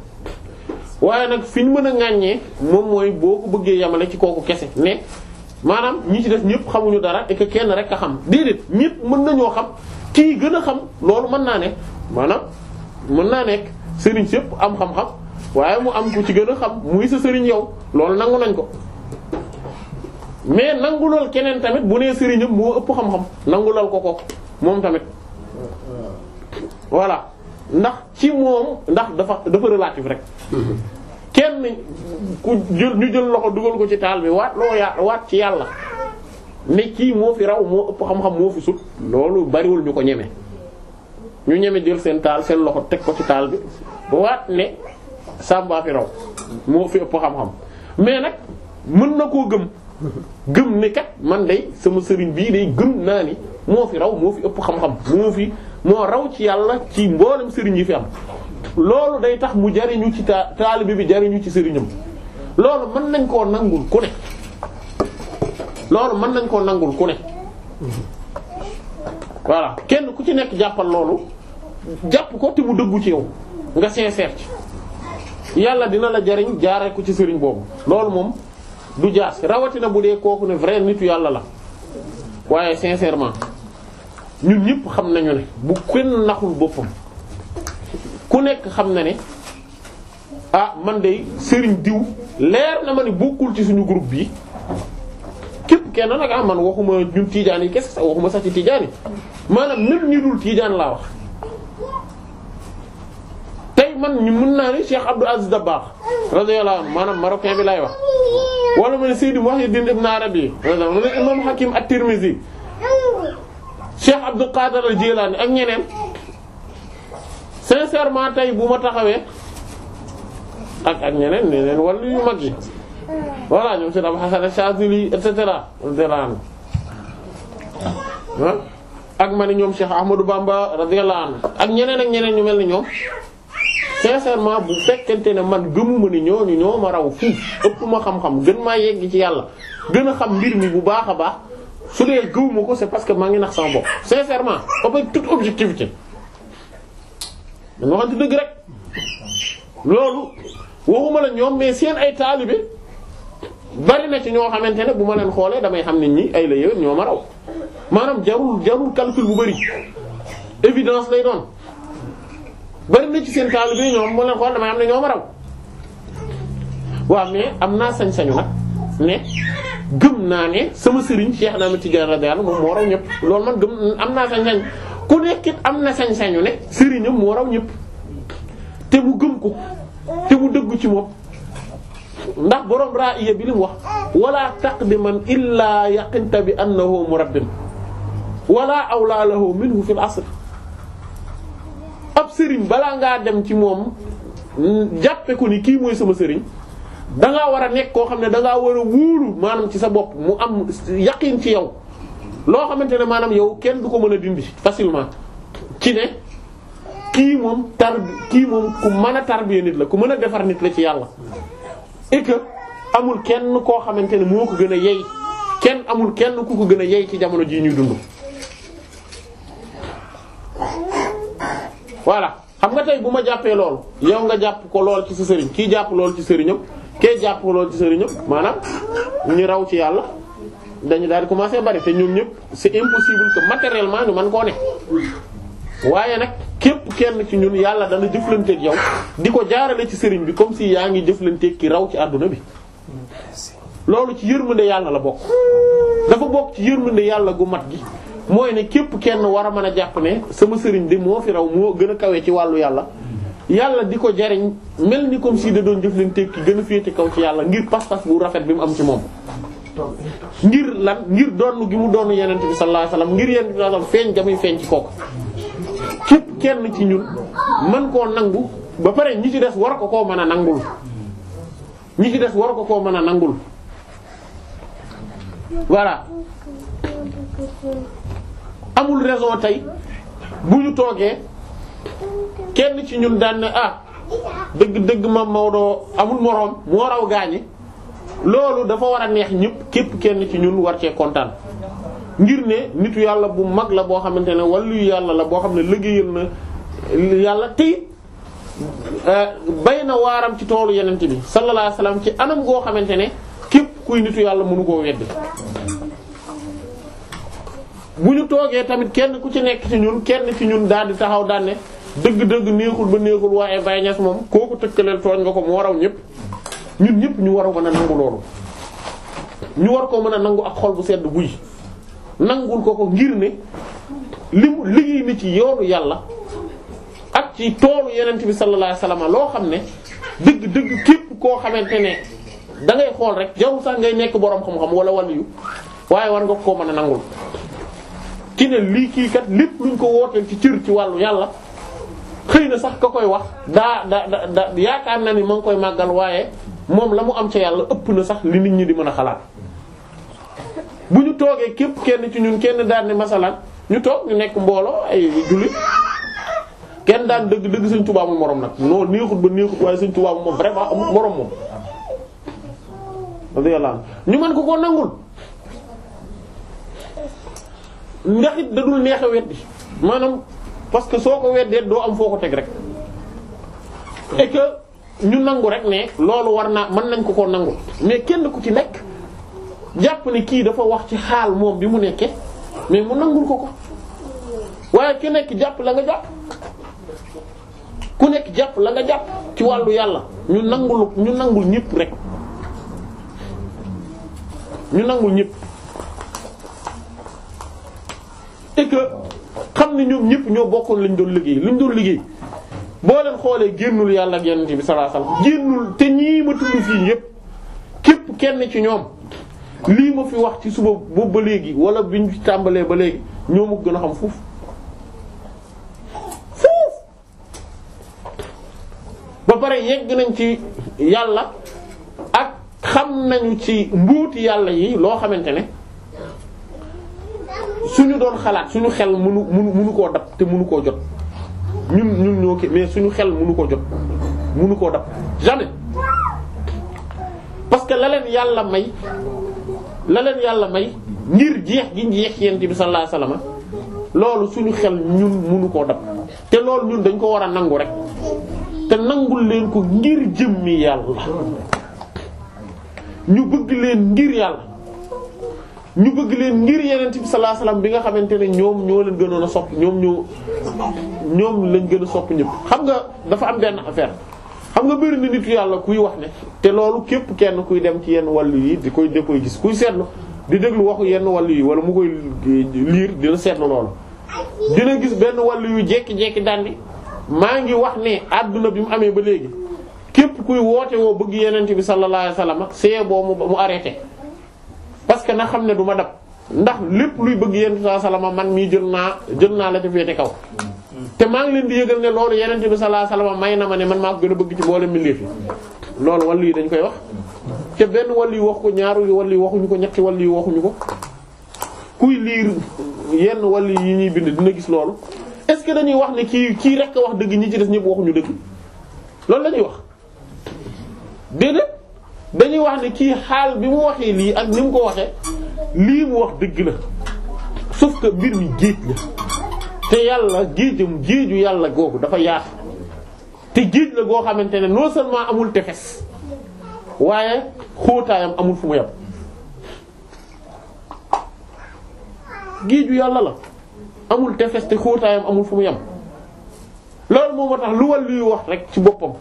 waaye nag fi ñu mën a ŋàññee moom mooy boo ko bëggee yamale ci kooku kese ne maanaam ñi ci def ñëpp xamuñu dara et que kenn rek a xam déedéet ñëpp mën nañoo xam kii gën a xam loolu mën naa ne maanaam mën naa nekk sëriñ si yëpp am xam-xam. waaye mu am ku ci gën a xam muy sa sëriñ yow loolu nangu nañ ko mais nangu lool keneen tamit bu nee sëriñam moo ëpp xam-xam nangu lool ko ko moom tamit voilà ndax ci ndax dafa dafa relatif rek kenn ñu jël loxo dugal ko ci taal bi waat loo ya waat ci yàlla ne kii moo fi raw moo ëpp xam-xam moo fi sut loolu bariwul ñu ko ñeme ñu ñeme jël seen taal seen loxo teg ko ci taal bi waat ne Samba fi raw moo fi ëpp xam-xam mais nag mën na koo gëm gëm ne kat man day sama sëriñ bii day gëm naa ni moo fi raw moo fi ëpp xam-xam moo fi moo raw ci yàlla ci mboolem sëriñ yi fi am loolu day tax mu jariñu ci ta taalibe bi jariñu ci sëriñam loolu mën nañ koo nangul ku ne loolu mën nañ koo nangul ku ne voilà kenn ku ci nekk jàppal loolu jàpp ko te mu dëggu ci yow nga sincère ci yàlla dina la jariñ jaaree ko ci sëriñ boobu loolu moom du jaar si rawatina bu dee kooku ne vrai nitu yàlla la waaye sincèrement ñun ñëpp xam nañu ne bu kenn naxul boppam ku nekk xam na ne ah man de sëriñ diw leer na ma ne bokkul ci suñu groupe bi képp kenn nag ah man waxuma ñun tiijaan yi kes sax waxuma sax ci tiijaan yi maanaam même ñi dul tiijaan laa wax. man ñu mën naa ne Cheikh Abdou Aziz Dabakh radiyallahu anhu maanaam marocain bi lay wax wala ma ne Seydi Muhyiddin Ibn Arabi ma ne Imam Hakim at-Tirmidhi Cheikh Abdou Qadir al ak ñeneen sincèrement tey bu ma taxawee ak ñeneen ñeneen wala yu mag yi voilà ñoom Seydi Abou Hassan al ak ma ñoom Cheikh Ahmadou Bamba radiyallahu anhu ak ñeneen ak ñeneen ñu mel ni ñoom sincèrement bu fekkente ne man gëmuma ne ñooñu ñoo ma raw fii ëpp ma xam-xam gën maa yegg ci yàlla gën a xam mbir mi bu baax a baax su dee gëmuma ko c'est parce que maa ngi nax sama bopp sincèrement avec toute objectivité dañ waxante dëgg loolu waxuma la ñoom mais seen ay taalibe bari na ci ñoo xamante ne bu ma leen xoolee damay xam ne ñi ay la yéwén ñoo ma raw maanaam jarul jarul calcul bu bari évidence lay doon bari na ci seen taalibe bi ñoom moo leen xool damay am ne ñoo ma raw waaw mais am naa sañ-sañu nag ne gëm naa ne sama sëriñ Cheikh Ahmed Tidiane radiyallahu moom moo raw ñëpp loolu man gëm am naa sañ-sañ ku nekk am na sañ-sañu ne sëriñam moo raw ñëpp te mu gëm ko te mu dëggu ci moom ndax borom ra'iya bi li mu wax wala taqdiman illaa yaqinta bi annahu murabbin wala awla lahu minhu fil asr sëriñ balaa ngaa dem ci moom jàppe ko ni kii mooy sama sëriñ dangaa war a nekk koo xam ne dangaa war a wóolu maanam ci sa bopp mu am yaqin ci yow loo xamante ne maanaam yow kenn du ko mën a dindi facilement ci ne kii moom tar kii moom ku mën a tarbiya nit la ku mën a defar nit la ci yàlla et que amul kenn koo xamante ne moo ko gën a yey kenn amul kenn ku ko gën a yey ci jamono ji ñuy dundu voilà xam nga tey bu ma jàppee loolu yow nga jàpp ko lool ci sa sëriñ kii jàpp lool ci sëriñam kee jàpp ko lool ci sëriñam maanaam ñu raw ci yàlla dañu daal di commencer bari te ñoom ñëpp c'est impossible que matériellement ñu mën koo ne waaye nag képp kenn ci ñun yàlla dana jëflanteeg yow di ko jaarale ci sëriñ bi comme si yaa ngi jëflanteeg ki raw ci àdduna bi loolu ci yërmande yàlla la bokk dafa bokk ci yërmande yàlla gu mat gi mooy ne képp kenn war a mën a jàpp ne sama sëriñ de moo fi raw moo gën a kawe ci wàllu yàlla yàlla di ko jariñ mel ni comme si da doon jëflanteeg ki gën a féete kaw ci yàlla ngir pas-pas bu rafet bi mu am ci moom. ngir lan ngir doonu gi mu donn yenent bi sallallahu alayhi wasallam ngir yenent bi sallallahu alayhi wasallam feeñ jamuy feeñ ci kooku képp kenn ci ñun man koo nangu ba pare ñi ci des war ko koo mën a nangul ñi ci des war ko koo mën a nangul voilà amul raison tey bu ñu toogee kenn ci ñun daan ne ah dëgg dëgg ma Maodo amul moroom moo raw gaañi loolu dafa war a neex ñépp képp kenn ci ñun war cee kontaan ngir ne nitu yàlla bu mag la boo xamante ne wàllu yàlla la boo xam ne liggéeyal na yàlla tey euh, bay na waaram ci toolu yenent bi sallallahu alayhi ci anam goo xamante ne képp kuy nitu yàlla mënu koo weddi bu ñu toogee tamit kenn ku ci nekk ci ñun kenn ci ñun daal di taxaw daan dëgg-dëgg neexul ba neexul waaye Baye Niass moom kooku tëkkaleel tooñ nga ko mu waraw ñëpp ñun ñëpp ñu war a a nangu loolu. ñu war koo mën a nangu ak xol bu sedd buy nangul ko ko ngir ne li liggéey ni ci yoonu yàlla ak ci toolu yenent bi sallallahu alayhi wasallam loo xam ne dëgg képp koo xamante ne da ngay rek jarul sax ngay nekk boroom xam-xam wala waliyu waaye war nga koo mën a nangul. ki ne lii kii kat lépp luñ ko wooteel ci cër ci wàllu yàlla xëy na sax ka koy wax daa da da da yaakaar na ni ma ngi koy màggal waaye moom la mu am ca yàlla ëpp na sax li nit ñi di mën a xalaat bu ñu toogee képp kenn ci ñun kenn daan ne masalan ñu toog ñu nekk mbooloo ay jullit kenn daan dëgg dëgg Sëriñ Tuubaa mu moroom nag non neexut ba neexut waaye Sëriñ Tuubaa moom vraiment amul moroom moom radiyallahu ñu mën ko nangul ndax it da dul neex a weddi maanaam parce que soo ko weddee doo am foo ko teg rek et que ñu nangu rek ne loolu war naa mën nañ ko ko nangu mais kenn ku ci nekk jàpp kii dafa wax ci xaal moom bi mu nekkee mais mu nangul ko ko waaye ku nekk jàpp la nga jàpp ku nekk jàpp la nga jàpp ci wàllu yàlla ñu nangul ñu nangul ñëpp rek ñu nangul ñëpp et que xam ne ñoom ñëpp ñoo bokkoon lañu doon liggéey lañ doon liggéey boo leen xoolee génnul yàlla ak yonent bi génnul te ñii ma tudd fii yëpp képp kenn ci ñoom lii ma fi wax ci suba boobu ba léegi wala biñ fi tàmbalee ba léegi ñoo ma gën xam foofu. foofu ba pare yegg nañ ci yàlla ak xam nañu ci mbuuti yàlla yi loo xamante ne. suñu doon xalaat suñu xel mënu mënu mënu koo dab te mënu koo jot ñun ñun ñoo ki mais suñu xel munu koo jot mënu koo dab jamais parce que la leen yàlla may la leen yàlla may ngir jeex gi jeex yent bi sallallahu alayhi wasallam loolu suñu xel ñun mënu koo dab te loolu ñun dañ ko war a nangu rek te nangul leen ko ngir jëmmi yàlla ñu bëgg leen ngir yàlla ñu bëgg leen ngir yenent bi sallallahu alayhi bi nga xamante ne ñoom ñoo leen gënoon a sopp ñoom ñoo ñoom lañ gën a sopp ñëpp xam nga dafa am benn affaire xam nga bëri na yàlla kuy wax ne te loolu képp kenn kuy dem ci yenn wàll yi di koy da koy gis kuy seetlu di déglu waxu yenn wàll yi wala mu koy liir dina seetlu loolu dina gis benn wàll yu jekki-jekki dandi maa ngi wax ne àdduna bi mu amee ba léegi képp kuy woote woo bëgg yenent bi sallallahu alayhi wasallam see boo mu arrêté parce que na xam ne du ma dab ndax lépp luy bëgg yenn saa salama man mii jël naa jël naa la ca féete kaw. te maa ngi leen di yëgal ne loolu yeneen bi sallallahu alayhi may na ma ne man maa ko gën a bëgg ci mboolem mbindeef yi loolu wàllu yi dañ koy wax te benn wàllu yi wax ko ñaaru wàllu yi waxuñu ko ñetti wàllu yi waxuñu ko kuy liir yenn wàllu yi ñuy bind dina gis loolu est ce que dañuy wax ne kii kii rek wax dëgg ñi ci des ñëpp waxuñu dëgg loolu la ñuy wax déedéet dañu wax ne kii xaal bi mu waxee lii ak ni mu ko waxee lii mu wax dëgg la sauf que mbir mi géej la te yàlla géejam géeju yàlla googu dafa yaatu te géej la goo xamante ne non seulement amul tefes waaye xóotaayam amul fu mu yem géeju yàlla la amul tefes te xóotaayam amul fu mu yem loolu moom moo tax lu wàllu yu wax rek ci boppam.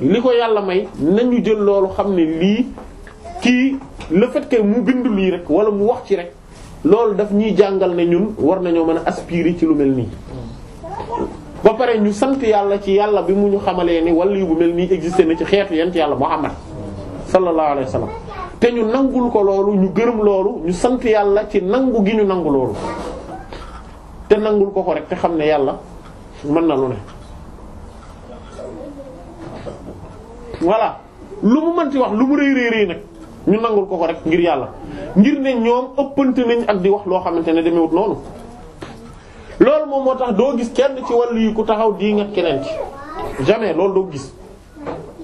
li ko yàlla may na ñu jël loolu xam ne lii kii le fait que mu bind lii rek wala mu wax ci rek loolu daf ñuy jàngal ne ñun war nañoo mën a aspirer ci lu mel nii. ba pare ñu sant yàlla ci yàlla bi mu ñu xamalee ni wala bu mel nii existé na ci xeetu yent yàlla Muhammad sallallahu alayhi wa sallam te ñu nangul ko loolu ñu gërëm loolu ñu sant yàlla ci nangu gi ñu nangu loolu te nangul ko ko rek te xam ne yàlla mën na lu ne. voilà lu mu mënti wax lu mu rëy rëy rëy nag ñu nangul ko ko rek ngir yàlla ngir ne ñoom ëppante nañ ak di wax loo xamante ne demewut noonu loolu moom moo tax doo gis kenn ci wàll yi ku taxaw di nga keneen ci jamais loolu doo gis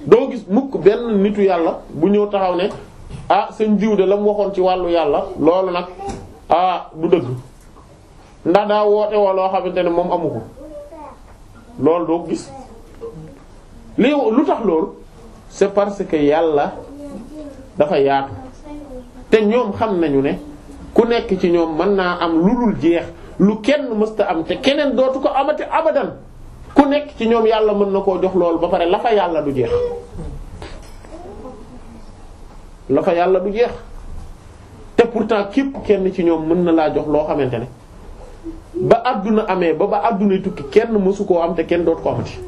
doo gis mukk benn nitu yàlla bu ñëw taxaw ne ah seen diw de la mu waxoon ci wàllu yàlla loolu nag ah du dëgg ndax daa woote woo xamante ne moom amuko loolu doo gis li lu tax loolu c'est parce que yàlla dafa yaatu te ñoom xam nañu ne ku nekk ci ñoom mën naa am lu dul jeex lu kenn mësta am te keneen dootu ko amati abadan ku nekk ci ñoom yàlla mën na koo jox loolu ba pare la yàlla du jeex la yàlla du jeex te pourtant képp kenn ci ñoom mën na laa jox loo xamante ne ba àdduna amee ba ba àdduna tukki kenn mësu koo am te kenn dootu ko amati.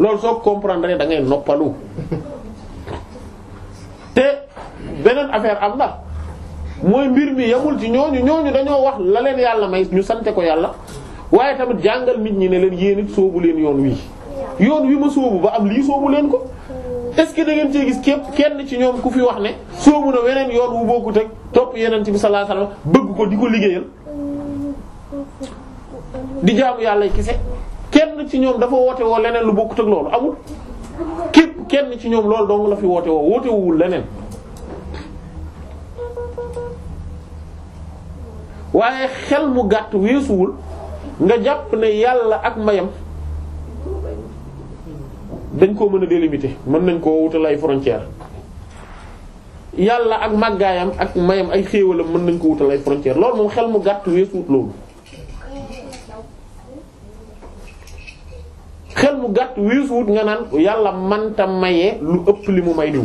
loolu soo comprendre da noppalu te beneen affaire am na mooy mbir mi yamul ci ñooñu ñooñu dañoo wax la leen yàlla may ñu sante ko yàlla waaye tamit jàngal nit ñi ne leen yéen soobu leen yoon wii yoon wi ma sóobu ba am lii sóobu leen ko est ce que da ngeen cee gis képp kenn ci ñoom ku fi wax ne sóobu na weneen yoon wu bokkut ak topp yeneen ci bi sallallahu alayhi bëgg ko di ko liggéeyal di jaamu yàlla kese. kenn ci ñoom dafa woote woo leneen lu bokkut ak loolu amul képp kenn ci ñoom loolu dong la fi woote woo woote wuwul leneen waaye xel mu gàtt weesuwul nga jàpp ne yàlla ak mayam dañ koo mën a délimiter mën nañ koo wutal ay frontière yàlla ak màggaayam ak mayam ay xéewalam mën nañ ko wutal ay frontière loolu moom xel mu gàtt weesuwut loolu xel mu gàtt weesuwut nga naan yàlla manta maye lu ëpp li mu may diw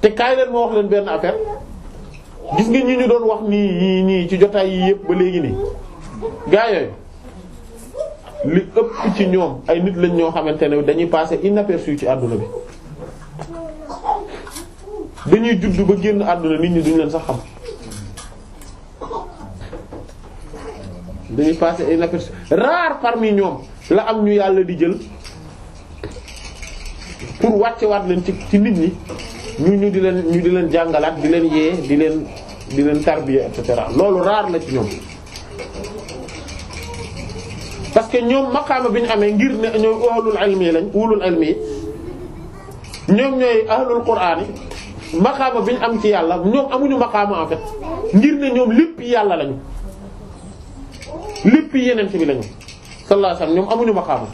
te kaay leen moo wax leen benn affaire gis nga ñi ñu doon wax nii yii ñii ci jotaay yi yëpp ba léegi nii gaa li ëpp ci ñoom ay nit lañ ñoo xamante ne dañuy passer inaperçu ci àdduna bi dañuy judd ba génn àdduna nit ñi duñ leen sax xam dañuy passer ay inaperçu rare parmi ñoom la am ñu yàlla di jël pour wàcce waat leen ci ci nit ñi ñu ñu di leen ñu di leen jàngalaat di leen yee di leen di leen tarbiya et cetera loolu rare la ci ñoom parce que ñoom maqaama bi ñu amee ngir ne ñooy ulul ilmi lañ ulul ilmi ñoom ñooy ahlul qur'ani maqaama bi ñu am ci yàlla ñoom amuñu maqaama en fait ngir ne ñoom lépp yàlla lañu lépp yeneen ci bi lañu sallallahu alayhi ñoom amuñu maqaama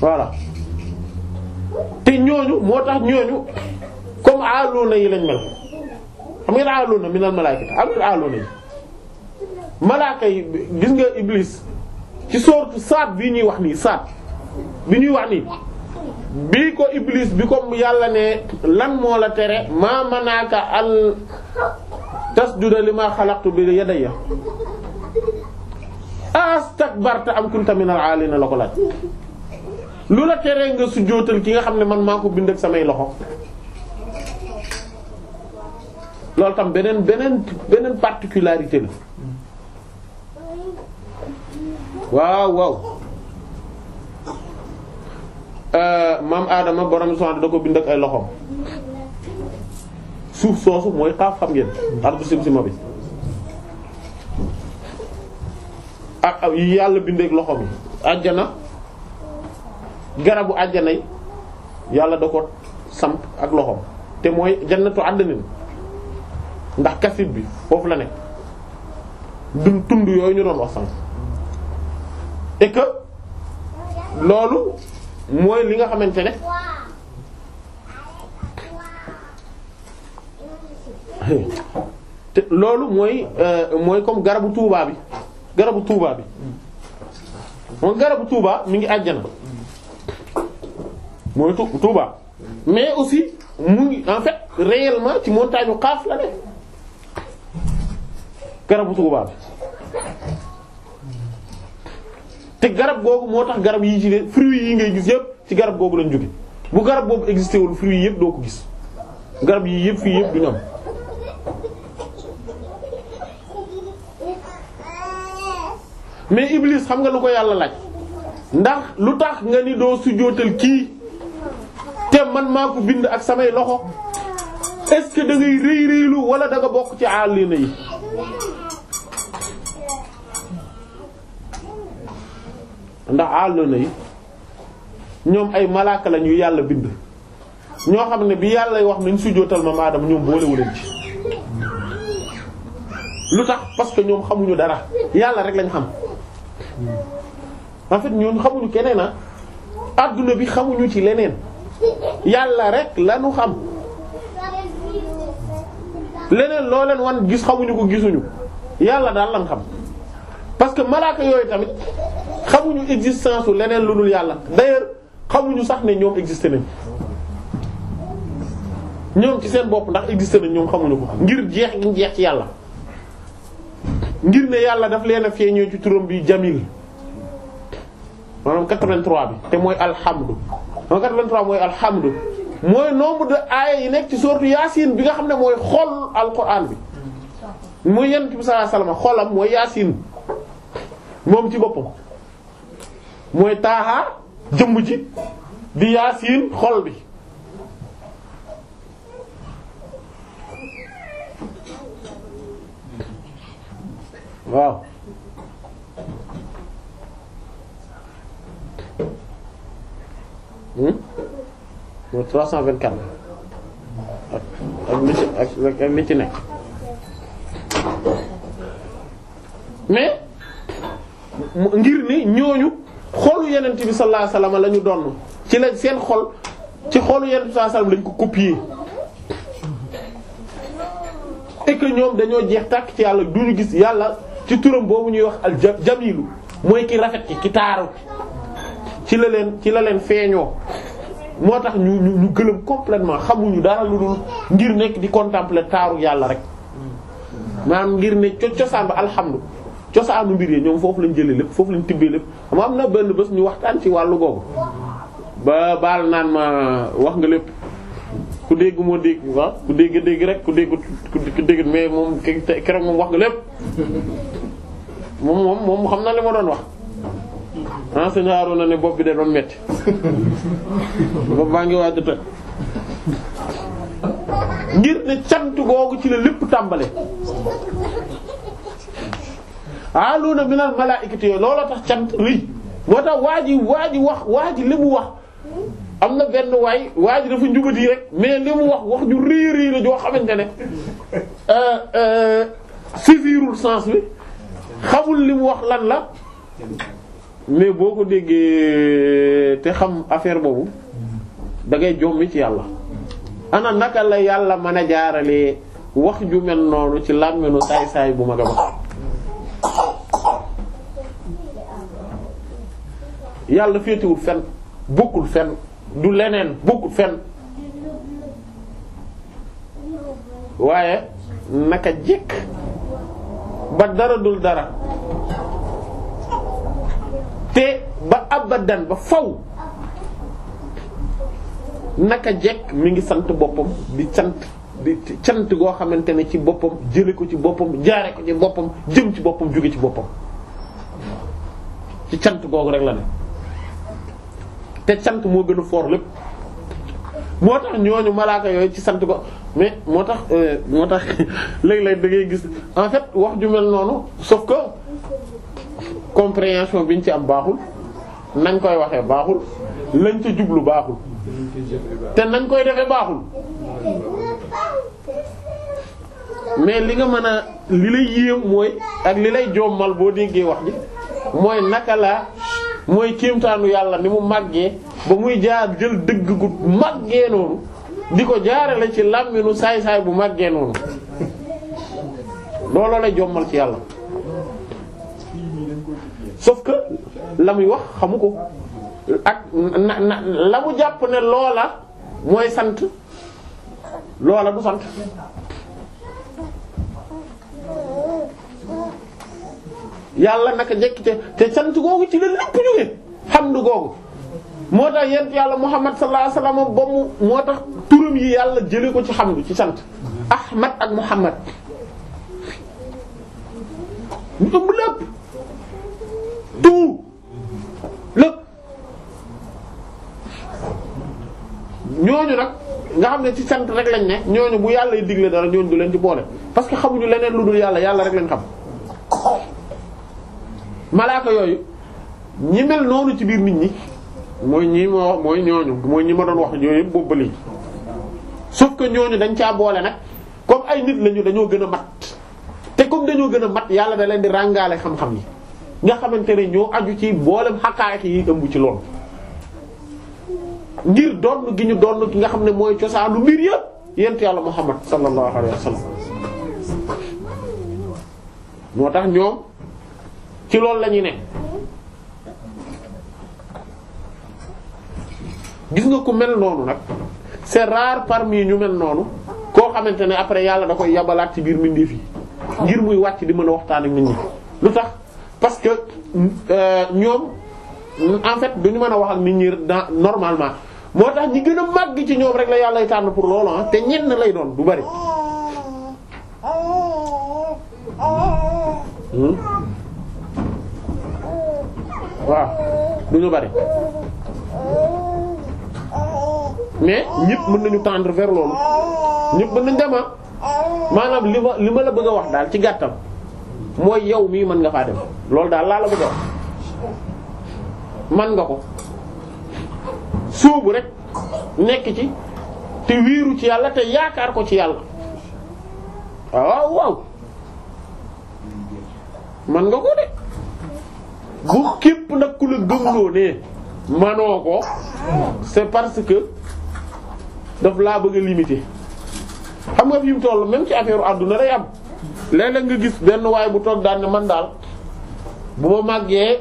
voilà te ñooñu moo tax ñooñu comme aaluna yi lañ mel xam ngeen aaluna minal malaayikati am ngeen aaluna yi malaaka yi gis nga iblis ci sourate Saad bi ñuy wax nii Saad bi ñuy wax nii bi ko iblis bi ko yàlla ne lan moo la tere maa manaaka al tasjuda lima xalaqtu bi yadayya astakbarta am kunta minal aalina la ko laaj lu la teree nga sujjóotal ki nga xam ne man maa ko bind ak samay loxo loolu tam beneen beneen beneen particularité la waaw waaw Euh, maam aadama borom subhaanahu da ko bind ak ay loxoom suuf soosu mooy xaaf xam ngeen bu simsima bi ak yi yàlla bindeek loxoom yi àjjana garabu àjjana yi yàlla da ko samp ak loxoom te mooy jannatu àddanin ndax kasib bi foofu la nekk dum tund yooyu ñu doon wax sànq et loolu mooy li nga xamante ne te loolu mooy euh, mooy comme garabu tuubaa bi garabu tuubaa bi mooy garabu tuubaa mu ngi àjjana mooy tu tuuba mais aussi mu ngi en fait réellement ci montagne u xaaf la ne garabu tuubaa bi te garab googu moo tax garab yi ci ne fruits yi ngay gis yëpp ci garab googu lañ jóge bu garab boobu existé wul fruits yi yëpp doo ko gis garab yi yëpp fii yëpp duñu am mais Iblis xam nga lu ko yàlla laaj ndax lu tax nga ni doo sujjóotal kii te man maa ko bind ak samay loxo est-ce rëy rëylu wala da nga bokk ci àllina yi ndax àlloona yi ñoom ay malaaka la ñu yàlla bind ñoo xam ne bi yàlla wax nañ sujjóotal ma maadama ñoom boolewuleen ci lu tax parce que ñoom xamuñu dara yàlla rek lañ xam en fait ñun xamuñu keneen a ah. àdduna bi xamuñu ci leneen yàlla rek lañu xam leneen loo leen wan gis xamuñu ko gisuñu yàlla daal lañ xam parce que malaaka yooyu tamit xamuñu existence u leneen lu dul yàlla d'ailleurs xamuñu sax ne ñoom existé nañ ñoom ci seen bopp ndax existé nañ ñoom xamuñu ko ngir jeex ngi jeex ci yàlla ngir ne yàlla daf leen fie feeñoo ci turam bi jamil maanaam 83 te mooy alhamdu mooy alhamdu mooy nombre de aaya yi nekk ci sourate Yaasin bi nga xam ne mooy xol alquran bi mooy yent bi sallallahu alayhi wasallam xolam mooy Yaasin moom ci boppam mooy taaxaa jëmb ji di yaasiin xol bi waaw hmm? mooy 324 ak ak li ci nekk ngir ne ñooñu xolu yenent bi sallallahu alayhi donn la ci la seen xol ci xoolu yenent bi sallallahu alayhi lañ ko copier et que ñoom dañoo jeex tàkk ci yàlla duñu gis yàlla ci turam boobu ñuy wax al jamilu mooy ki rafet ki ki taaru ci la leen ci la leen feeñoo moo tax ñu ñu ñu gëlëm complètement xamuñu daal lu dul ngir nekk di contempler taaru yàlla rek maanaam ngir ne co cosaan ba alhamdu cosaanu mbir yi ñoom foofu lañ jëlee lépp foofu lañ tibbee lépp ma am na benn bés ñu waxtaan ci wàllu googu ba baal naan ma wax nga lépp ku dégg moo dégg ku dégg dégg rek ku dégg ku dégg mais moom keroog moom wax nga lépp moom moom xam na li ma doon wax. enseignant ah na ne bopp bi da doon metti bopp baa ngi waaj a toj ngir ne cant googu ci la lépp tàmbale. aaluuna minal malaa'ikati yooyu looloo tax cant lii moo tax waa ji waa ji wax waa ji li mu wax am na benn waay waa ji dafa njubati rek mais li mu wax wax ju rëy rëy la joo xamante ne euh, euh, saisirul sens bi xamul li mu wax lan la mais boo ko déggee te xam affaire boobu dangay ngay jommi ci yàlla ana naka la yàlla mën a jaarale wax ju mel noonu ci làmmiñu saay saay bu mag a ba yàlla féetewul fenn bokkul fenn du leneen bokkul fenn waaye naka jekk ba dara dul dara te ba abadan ba faw naka jekk mi ngi sant boppam di sant di cant goo xamante ne ci boppam jële ko ci boppam jaare ko ci boppam jëm ci boppam jóge ci boppam ci cant googu rek la ne te cant moo gën foor lépp moo tax ñooñu malaaka yooyu ci sant ko mais moo tax euh, moo tax léeg-léeg da gis en fait wax ju mel noonu sauf que compréhension bi ñu ci am baaxul nañ koy waxee baaxul lañ ca jublu baaxul te nañ koy defee baaxul mais li nga mën a li lay yéem mooy ak li lay jommal boo déggee wax ji mooy naka la mooy kéemtaanu yàlla ni mu màggee ba muy jaar jël dëgg gu màggee noonu di ko jaarale ci làmminu saay-saay bu màggee noonu looloo lay jommal ci yàlla sauf que la muy wax xamu ko ak na na la mu jàpp ne loola mooy sant loola du sant yàlla naka njëkk te te sant googu ci la lépp jóge xamdu googu moo tax yent yàlla muhammad sallallahu alayhi wasallam ba moo tax turam yi yàlla jële ko ci xamdu ci sant ahmad ak muhammad ñu ëmb lépp tout ñooñu nag nga xam ne ci sant rek lañ ne ñooñu bu yàlla y digle dara ñooñu du leen di boole parce que xamuñu leneen lu dul yàlla yàlla rek lañ xam malaaka yooyu ñi mel noonu ci biir nit ñi mooy ñi moo mooy ñooñu mooy ñi ma doon wax yooyu ñooñu yëpp boobu suuf ko ñooñu dañ caa boole nag comme ay nit lañu dañoo gën a mat te comme dañoo gën a mat yàlla da leen di ràngaale xam-xam yi nga xamante ne ñoo aju ci boolem xaqaayat yi ëmb ci loolu ngir doon gi ñu donn ki nga xam ne mooy cosaanu mbir yëpp yent yàlla Muhammad sallallahu alayhi wa sallam moo tax ñoom ci loolu la ne gis nga ko mel noonu nag c'est rare parmi ñu mel noonu koo xamante ne après yàlla da koy yabalaat ci biir mbindeef yi ngir muy wàcc di mën a waxtaan ak nit lu tax parce euh, ñoom en fait duñu mën a wax ak nit ñi normalement moo tax ñi gën a màgg ci ñoom rek la yàlla lay tànn pour loolu ah te ñenn lay doon du bari hmm? waaw bari mais ñëpp mën nañu tendre vers loolu ñëpp mën nañ dem ah. maanaam li ma li ma la bëgg a wax daal ci gàttal mooy yow mii mën nga faa dem loolu daal laa la bëgg a wax man nga ko. sóobu rek nekk ci te wiiru ci yàlla te yaakaar ko ci yàlla waaw waaw man nga ko de bu képp nag ku la gëmloo ne manoo ko c'est parce que daf laa bëgg a limiter xam nga fi mu toll même ci affaire àdduna day am léeg-léeg nga gis benn waay bu toog daan ne man daal bu ma màggee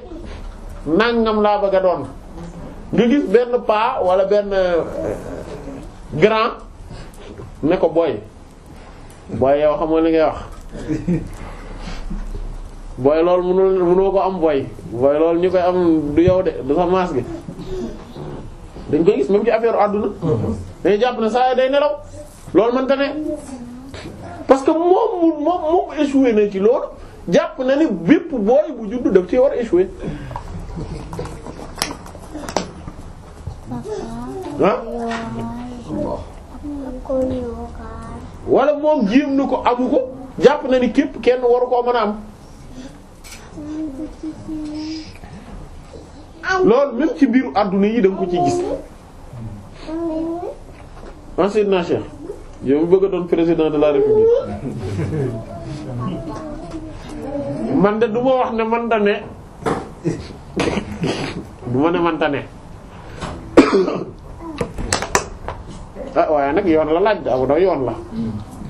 nangam laa bëgg a doon nga gis benn paa walla benn euh, grand ne ko booy booy yow xam nga li ngay wax booy loolu mënul mënoo ko am booy booy loolu ñu koy am du yow de du sa maas gi dañ koy gis même ci affaire àdduna mhm. dañuy jàpp na saa day nelaw loolu mënta ne parce que moom moom moom échoué na ci loolu jàpp na ni bépp booy bu juddu daf ci war a walla moom jéem na ko amuko jàpp na ni képp kenn waru koo mën a am loolu même ci biiru àdduna yi da nga ko ci gis ancien na Cheikh bëgg a doon président de la république man de du wax ne man da ne du ah waaye nag yoon la laaj da aw yoon la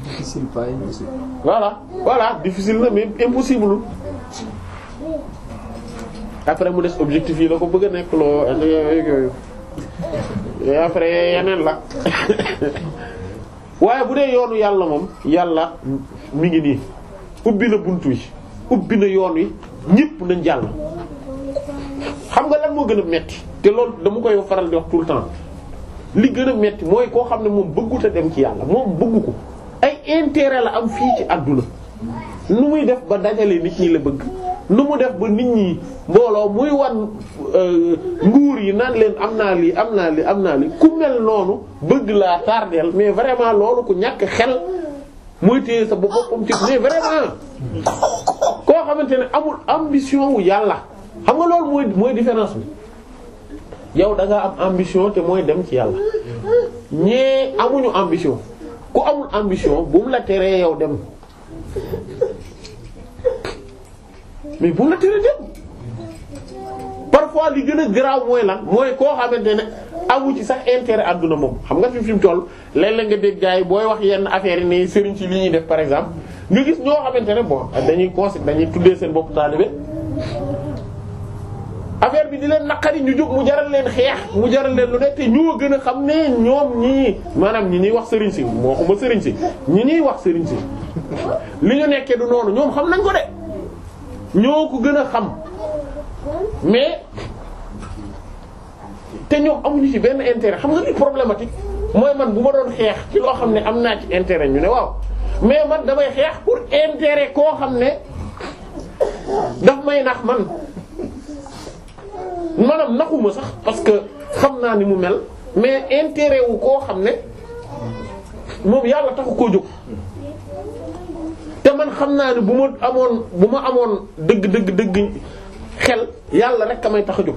difficile pas impossible voilà voilà na mais impossible après mu des objectif yi la ko bëgg a nekk loo yooyu après yeneen la waaye bu dee yoonu yàlla moom yàlla mi ngi nii ubbi na bunt wi ubbi na yoon wi ñépp nañ jàll xam nga lan moo gën a metti te loolu dama koy faral di wax tout le temps li gën a metti mooy koo xam ne moom bëggut a dem ci yàlla moom bëggu ko ay intérêt la am fii ci àdduna nu muy def ba dajale nit ñi la bëgg nu mu def ba nit ñi mbooloo muy wan euh, nguur yi naan leen am naa lii am naa lii am naa lii ku mel noonu bëgg laa tardeel mais vraiment loolu ko ñàkk xel muy téye sa boppam ci mais vraiment koo xamante ne amul ambition wu yàlla xam nga loolu mooy mooy différence bi. yow da am ambition te mooy dem ci yàlla ñee amuñu ambition ku amul ambition bu mu la teree yow dem mais bu mu la teree dem parfois li gën a grave mooy lan mooy koo xamante ne amu ci sax intérêt àdduna moom xam nga fi fi mu toll léeg-léeg nga dégg gars booy wax yenn affaire yi ne sëriñ si li ñuy def par exemple nga gis ñoo xamante ne bon dañuy consi dañuy tuddee seen bopp taalibe affaire bi di leen naqari ñu jóg mu jaral leen xeex mu jaral leen lu ne te ñoo gën a xam ne ñoom ñii maanaam ñi ñuy wax sëriñ si moo xuma sëriñ si ñi ñuy wax sëriñ si li ñu nekkee du noonu ñoom xam nañ ko de ñoo ko gën a xam mais te ñoom amuñu ci benn intérêt xam nga li problématique mooy man bu ma doon xeex ci loo xam ne am naa ci intérêt ñu ne waaw mais man damay xeex pour intérêt koo xam ne ndax may nax man. maanaam naxuma sax parce que xam naa ni mu mel mais intérêt wu koo xam ne moom yàlla taxu koo jóg te man xam naa ne bu ma amoon bu ma amoon dëgg dëgg dëgg xel yàlla rek ka may tax a jóg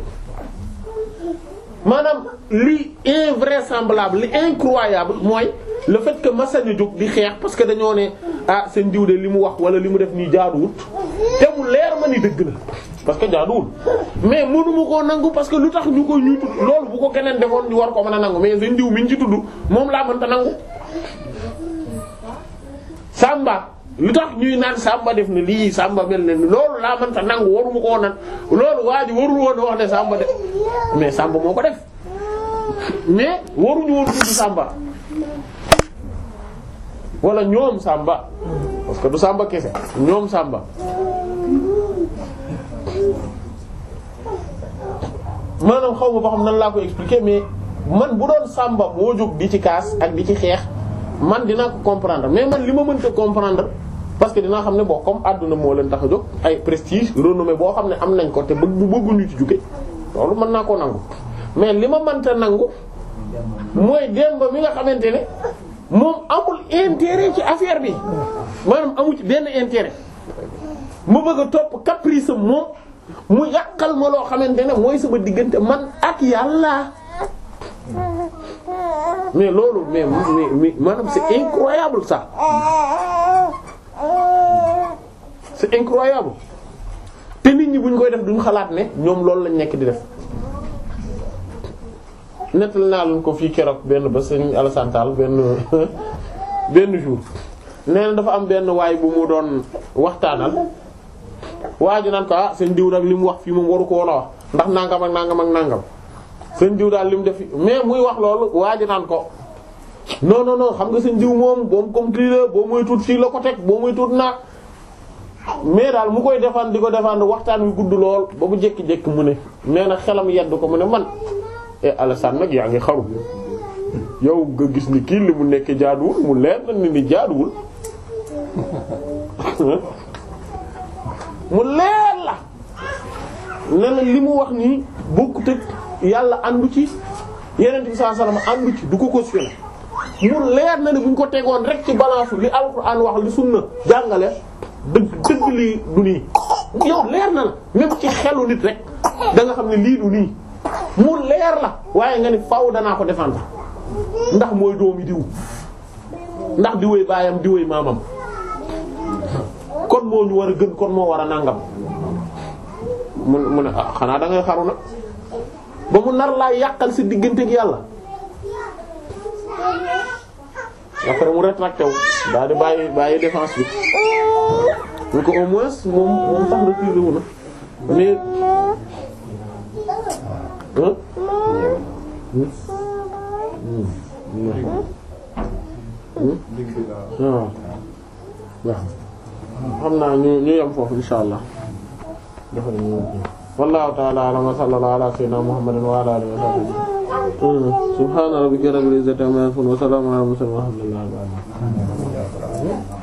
maanaam li invraisemblable li incroyable mooy le fait que Massañu jóg di xeex parce que dañoo ne ah seen diw de li mu wax wala li mu def nii jaaduwut te mu leer ma ni dëgg la parce que jaaduwul mais mënuma koo nangu parce que lu tax ñu ko ñu tudd loolu bu ko keneen defoon ñu war ko mën a nangu mais seen diw mi ñu ci tudd moom laa mënta nangu Samba. lu tax ñuy naan sàmba def na lii sàmba mel na loolu laa mënta nangu waruma koo naan loolu waa ji warul woon wax ne sàmba def mais sàmba moo ko def mais waruñu wala ñoom sàmba parce que du sàmba kese ñoom sàmba maanaam xaw ma ba xam nan laa ko expliquer mais man bu doon sàmba moo jóg di ci kaas ak di ci xeex man dina comprendre mais man li ma mënta comprendre parce que dinaa xam ne boo comme àdduna moo leen tax a jóg ay prestige renommée boo xam ne am nañ ko te bëgg bu bëgguñu ci jóge loolu mën naa koo nangu mais li ma mënta nangu mooy Demba mi nga xamante ne moom amul intérêt ci affaire bi maanaam amu ci benn ma bëgg a topp caprice moom mu yàqal ma loo xamante ne mooy sama diggante man ak yàlla. mais loolu mais mais maanaam c'est incroyable ça c'est incroyable te nit ñi bu ñu koy def duñ xalaat ne ñoom loolu lañ nekk di def nettal naa leen ko fii keroog benn ba sëñ Alassane Tall benn benn jour nee na dafa am benn waay bu mu doon waxtaanal waa ji naan ko ah seen diw nag li mu wax fii moom waru ko woon a wax ndax nangam ak nangam ak nangam. seen diw daal li mu def mais muy wax loolu waaji naan ko non non non xam nga seen diw moom boom comme kii la boo muy tuut fii la ko teg boo muy tuut naag mais daal mu koy défendre di ko défendre waxtaan wi gudd lool ba mu jékki-jékki mu ne nee na xelam yedd ko mu ne man e Alassane nag yaa ngi xaru yow nga gis ni kii li mu nekk jaaduwul mu leer na ni ni jaaduwul mu leer la ne la li mu wax nii bokkut ak yàlla àndu ci yeneen bi sallallahu alayhi wasallam àndu ci du ko cautionné mu leer na ne bu ñu ko tegoon rek ci balance li alxuraan wax li sunna jàngale dëgg dëgg lii du nii yow leer na la même ci xelu nit rek danga xam ne lii du nii mu leer la waaye nga ni faaw danaa ko défendre ndax mooy doomi diw ndax di wéy baayam di wéy maamam kon moo ñu war a gën kon moo war a nàngam mu mu ne ah, xanaa dangay ngay xaru nag ba mu nar laa yàqal si diggante ak yàlla après mu rétracté wu bàyyi bàyyi défense bi ñu au moins moom moom sax récuser wu na mais waaw waaw xam naa ñu ñu yem foofu insha wallahu ta'ala a'lam wa sallallahu ala sayyidina muhammadin wa ala alihi wa sahbihi hmm, subhana rabbika rabbil izzati amma yasifun wa salamun ala mursalin walhamdulillahi rabbil alamin